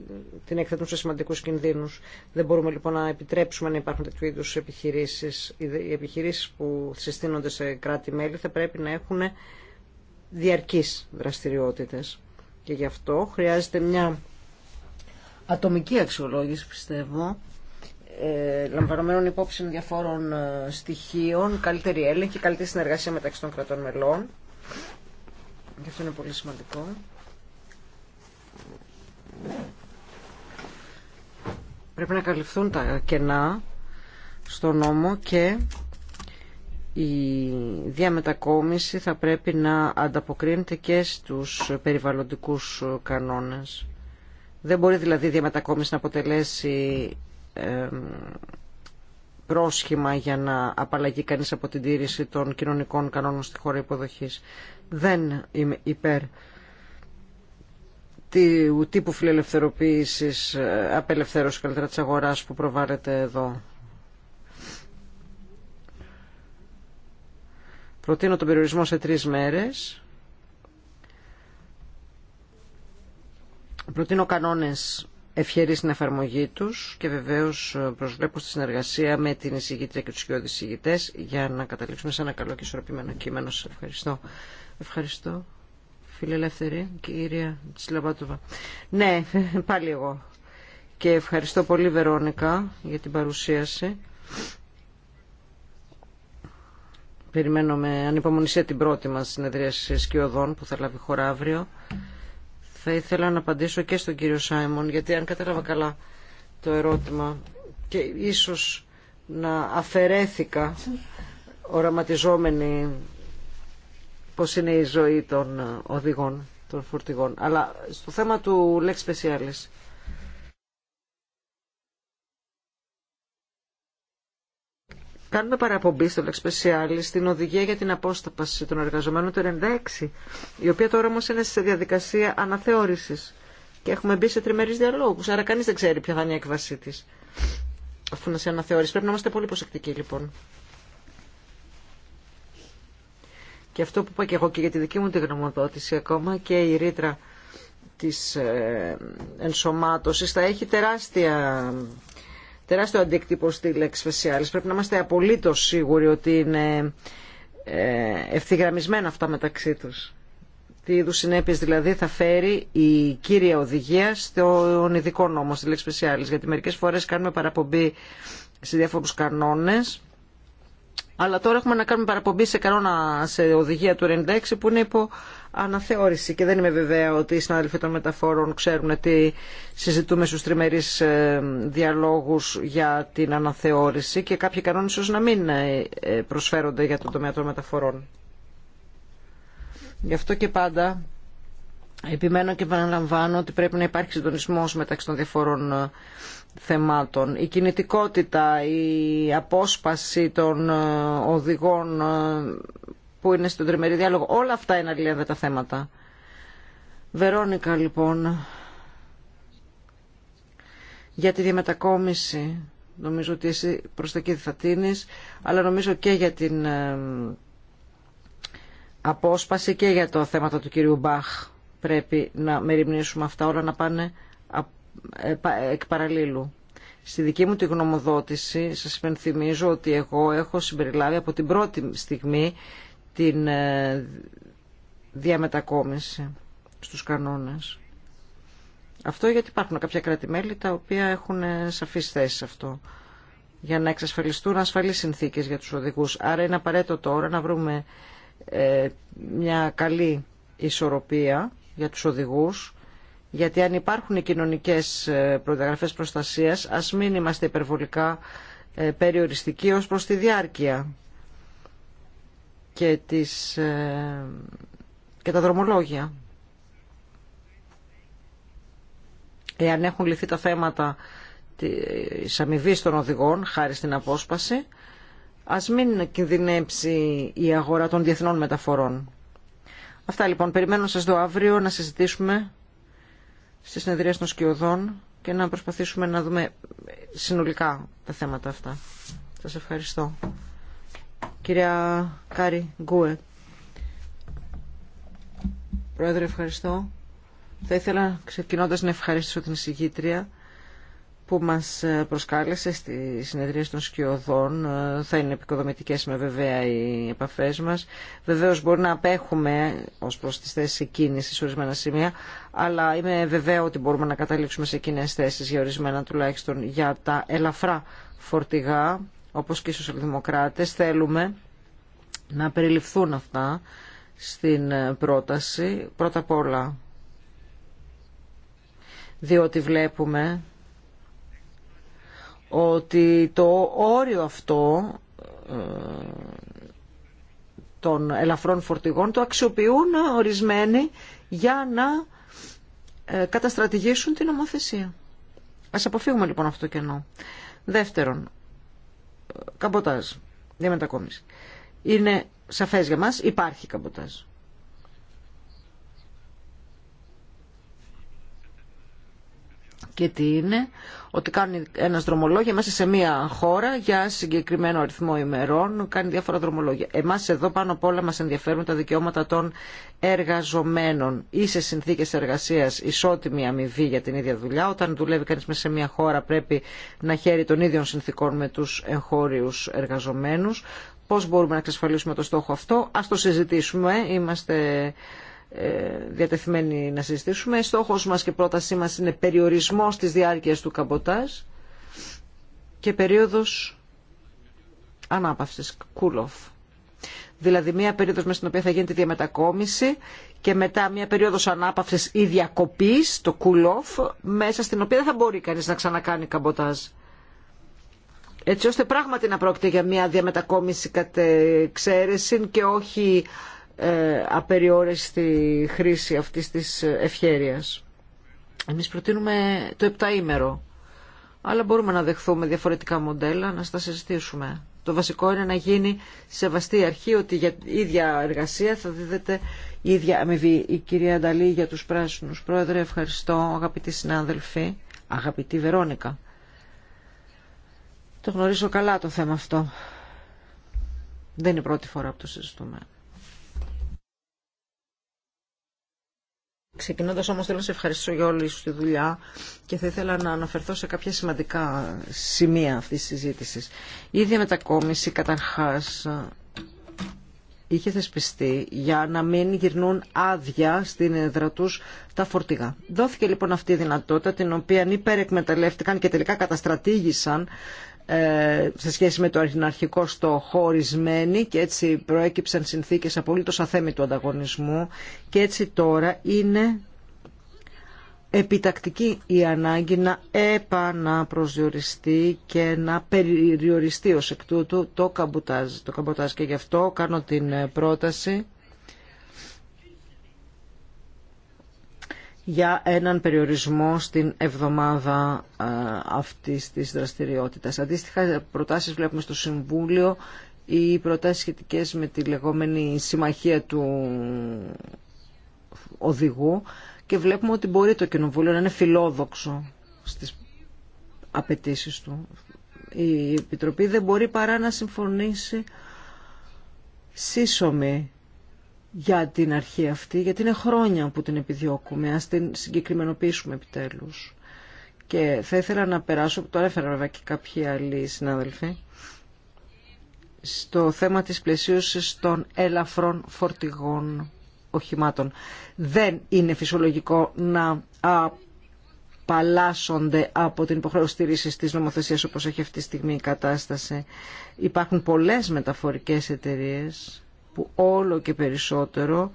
την εκθέτουν σε σημαντικούς κινδύνους. Δεν μπορούμε λοιπόν να επιτρέψουμε να υπάρχουν τέτοιου είδου επιχειρήσεις. Οι επιχειρήσεις που συστήνονται σε κράτη-μέλη θα πρέπει να έχουν διαρκείς δραστηριότητες. Και γι' αυτό χρειάζεται μια ατομική αξιολόγηση πιστεύω ε, λαμβανομένων υπόψη διαφόρων ε, στοιχείων, καλύτερη έλεγχη, καλύτερη συνεργασία μεταξύ των κρατών μελών. και αυτό είναι πολύ σημαντικό. Πρέπει να καλυφθούν τα κενά στο νόμο και η διαμετακόμιση θα πρέπει να ανταποκρίνεται και στους περιβαλλοντικούς κανόνες. Δεν μπορεί δηλαδή η διαμετακόμιση να αποτελέσει πρόσχημα για να απαλλαγεί κανείς από την τήρηση των κοινωνικών κανόνων στη χώρα υποδοχής. Δεν είμαι υπέρ του τύπου φιλελευθεροποίησης, ε, απελευθέρωση καλύτερα της αγοράς που προβάλλεται εδώ. Προτείνω τον περιορισμό σε τρεις μέρες προτείνω κανόνες ευχερείς στην εφαρμογή του και βεβαίω ε, προσβλέπω στη συνεργασία με την εισηγήτρια και του κοιόδης εισηγητέ για να καταλήξουμε σε ένα καλό και ισορροπημένο κείμενο. Σα ευχαριστώ. Ευχαριστώ. Φιλελεύθερη, κυρία Τσιλαμπάτοβα. Ναι, πάλι εγώ. Και ευχαριστώ πολύ Βερόνικα για την παρουσίαση. Περιμένω με ανυπομονησία την πρώτη μας συνεδρίαση σκιωδών που θα λάβει χώρα αύριο. Θα ήθελα να απαντήσω και στον κύριο Σάιμον, γιατί αν κατάλαβα καλά το ερώτημα και ίσως να αφαιρέθηκα οραματιζόμενη πώς είναι η ζωή των οδηγών, των φορτηγών. Αλλά στο θέμα του Lex Specialis κάνουμε παραπομπή στο Specialis στην οδηγία για την απόσταση των εργαζομένων του 96, η οποία τώρα όμω είναι σε διαδικασία αναθεώρηση και έχουμε μπει σε τριμερεί διαλόγου. άρα κανεί δεν ξέρει ποια θα είναι η έκβασή τη. αφού να σε αναθεώρηση. Πρέπει να είμαστε πολύ προσεκτικοί λοιπόν. Και αυτό που είπα και εγώ και για τη δική μου τη γνωμοδότηση ακόμα και η ρήτρα της ε, ενσωμάτωσης θα έχει τεράστια τεράστιο αντίκτυπο στη λέξη φεσιάλης. Πρέπει να είμαστε απολύτως σίγουροι ότι είναι ε, ευθυγραμμισμένα αυτά μεταξύ τους. Τι είδου συνέπειε δηλαδή θα φέρει η κύρια οδηγία στον ειδικό νόμο, στη λέξη φεσιάλης. Γιατί μερικές φορές κάνουμε παραπομπή σε διάφορους κανόνες αλλά τώρα έχουμε να κάνουμε παραπομπή σε, κανόνα, σε οδηγία του 96 που είναι υπό αναθεώρηση και δεν είμαι βεβαία ότι οι συνάδελφοι των μεταφόρων ξέρουν ότι συζητούμε στους τριμερείς ε, διαλόγους για την αναθεώρηση και κάποιοι κανόνες ίσως να μην ε, ε, προσφέρονται για τον τομέα των μεταφορών. Γι' αυτό και πάντα επιμένω και επαναλαμβάνω ότι πρέπει να υπάρχει συντονισμός μεταξύ των διαφορών θεμάτων. Η κινητικότητα, η απόσπαση των οδηγών που είναι στον τριμερή διάλογο. Όλα αυτά είναι τα θέματα. Βερόνικα λοιπόν, για τη διαμετακόμιση, νομίζω ότι εσύ προς τα εκεί θα τίνεις, αλλά νομίζω και για την ε, απόσπαση και για το θέματα του κυρίου Μπαχ πρέπει να μεριμνήσουμε αυτά όλα να πάνε ε, εκ παραλίλου. Στη δική μου τη γνωμοδότηση σας υπενθυμίζω ότι εγώ έχω συμπεριλάβει από την πρώτη στιγμή την ε, διαμετακόμιση στους κανόνες. Αυτό γιατί υπάρχουν κάποια τα οποία έχουν ε, σαφείς θέσεις αυτό για να εξασφαλιστούν ασφαλείς συνθήκες για τους οδηγούς. Άρα είναι απαραίτητο τώρα να βρούμε ε, μια καλή ισορροπία για τους οδηγούς γιατί αν υπάρχουν οι κοινωνικές προδιαγραφές προστασίας ας μην είμαστε υπερβολικά περιοριστικοί ως προς τη διάρκεια και, τις, ε, και τα δρομολόγια. Εάν έχουν λυθεί τα θέματα της αμοιβή των οδηγών, χάρη στην απόσπαση, ας μην κινδυνέψει η αγορά των διεθνών μεταφορών. Αυτά λοιπόν. Περιμένω σας δω αύριο να συζητήσουμε στις συνεδρίες των σκιωδών και να προσπαθήσουμε να δούμε συνολικά τα θέματα αυτά. Σας ευχαριστώ. Κυρία Κάρι Γκούε. Πρόεδρε, ευχαριστώ. Θα ήθελα ξεκινώντας να ευχαριστήσω την εισηγήτρια που μας ε, προσκάλεσε στη συνεδρία των σκιωδών. Ε, θα είναι επικοδομητικές με βέβαια οι επαφές μας. Βεβαίως μπορεί να απέχουμε ως προς τις θέσεις κίνησης σε ορισμένα σημεία, αλλά είμαι βεβαία ότι μπορούμε να καταλήξουμε σε κοινέ θέσεις για ορισμένα τουλάχιστον για τα ελαφρά φορτηγά όπως και οι σοσιαλδημοκράτες, θέλουμε να περιληφθούν αυτά στην ε, πρόταση. Πρώτα απ' όλα, διότι βλέπουμε ότι το όριο αυτό ε, των ελαφρών φορτηγών το αξιοποιούν ορισμένοι για να ε, καταστρατηγήσουν την νομοθεσία. Ας αποφύγουμε λοιπόν αυτό το κενό. Δεύτερον, καμποτάζ, διαμετακόμιση. Είναι σαφές για μας, υπάρχει καμποτάζ. Και τι είναι, ότι κάνει ένα δρομολόγιο μέσα σε μία χώρα για συγκεκριμένο αριθμό ημερών, κάνει διάφορα δρομολόγια. Εμά εδώ πάνω απ' όλα μα ενδιαφέρουν τα δικαιώματα των εργαζομένων. ή σε συνθήκε εργασία, ισότιμη αμοιβή για την ίδια δουλειά. Όταν δουλεύει κανεί μέσα σε μία χώρα πρέπει να χαίρει των ίδιων συνθήκων με του εγχώριου εργαζομένου. Πώ μπορούμε να εξασφαλίσουμε το στόχο αυτό, α το συζητήσουμε. Είμαστε ε, διατεθειμένοι να συζητήσουμε. Στόχος μας και πρότασή μας είναι περιορισμός της διάρκειας του καμποτάζ και περίοδος ανάπαυσης, cool off. Δηλαδή μια περίοδος μέσα στην οποία θα γίνεται διαμετακόμιση και μετά μια περίοδος ανάπαυσης ή διακοπής, το cool off, μέσα στην οποία δεν θα μπορεί κανείς να ξανακάνει καμποτάζ. Έτσι ώστε πράγματι να πρόκειται για μια διαμετακόμιση κατ' εξαίρεση και όχι ε, απεριόριστη χρήση αυτής της ευχέρειας. Εμείς προτείνουμε το επταήμερο, αλλά μπορούμε να δεχθούμε διαφορετικά μοντέλα, να στα συζητήσουμε. Το βασικό είναι να γίνει σεβαστή αρχή ότι για ίδια εργασία θα δίδεται ίδια αμοιβή. Η κυρία Ανταλή για τους πράσινους. Πρόεδρε, ευχαριστώ αγαπητοί συνάδελφοι, αγαπητή Βερόνικα. Το γνωρίζω καλά το θέμα αυτό. Δεν είναι η πρώτη φορά που το συζητούμε. Ξεκινώντας όμως θέλω να σε ευχαριστήσω για όλη σου τη δουλειά και θα ήθελα να αναφερθώ σε κάποια σημαντικά σημεία αυτής της συζήτηση. Η ίδια μετακόμιση καταρχά είχε θεσπιστεί για να μην γυρνούν άδεια στην έδρα του τα φορτηγά. Δόθηκε λοιπόν αυτή η δυνατότητα την οποία υπερεκμεταλλεύτηκαν και τελικά καταστρατήγησαν ε, σε σχέση με το αρχικό στο χωρισμένο και έτσι προέκυψαν συνθήκες απολύτως αθέμητου ανταγωνισμού και έτσι τώρα είναι επιτακτική η ανάγκη να επαναπροσδιοριστεί και να περιοριστεί ως εκ τούτου το καμποτάζ. Το καμποτάζ και γι' αυτό κάνω την πρόταση για έναν περιορισμό στην εβδομάδα ε, αυτής της δραστηριότητας. Αντίστοιχα, προτάσεις βλέπουμε στο Συμβούλιο ή προτάσεις σχετικές με τη λεγόμενη συμμαχία του οδηγού και βλέπουμε ότι μπορεί το Κοινοβούλιο να είναι φιλόδοξο στις απαιτήσει του. Η Επιτροπή δεν μπορεί παρά να συμφωνήσει σύσσωμη για την αρχή αυτή, γιατί είναι χρόνια που την επιδιώκουμε, ας την συγκεκριμενοποιήσουμε επιτέλους. Και θα ήθελα να περάσω, που το έφερα βέβαια και κάποιοι άλλοι συνάδελφοι, στο θέμα της πλαισίωσης των ελαφρών φορτηγών οχημάτων. Δεν είναι φυσιολογικό να απαλλάσσονται από την υποχρέωση της νομοθεσίας όπως έχει αυτή τη στιγμή η κατάσταση. Υπάρχουν πολλές μεταφορικές εταιρείες που όλο και περισσότερο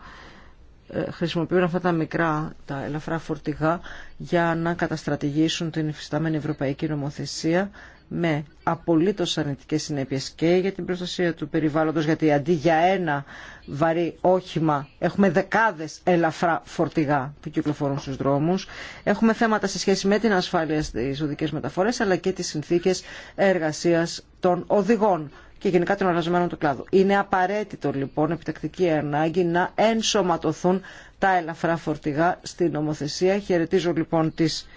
ε, χρησιμοποιούν αυτά τα μικρά, τα ελαφρά φορτηγά για να καταστρατηγήσουν την υφιστάμενη ευρωπαϊκή νομοθεσία με απολύτως αρνητικές συνέπειες και για την προστασία του περιβάλλοντος γιατί αντί για ένα βαρύ όχημα έχουμε δεκάδες ελαφρά φορτηγά που κυκλοφορούν στους δρόμους. Έχουμε θέματα σε σχέση με την ασφάλεια στις οδικές μεταφορές αλλά και τις συνθήκες εργασίας των οδηγών και γενικά των εργαζομένων του κλάδου. Είναι απαραίτητο λοιπόν επιτακτική ανάγκη να ενσωματωθούν τα ελαφρά φορτηγά στην νομοθεσία. Χαιρετίζω λοιπόν τις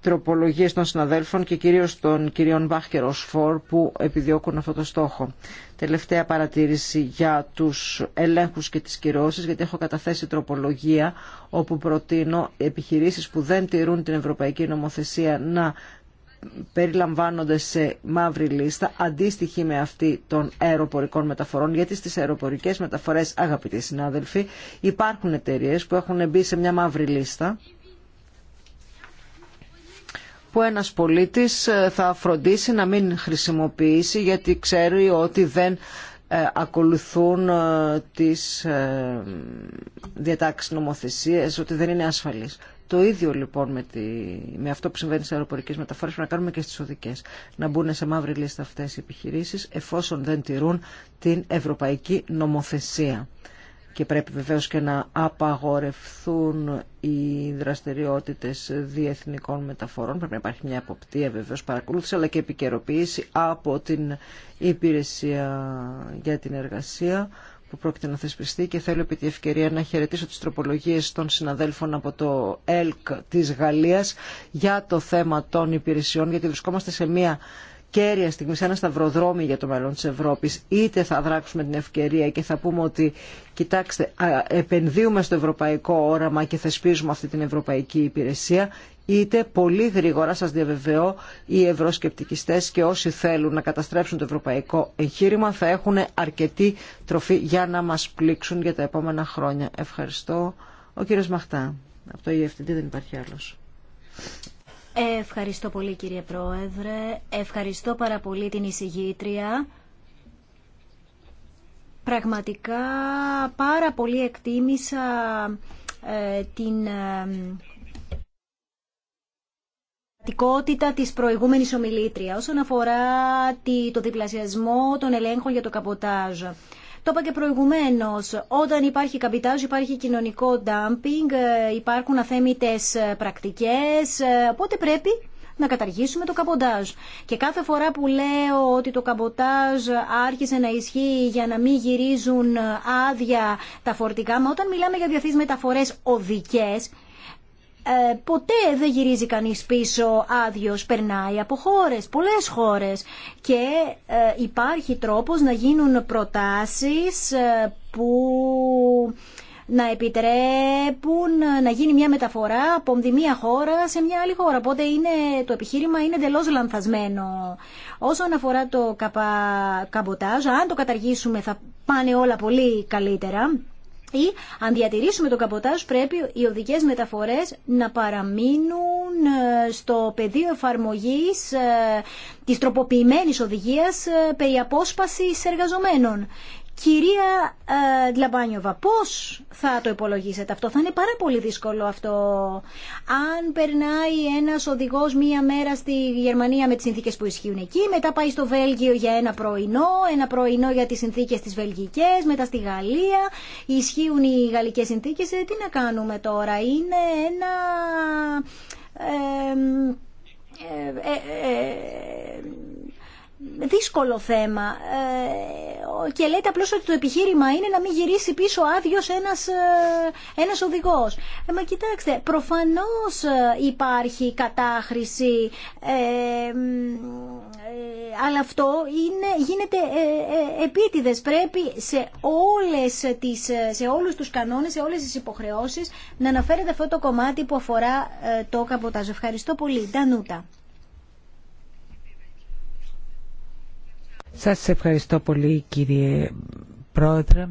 τροπολογίες των συναδέλφων και κυρίως των κυρίων Μπαχ και Ροσφόρ που επιδιώκουν αυτό το στόχο. Τελευταία παρατήρηση για τους ελέγχους και τις κυρώσεις, γιατί έχω καταθέσει τροπολογία όπου προτείνω επιχειρήσεις που δεν τηρούν την Ευρωπαϊκή Νομοθεσία να περιλαμβάνονται σε μαύρη λίστα αντίστοιχη με αυτή των αεροπορικών μεταφορών γιατί στις αεροπορικές μεταφορές αγαπητοί συνάδελφοι υπάρχουν εταιρείε που έχουν μπει σε μια μαύρη λίστα που ένας πολίτης ε, θα φροντίσει να μην χρησιμοποιήσει γιατί ξέρει ότι δεν ε, ακολουθούν ε, τις διατάξεις νομοθεσίες, ότι δεν είναι ασφαλής. Το ίδιο λοιπόν με, τη, με αυτό που συμβαίνει στι αεροπορικέ μεταφορέ πρέπει να κάνουμε και στι οδικέ. Να μπουν σε μαύρη λίστα αυτέ οι επιχειρήσει εφόσον δεν τηρούν την ευρωπαϊκή νομοθεσία. Και πρέπει βεβαίως και να απαγορευθούν οι δραστηριότητες διεθνικών μεταφορών. Πρέπει να υπάρχει μια αποπτία βεβαίως παρακολούθηση αλλά και επικαιροποίηση από την Υπηρεσία για την Εργασία που πρόκειται να θεσπιστεί και θέλω επί τη ευκαιρία να χαιρετήσω τις τροπολογίες των συναδέλφων από το ΕΛΚ της Γαλλίας για το θέμα των υπηρεσιών γιατί βρισκόμαστε σε μια κέρια στιγμή, σε ένα σταυροδρόμι για το μέλλον της Ευρώπης, είτε θα δράξουμε την ευκαιρία και θα πούμε ότι κοιτάξτε, επενδύουμε στο ευρωπαϊκό όραμα και θεσπίζουμε αυτή την ευρωπαϊκή υπηρεσία, είτε πολύ γρήγορα, σας διαβεβαιώ, οι ευρωσκεπτικιστές και όσοι θέλουν να καταστρέψουν το ευρωπαϊκό εγχείρημα θα έχουν αρκετή τροφή για να μας πλήξουν για τα επόμενα χρόνια. Ευχαριστώ. Ο κύριος Μαχτά. Από το EFTD δεν υπάρχει άλλος. Ευχαριστώ πολύ κύριε Πρόεδρε. Ευχαριστώ πάρα πολύ την εισηγήτρια. Πραγματικά πάρα πολύ εκτίμησα ε, την ε, πραγματικότητα της προηγούμενης ομιλήτρια όσον αφορά τη, το διπλασιασμό των ελέγχων για το καποτάζ. Το είπα και προηγουμένω. Όταν υπάρχει καμπιτάζ, υπάρχει κοινωνικό ντάμπινγκ, ε, υπάρχουν αθέμητε πρακτικέ. Ε, οπότε πρέπει να καταργήσουμε το καμποτάζ. Και κάθε φορά που λέω ότι το καμποτάζ άρχισε να ισχύει για να μην γυρίζουν άδεια τα φορτικά, μα όταν μιλάμε για διαθέσει μεταφορές οδικές, ε, ποτέ δεν γυρίζει κανείς πίσω άδειος, περνάει από χώρες, πολλές χώρες και ε, υπάρχει τρόπος να γίνουν προτάσεις ε, που να επιτρέπουν ε, να γίνει μια μεταφορά από μία χώρα σε μια άλλη χώρα. Οπότε είναι, το επιχείρημα είναι εντελώ λανθασμένο. Όσον αφορά το καμποτάζ, αν το καταργήσουμε θα πάνε όλα πολύ καλύτερα ή αν διατηρήσουμε τον καποτάζ πρέπει οι οδικές μεταφορές να παραμείνουν ε, στο πεδίο εφαρμογής ε, της τροποποιημένης οδηγίας ε, περί απόσπασης εργαζομένων. Κυρία ε, Λαμπάνιοβα, πώς θα το υπολογίσετε αυτό, θα είναι πάρα πολύ δύσκολο αυτό. Αν περνάει ένας οδηγός μία μέρα στη Γερμανία με τις συνθήκες που ισχύουν εκεί, μετά πάει στο Βέλγιο για ένα πρωινό, ένα πρωινό για τις συνθήκες της Βελγικές, μετά στη Γαλλία, ισχύουν οι γαλλικές συνθήκες, ε, τι να κάνουμε τώρα, είναι ένα... ε, ε, ε δύσκολο θέμα ε, και λέτε απλώς ότι το επιχείρημα είναι να μην γυρίσει πίσω άδειο ένας, ε, ένας οδηγός. Ε, μα κοιτάξτε, προφανώς υπάρχει κατάχρηση, αλλά αυτό είναι, γίνεται επίτηδες. Πρέπει σε, όλες τις, σε όλους τους κανόνες, σε όλες τις υποχρεώσεις να αναφέρεται αυτό το κομμάτι που αφορά το καμποτάζ. Ευχαριστώ πολύ. Ντανούτα. Σας ευχαριστώ πολύ κύριε Πρόεδρε.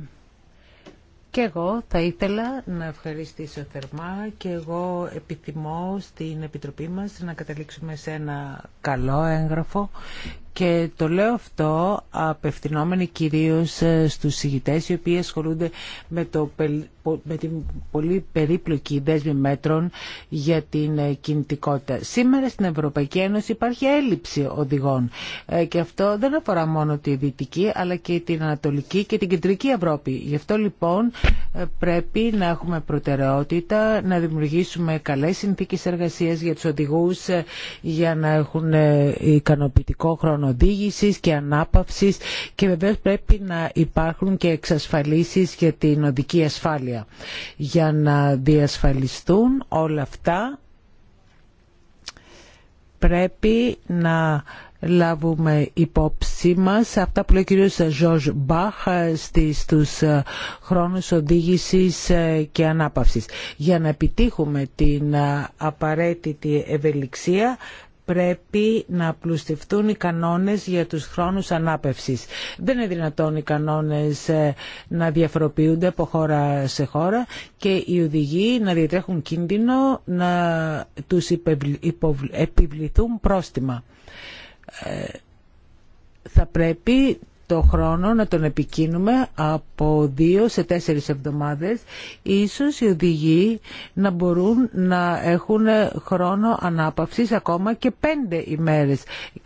Και εγώ θα ήθελα να ευχαριστήσω θερμά και εγώ επιθυμώ στην Επιτροπή μας να καταλήξουμε σε ένα καλό έγγραφο και το λέω αυτό απευθυνόμενοι κυρίως ε, στους συγητές οι οποίοι ασχολούνται με, το, με την πολύ περίπλοκη δέσμη μέτρων για την ε, κινητικότητα. Σήμερα στην Ευρωπαϊκή Ένωση υπάρχει έλλειψη οδηγών ε, και αυτό δεν αφορά μόνο τη Δυτική αλλά και την Ανατολική και την Κεντρική Ευρώπη. Γι' αυτό λοιπόν πρέπει να έχουμε προτεραιότητα να δημιουργήσουμε καλές συνθήκες εργασίας για τους οδηγούς για να έχουν ικανοποιητικό χρόνο Λοιπόν Οδήγηση και ανάπαυσης και βεβαίως πρέπει να υπάρχουν και εξασφαλίσεις για την οδική ασφάλεια για να διασφαλιστούν όλα αυτά πρέπει να λάβουμε υπόψη μας αυτά που λέει ο κύριος Ζορζ Μπαχ στους ε, χρόνους οδήγησης ε, και ανάπαυσης. Για να επιτύχουμε την ε, απαραίτητη ευελιξία πρέπει να πλουστευτούν οι κανόνες για τους χρόνους ανάπευσης. Δεν είναι δυνατόν οι κανόνες ε, να διαφοροποιούνται από χώρα σε χώρα και οι οδηγοί να διατρέχουν κίνδυνο να τους επιβληθούν πρόστιμα. Ε, θα πρέπει το χρόνο να τον επικίνουμε από δύο σε τέσσερις εβδομάδες. Ίσως οι οδηγοί να μπορούν να έχουν χρόνο ανάπαυσης ακόμα και πέντε ημέρες.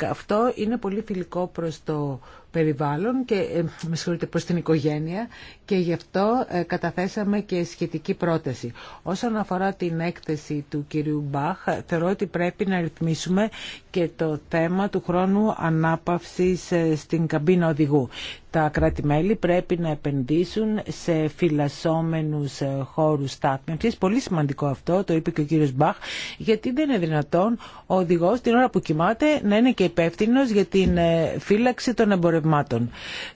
Αυτό είναι πολύ φιλικό προς το περιβάλλον και ε, με συγχωρείτε προς την οικογένεια και γι' αυτό ε, καταθέσαμε και σχετική πρόταση. Όσον αφορά την έκθεση του κυρίου Μπαχ, θεωρώ ότι πρέπει να ρυθμίσουμε και το θέμα του χρόνου ανάπαυσης ε, στην καμπίνα οδηγού τα κράτη-μέλη πρέπει να επενδύσουν σε φυλασσόμενους ε, χώρους στάθμευσης. Πολύ σημαντικό αυτό, το είπε και ο κύριος Μπαχ, γιατί δεν είναι δυνατόν ο οδηγός την ώρα που κοιμάται να είναι και υπεύθυνο για την ε, φύλαξη των εμπορευμάτων.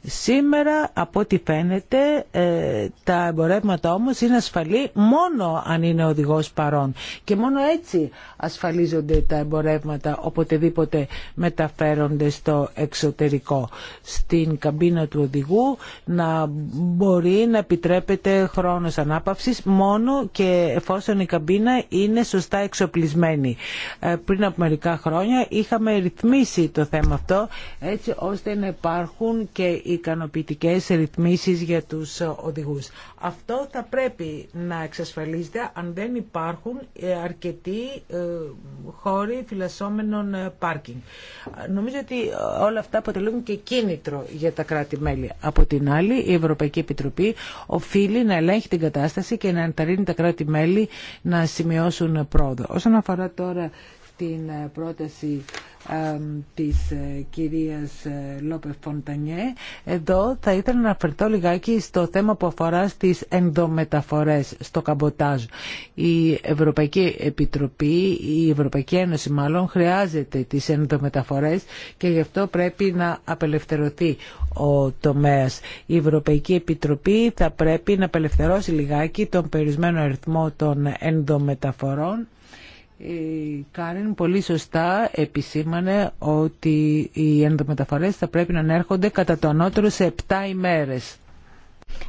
Σήμερα, από ό,τι φαίνεται, ε, τα εμπορεύματα όμως είναι ασφαλή μόνο αν είναι ο οδηγός παρόν. Και μόνο έτσι ασφαλίζονται τα εμπορεύματα οποτεδήποτε μεταφέρονται στο εξωτερικό. Στην καμπίνα του οδηγού να μπορεί να επιτρέπεται χρόνος ανάπαυσης μόνο και εφόσον η καμπίνα είναι σωστά εξοπλισμένη. Ε, πριν από μερικά χρόνια είχαμε ρυθμίσει το θέμα αυτό έτσι ώστε να υπάρχουν και ικανοποιητικές ρυθμίσεις για τους οδηγούς. Αυτό θα πρέπει να εξασφαλίζεται αν δεν υπάρχουν ε, αρκετοί ε, χώροι φυλασσόμενων πάρκινγκ. Νομίζω ότι όλα αυτά αποτελούν και κίνητρο για τα κράτη μελη Από την άλλη, η Ευρωπαϊκή Επιτροπή οφείλει να ελέγχει την κατάσταση και να ενταρρύνει τα κράτη-μέλη να σημειώσουν πρόοδο. Όσον αφορά τώρα την ε, πρόταση της ε, κυρίας ε, Λόπε Φοντανιέ. Εδώ θα ήθελα να αφαιρθώ λιγάκι στο θέμα που αφορά στις ενδομεταφορές στο καμποτάζ. Η Ευρωπαϊκή Επιτροπή, η Ευρωπαϊκή Ένωση μάλλον, χρειάζεται τις ενδομεταφορές και γι' αυτό πρέπει να απελευθερωθεί ο τομέας. Η Ευρωπαϊκή Επιτροπή θα πρέπει να απελευθερώσει λιγάκι τον περισμένο αριθμό των ενδομεταφορών η Κάριν πολύ σωστά επισήμανε ότι οι ενδομεταφορές θα πρέπει να έρχονται κατά το ανώτερο σε 7 ημέρες.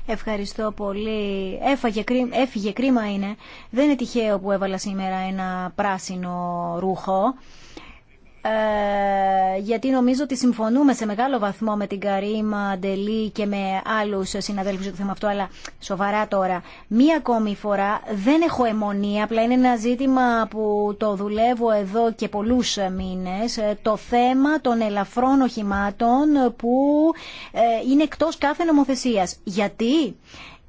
Ευχαριστώ πολύ. Έφαγε, έφυγε κρίμα είναι. Δεν είναι τυχαίο που έβαλα σήμερα ένα πράσινο ρούχο. Ε, γιατί νομίζω ότι συμφωνούμε σε μεγάλο βαθμό με την Καρίμα Ντελή και με άλλου συναδέλφου για το θέμα αυτό, αλλά σοβαρά τώρα. Μία ακόμη φορά δεν έχω αιμονία, απλά είναι ένα ζήτημα που το δουλεύω εδώ και πολλούς μήνες, ε, το θέμα των ελαφρών οχημάτων που ε, είναι εκτός κάθε νομοθεσία. Γιατί?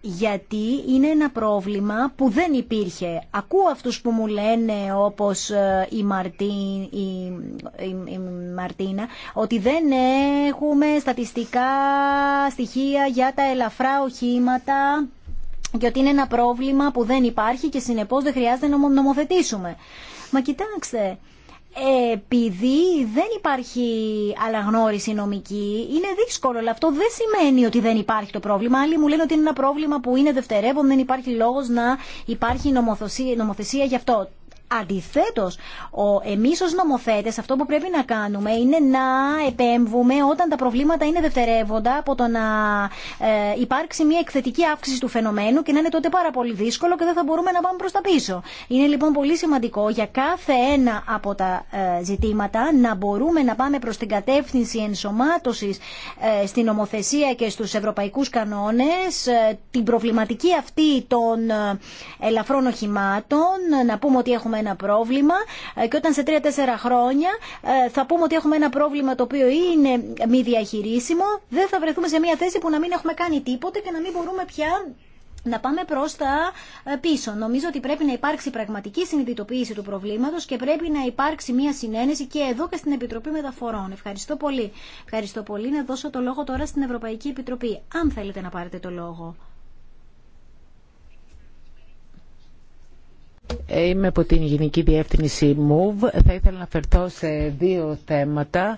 γιατί είναι ένα πρόβλημα που δεν υπήρχε. Ακούω αυτούς που μου λένε όπως ε, η, Μαρτίν, η, η, η Μαρτίνα ότι δεν έχουμε στατιστικά στοιχεία για τα ελαφρά οχήματα και ότι είναι ένα πρόβλημα που δεν υπάρχει και συνεπώς δεν χρειάζεται να νομοθετήσουμε. Μα κοιτάξτε, επειδή δεν υπάρχει αλλαγνώριση νομική, είναι δύσκολο. Αλλά αυτό δεν σημαίνει ότι δεν υπάρχει το πρόβλημα. Άλλοι μου λένε ότι είναι ένα πρόβλημα που είναι δευτερεύον, δεν υπάρχει λόγος να υπάρχει νομοθεσία, νομοθεσία γι' αυτό. Αντιθέτω, ο, ω νομοθέτε, αυτό που πρέπει να κάνουμε είναι να επέμβουμε όταν τα προβλήματα είναι δευτερεύοντα από το να ε, υπάρξει μια εκθετική αύξηση του φαινομένου και να είναι τότε πάρα πολύ δύσκολο και δεν θα μπορούμε να πάμε προ τα πίσω. Είναι λοιπόν πολύ σημαντικό για κάθε ένα από τα ε, ζητήματα να μπορούμε να πάμε προ την κατεύθυνση ενσωμάτωση ε, στην νομοθεσία και στους ευρωπαϊκούς κανόνες ε, την προβληματική αυτή των ε, ελαφρών οχημάτων, να πούμε ότι έχουμε ένα πρόβλημα ε, και όταν σε 3-4 χρόνια ε, θα πούμε ότι έχουμε ένα πρόβλημα το οποίο είναι μη διαχειρίσιμο, δεν θα βρεθούμε σε μια θέση που να μην έχουμε κάνει τίποτε και να μην μπορούμε πια να πάμε προ τα ε, πίσω. Νομίζω ότι πρέπει να υπάρξει πραγματική συνειδητοποίηση του προβλήματο και πρέπει να υπάρξει μια συνένεση και εδώ και στην Επιτροπή Μεταφορών. Ευχαριστώ πολύ. Ευχαριστώ πολύ. Να δώσω το λόγο τώρα στην Ευρωπαϊκή Επιτροπή. Αν θέλετε να πάρετε το λόγο. Είμαι από την Γενική Διεύθυνση MOVE. Θα ήθελα να φερθώ σε δύο θέματα,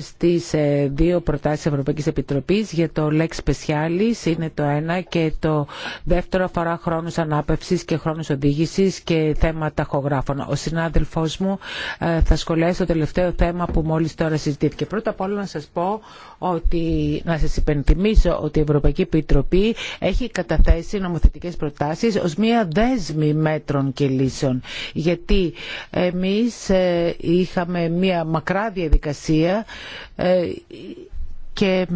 στις ε, δύο προτάσεις Ευρωπαϊκής Επιτροπής για το Lex Specialis, είναι το ένα, και το δεύτερο αφορά χρόνους ανάπευσης και χρόνους οδήγησης και θέμα ταχογράφων. Ο συνάδελφός μου θα σχολιάσει το τελευταίο θέμα που μόλις τώρα συζητήθηκε. Πρώτα απ' όλα να σας πω ότι, να σας υπενθυμίσω ότι η Ευρωπαϊκή Επιτροπή έχει καταθέσει νομοθετικές προτάσεις ως μία δέσμη μέτρων και λύσεων. Γιατί εμείς ε, είχαμε μία μακρά διαδικασία ε, και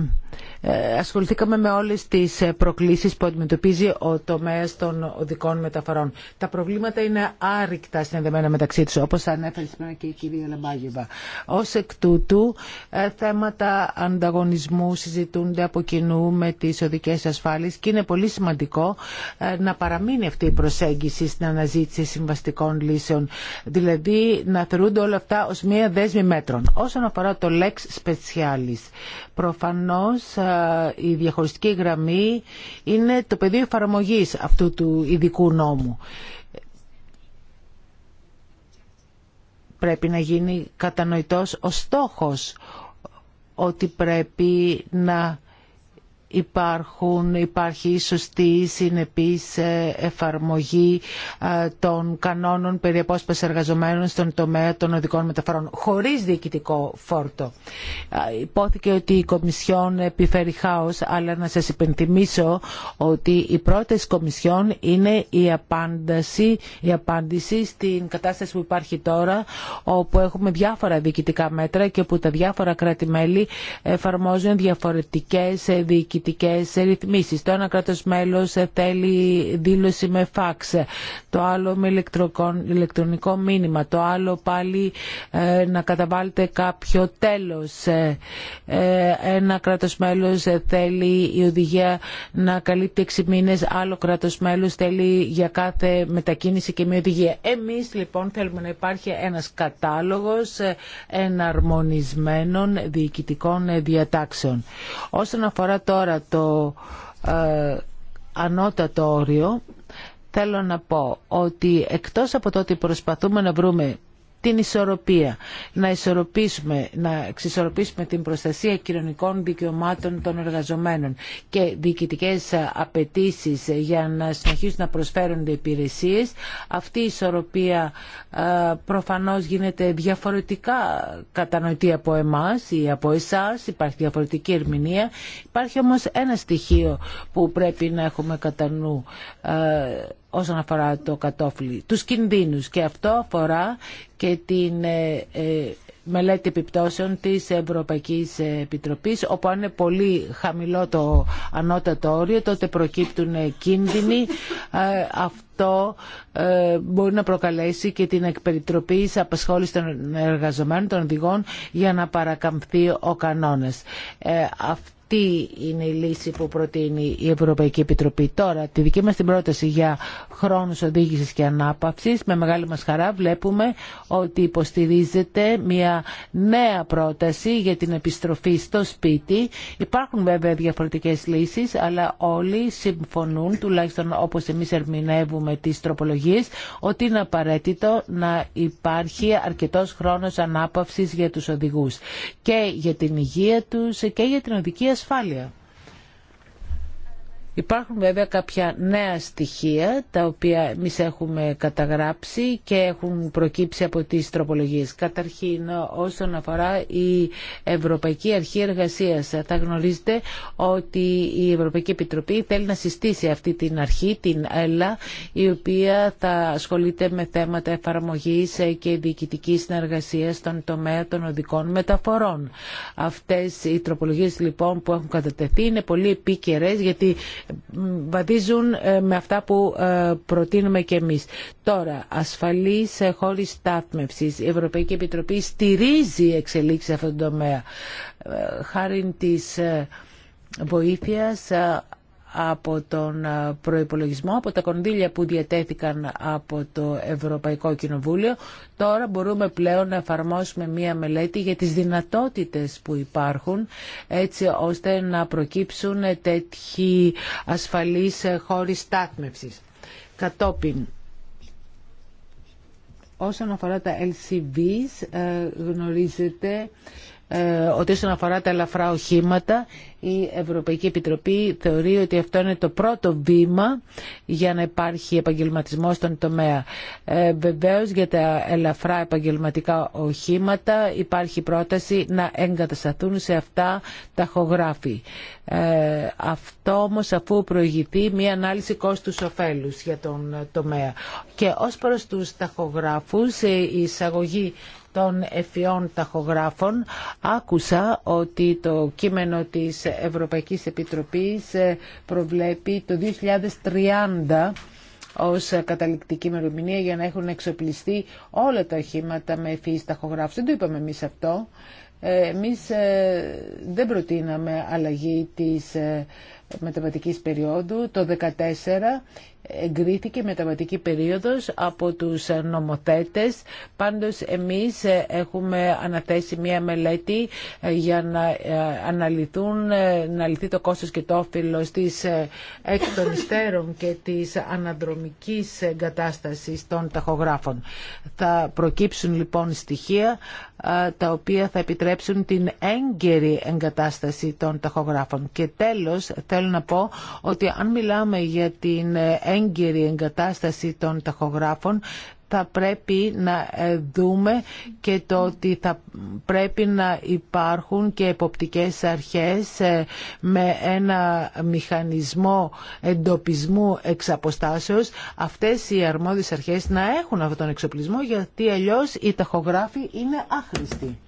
ε, ασχοληθήκαμε με όλες τις ε, προκλήσεις που αντιμετωπίζει ο τομέας των οδικών μεταφορών. Τα προβλήματα είναι άρρηκτα συνδεμένα μεταξύ τους, όπως ανέφερε σήμερα και η κυρία Λαμπάγεβα. Ως εκ τούτου, ε, θέματα ανταγωνισμού συζητούνται από κοινού με τις οδικές ασφάλειες και είναι πολύ σημαντικό να παραμείνει αυτή η προσέγγιση στην αναζήτηση συμβαστικών λύσεων. Δηλαδή, να θεωρούνται όλα αυτά ως μία δέσμη μέτρων. Όσον αφορά το Lex Specialis, προφανώς η διαχωριστική γραμμή είναι το πεδίο εφαρμογής αυτού του ειδικού νόμου. Πρέπει να γίνει κατανοητός ο στόχος ότι πρέπει να υπάρχουν, υπάρχει η σωστή συνεπής ε, εφαρμογή ε, των κανόνων περί απόσπασης εργαζομένων στον τομέα των οδικών μεταφορών, χωρίς διοικητικό φόρτο. Ε, υπόθηκε ότι η Κομισιόν επιφέρει χάος, αλλά να σας υπενθυμίσω ότι η πρόταση Κομισιόν είναι η απάντηση, στην κατάσταση που υπάρχει τώρα, όπου έχουμε διάφορα διοικητικά μέτρα και όπου τα διάφορα κράτη-μέλη εφαρμόζουν διαφορετικές διοικητικές ηχητικές ρυθμίσεις. Το ένα κράτος μέλος θέλει δήλωση με φάξ, το άλλο με ηλεκτρονικό μήνυμα, το άλλο πάλι ε, να καταβάλλεται κάποιο τέλος. Ε, ένα κράτος μέλος θέλει η οδηγία να καλύπτει 6 μήνες, άλλο κράτος μέλος θέλει για κάθε μετακίνηση και μια οδηγία. Εμείς λοιπόν θέλουμε να υπάρχει ένας κατάλογος εναρμονισμένων διοικητικών διατάξεων. Όσον αφορά τώρα το ε, ανώτατο όριο, θέλω να πω ότι εκτός από το ότι προσπαθούμε να βρούμε την ισορροπία. Να ισορροπήσουμε, να εξισορροπήσουμε την προστασία κοινωνικών δικαιωμάτων των εργαζομένων και διοικητικέ απαιτήσει για να συνεχίσουν να προσφέρονται υπηρεσίε. Αυτή η ισορροπία ε, προφανώ γίνεται διαφορετικά κατανοητή από εμά ή από εσά. Υπάρχει διαφορετική ερμηνεία. Υπάρχει όμω ένα στοιχείο που πρέπει να έχουμε κατά νου ε, όσον αφορά το κατόφλι, τους κινδύνους και αυτό αφορά και την ε, ε, μελέτη επιπτώσεων της Ευρωπαϊκής Επιτροπής όπου αν είναι πολύ χαμηλό το ανώτατο όριο τότε προκύπτουν κίνδυνοι ε, αυτό μπορεί να προκαλέσει και την εκπεριτροπή απασχόληση των εργαζομένων των οδηγών για να παρακαμφθεί ο κανόνας τι είναι η λύση που προτείνει η Ευρωπαϊκή Επιτροπή. Τώρα, τη δική μας την πρόταση για χρόνους οδήγησης και ανάπαυσης, με μεγάλη μας χαρά βλέπουμε ότι υποστηρίζεται μια νέα πρόταση για την επιστροφή στο σπίτι. Υπάρχουν βέβαια διαφορετικές λύσεις, αλλά όλοι συμφωνούν, τουλάχιστον όπως εμείς ερμηνεύουμε τις τροπολογίες, ότι είναι απαραίτητο να υπάρχει αρκετός χρόνος ανάπαυσης για τους οδηγούς και για την υγεία τους και για την οδική ασφάλεια. Υπάρχουν βέβαια κάποια νέα στοιχεία τα οποία εμεί έχουμε καταγράψει και έχουν προκύψει από τις τροπολογίες. Καταρχήν όσον αφορά η Ευρωπαϊκή Αρχή Εργασίας θα γνωρίζετε ότι η Ευρωπαϊκή Επιτροπή θέλει να συστήσει αυτή την αρχή, την ΕΛΑ, η οποία θα ασχολείται με θέματα εφαρμογής και διοικητική συνεργασία στον τομέα των οδικών μεταφορών. Αυτές οι τροπολογίες λοιπόν που έχουν κατατεθεί είναι πολύ επίκαιρε γιατί βαδίζουν ε, με αυτά που ε, προτείνουμε και εμείς. Τώρα, ασφαλής ε, χώρη στάθμευσης. Η Ευρωπαϊκή Επιτροπή στηρίζει εξελίξεις σε αυτόν τον τομέα. Χάρη της βοήθειας από τον ε, προϋπολογισμό, από τα κονδύλια που διατέθηκαν από το Ευρωπαϊκό Κοινοβούλιο. Τώρα μπορούμε πλέον να εφαρμόσουμε μία μελέτη για τις δυνατότητες που υπάρχουν έτσι ώστε να προκύψουν τέτοιοι ασφαλείς χώροι στάθμευσης. Κατόπιν, όσον αφορά τα LCVs ε, γνωρίζετε ε, ότι όσον αφορά τα ελαφρά οχήματα η Ευρωπαϊκή Επιτροπή θεωρεί ότι αυτό είναι το πρώτο βήμα για να υπάρχει επαγγελματισμό στον τομέα. Ε, Βεβαίω για τα ελαφρά επαγγελματικά οχήματα υπάρχει πρόταση να εγκατασταθούν σε αυτά ταχογράφη. Ε, αυτό όμως αφού προηγηθεί μια ανάλυση κόστους ωφέλους για τον τομέα. Και ως προς τους ταχογράφους η εισαγωγή των εφιών ταχογράφων άκουσα ότι το κείμενο της Ευρωπαϊκής Επιτροπής ε, προβλέπει το 2030 ως καταληκτική ημερομηνία για να έχουν εξοπλιστεί όλα τα οχήματα με ευφυείς ταχογράφους. Δεν το είπαμε εμείς αυτό. Ε, εμείς ε, δεν προτείναμε αλλαγή της μεταβατικής περίοδου το 2014 εγκρίθηκε μεταβατική περίοδος από τους νομοθέτες. Πάντως εμείς έχουμε αναθέσει μία μελέτη ε, για να ε, αναλυθούν, ε, να λυθεί το κόστος και το όφελος της εκ των υστέρων και της αναδρομικής εγκατάστασης των ταχογράφων. Θα προκύψουν λοιπόν στοιχεία τα οποία θα επιτρέψουν την έγκαιρη εγκατάσταση των ταχογράφων. Και τέλος θέλω να πω ότι αν μιλάμε για την εγκυρή εγκατάσταση των ταχογράφων θα πρέπει να ε, δούμε και το ότι θα πρέπει να υπάρχουν και εποπτικές αρχές ε, με ένα μηχανισμό εντοπισμού εξ αποστάσεως. Αυτές οι αρμόδιες αρχές να έχουν αυτόν τον εξοπλισμό γιατί αλλιώς οι ταχογράφοι είναι άχρηστοι.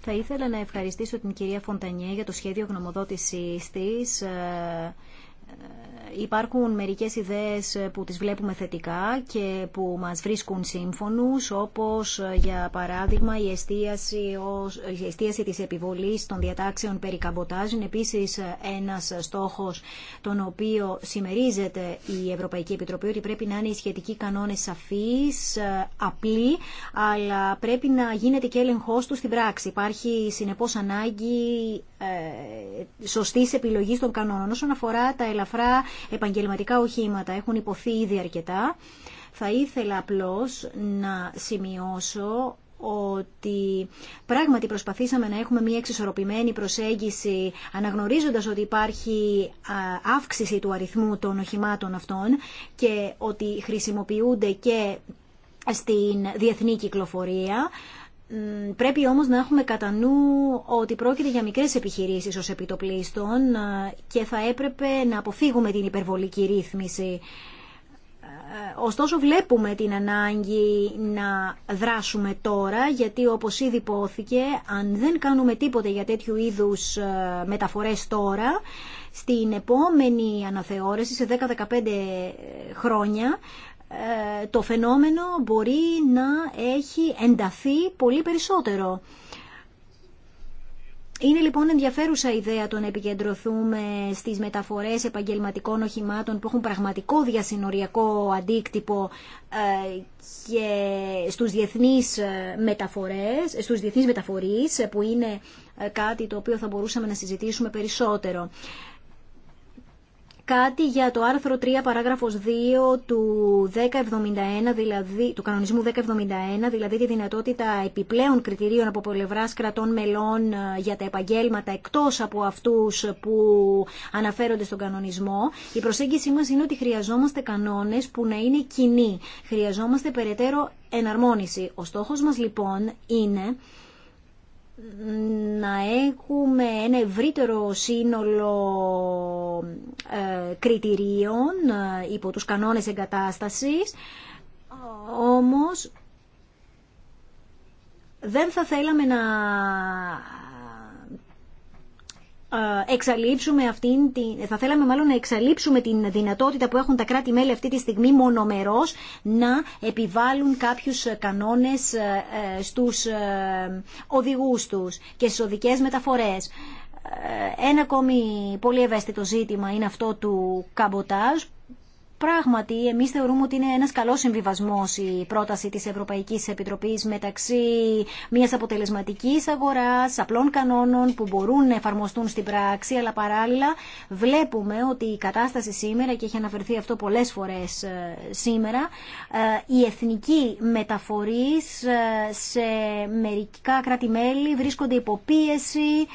Θα ήθελα να ευχαριστήσω την κυρία Φοντανιέ για το σχέδιο γνωμοδότησής της ε, υπάρχουν μερικές ιδέες ε, που τις βλέπουμε θετικά και που μας βρίσκουν σύμφωνους, όπως ε, για παράδειγμα η εστίαση, ως, ε, η της επιβολής των διατάξεων περί καμποτάζ. Είναι επίσης ένας στόχος τον οποίο συμμερίζεται η Ευρωπαϊκή Επιτροπή ότι πρέπει να είναι οι σχετικοί κανόνες σαφείς, απλοί, αλλά πρέπει να γίνεται και έλεγχός του στην πράξη. Υπάρχει συνεπώς ανάγκη ε, Σωστή επιλογή των κανόνων. Όσον αφορά τα ελαφρά επαγγελματικά οχήματα, έχουν υποθεί ήδη αρκετά. Θα ήθελα απλώς να σημειώσω ότι πράγματι προσπαθήσαμε να έχουμε μια εξισορροπημένη προσέγγιση αναγνωρίζοντας ότι υπάρχει αύξηση του αριθμού των οχημάτων αυτών και ότι χρησιμοποιούνται και στην διεθνή κυκλοφορία. Πρέπει όμως να έχουμε κατά νου ότι πρόκειται για μικρές επιχειρήσεις ως επιτοπλίστων ε, και θα έπρεπε να αποφύγουμε την υπερβολική ρύθμιση. Ε, ωστόσο βλέπουμε την ανάγκη να δράσουμε τώρα γιατί όπως ήδη υπόθηκε αν δεν κάνουμε τίποτε για τέτοιου είδους ε, μεταφορές τώρα στην επόμενη αναθεώρηση σε 10-15 χρόνια ε, το φαινόμενο μπορεί να έχει ενταθεί πολύ περισσότερο. Είναι λοιπόν ενδιαφέρουσα ιδέα το να επικεντρωθούμε στις μεταφορές επαγγελματικών οχημάτων που έχουν πραγματικό διασυνοριακό αντίκτυπο ε, και στους διεθνείς ε, μεταφορές, στους διεθνείς μεταφορείς που είναι κάτι το οποίο θα μπορούσαμε να συζητήσουμε περισσότερο κάτι για το άρθρο 3 παράγραφος 2 του, 1071, δηλαδή, του κανονισμού 1071, δηλαδή τη δυνατότητα επιπλέον κριτηρίων από πλευρά κρατών μελών ε, για τα επαγγέλματα εκτός από αυτούς που αναφέρονται στον κανονισμό. Η προσέγγιση μας είναι ότι χρειαζόμαστε κανόνες που να είναι κοινοί. Χρειαζόμαστε περαιτέρω εναρμόνιση. Ο στόχος μας λοιπόν είναι να έχουμε ένα ευρύτερο σύνολο ε, κριτηρίων ε, υπό τους κανόνες εγκατάστασης, όμως δεν θα θέλαμε να ε, εξαλείψουμε αυτήν την, θα θέλαμε μάλλον να εξαλείψουμε την δυνατότητα που έχουν τα κράτη-μέλη αυτή τη στιγμή μονομερός να επιβάλλουν κάποιους κανόνες ε, ε, στους οδηγούς τους και στις οδικές μεταφορές. Ένα ακόμη πολύ ευαίσθητο ζήτημα είναι αυτό του καμποτάζ Πράγματι, εμείς θεωρούμε ότι είναι ένας καλός συμβιβασμός η πρόταση της Ευρωπαϊκής Επιτροπής μεταξύ μιας αποτελεσματικής αγοράς, απλών κανόνων που μπορούν να εφαρμοστούν στην πράξη, αλλά παράλληλα βλέπουμε ότι η κατάσταση σήμερα, και έχει αναφερθεί αυτό πολλές φορές ε, σήμερα, ε, η εθνική μεταφορής ε, σε μερικά κράτη-μέλη βρίσκονται υποπίεση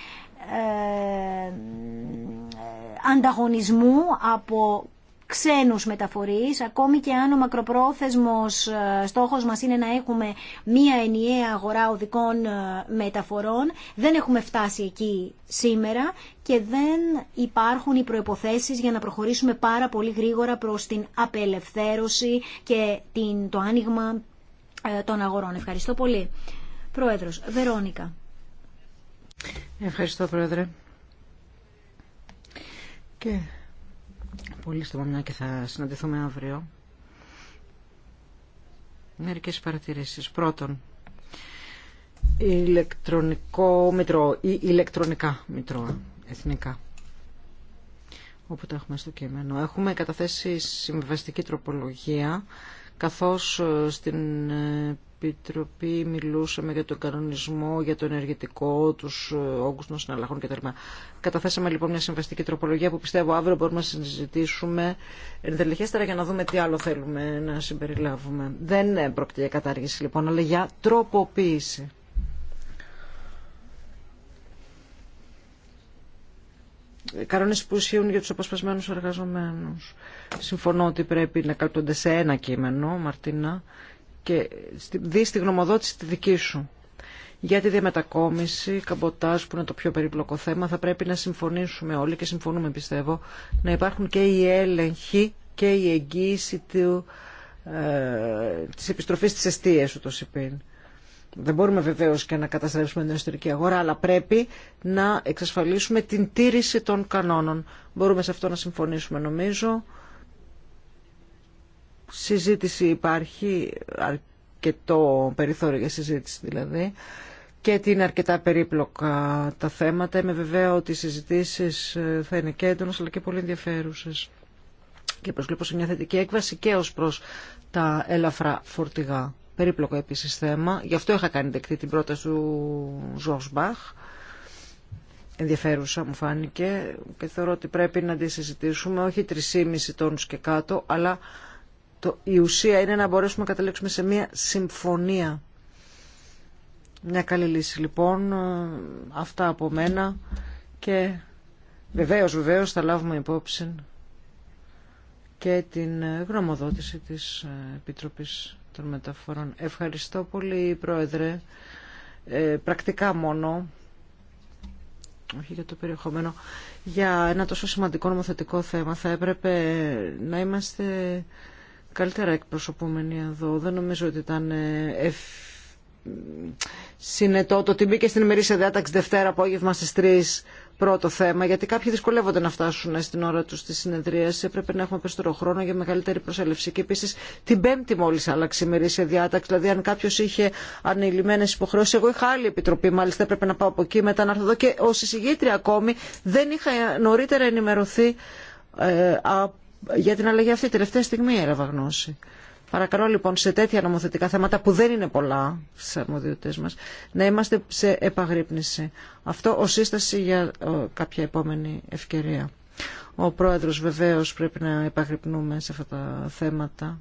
ανταγωνισμού από ξένους μεταφορείς, ακόμη και αν ο μακροπρόθεσμος ε, στόχος μας είναι να έχουμε μία ενιαία αγορά οδικών ε, μεταφορών. Δεν έχουμε φτάσει εκεί σήμερα και δεν υπάρχουν οι προϋποθέσεις για να προχωρήσουμε πάρα πολύ γρήγορα προς την απελευθέρωση και την, το άνοιγμα ε, των αγορών. Ευχαριστώ πολύ. Πρόεδρος, Βερόνικα. Ευχαριστώ, Πρόεδρε. Πολύ στο μια και θα συναντηθούμε αύριο. Μερικές παρατηρήσεις. Πρώτον, ηλεκτρονικό μητρό ή ηλεκτρονικά μητρό, εθνικά. Όπου το έχουμε στο κείμενο. Έχουμε καταθέσει συμβαστική τροπολογία καθώς ε, στην ε, Επιτροπή μιλούσαμε για τον κανονισμό, για το ενεργητικό, του ε, όγκου των συναλλαγών κτλ. Καταθέσαμε λοιπόν μια συμβαστική τροπολογία που πιστεύω αύριο μπορούμε να συζητήσουμε ενδελεχέστερα για να δούμε τι άλλο θέλουμε να συμπεριλάβουμε. Δεν πρόκειται για κατάργηση λοιπόν, αλλά για τροποποίηση. κανόνε που ισχύουν για του αποσπασμένου εργαζομένου. Συμφωνώ ότι πρέπει να καλύπτονται σε ένα κείμενο, Μαρτίνα, και δει τη γνωμοδότηση τη δική σου. Για τη διαμετακόμιση, καμποτάζ που είναι το πιο περίπλοκο θέμα, θα πρέπει να συμφωνήσουμε όλοι και συμφωνούμε πιστεύω να υπάρχουν και οι έλεγχοι και η εγγύηση του, ε, της επιστροφής της αιστείας ούτως υπήν. Δεν μπορούμε βεβαίω και να καταστρέψουμε την εσωτερική αγορά, αλλά πρέπει να εξασφαλίσουμε την τήρηση των κανόνων. Μπορούμε σε αυτό να συμφωνήσουμε νομίζω συζήτηση υπάρχει, αρκετό περιθώριο για συζήτηση δηλαδή, και τι είναι αρκετά περίπλοκα τα θέματα. Είμαι βέβαια ότι οι συζητήσεις ε, θα είναι και αλλά και πολύ ενδιαφέρουσε. Και προσβλέπω σε μια θετική έκβαση και ω προ τα ελαφρά φορτηγά. Περίπλοκο επίση θέμα. Γι' αυτό είχα κάνει δεκτή την πρόταση του Ζοσμπαχ. Μπαχ. Ενδιαφέρουσα μου φάνηκε και θεωρώ ότι πρέπει να τη συζητήσουμε όχι 3,5 τόνους και κάτω αλλά το, η ουσία είναι να μπορέσουμε να καταλήξουμε σε μια συμφωνία. Μια καλή λύση λοιπόν, ε, αυτά από μένα και βεβαίως βεβαίως θα λάβουμε υπόψη και την γνωμοδότηση της ε, Επιτροπής των Μεταφορών. Ευχαριστώ πολύ Πρόεδρε, ε, πρακτικά μόνο, όχι για το περιεχομένο, για ένα τόσο σημαντικό νομοθετικό θέμα θα έπρεπε να είμαστε καλύτερα εκπροσωπούμενοι εδώ. Δεν νομίζω ότι ήταν ε, συνετό το ότι μπήκε στην ημερήσια διάταξη Δευτέρα απόγευμα στις 3 πρώτο θέμα, γιατί κάποιοι δυσκολεύονται να φτάσουν στην ώρα του στη συνεδρίαση. Έπρεπε να έχουμε περισσότερο χρόνο για μεγαλύτερη προσέλευση. Και επίση την Πέμπτη μόλι άλλαξε η ημερήσια διάταξη. Δηλαδή, αν κάποιο είχε ανηλυμένε υποχρεώσει, εγώ είχα άλλη επιτροπή, μάλιστα έπρεπε να πάω από εκεί, μετά να έρθω εδώ. Και ω εισηγήτρια ακόμη δεν είχα νωρίτερα ενημερωθεί από ε, για την αλλαγή αυτή τελευταία στιγμή έραβα γνώση. Παρακαλώ λοιπόν σε τέτοια νομοθετικά θέματα που δεν είναι πολλά στις αρμοδιότητες μας να είμαστε σε επαγρύπνηση. Αυτό ως σύσταση για ε, κάποια επόμενη ευκαιρία. Ο πρόεδρος βεβαίως πρέπει να επαγρυπνούμε σε αυτά τα θέματα.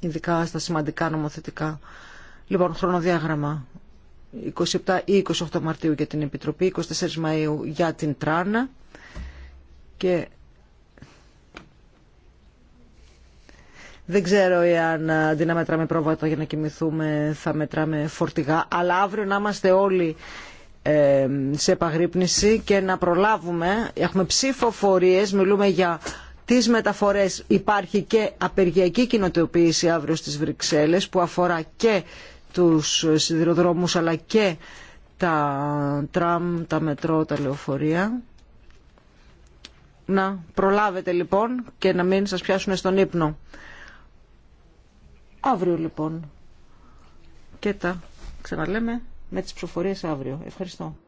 Ειδικά στα σημαντικά νομοθετικά. Λοιπόν, χρονοδιάγραμμα. 27 ή 28 Μαρτίου για την Επιτροπή, 24 Μαΐου για την Τράνα και δεν ξέρω εάν αντί να μετράμε πρόβατα για να κοιμηθούμε θα μετράμε φορτηγά αλλά αύριο να είμαστε όλοι ε, σε επαγρύπνηση και να προλάβουμε έχουμε ψηφοφορίες, μιλούμε για τις μεταφορές υπάρχει και απεργιακή κοινοτοποίηση αύριο στις Βρυξέλλες που αφορά και τους σιδηροδρόμους αλλά και τα τραμ, τα μετρό, τα λεωφορεία να προλάβετε λοιπόν και να μην σας πιάσουν στον ύπνο. Αύριο λοιπόν. Και τα ξαναλέμε με τις ψηφοφορίες αύριο. Ευχαριστώ.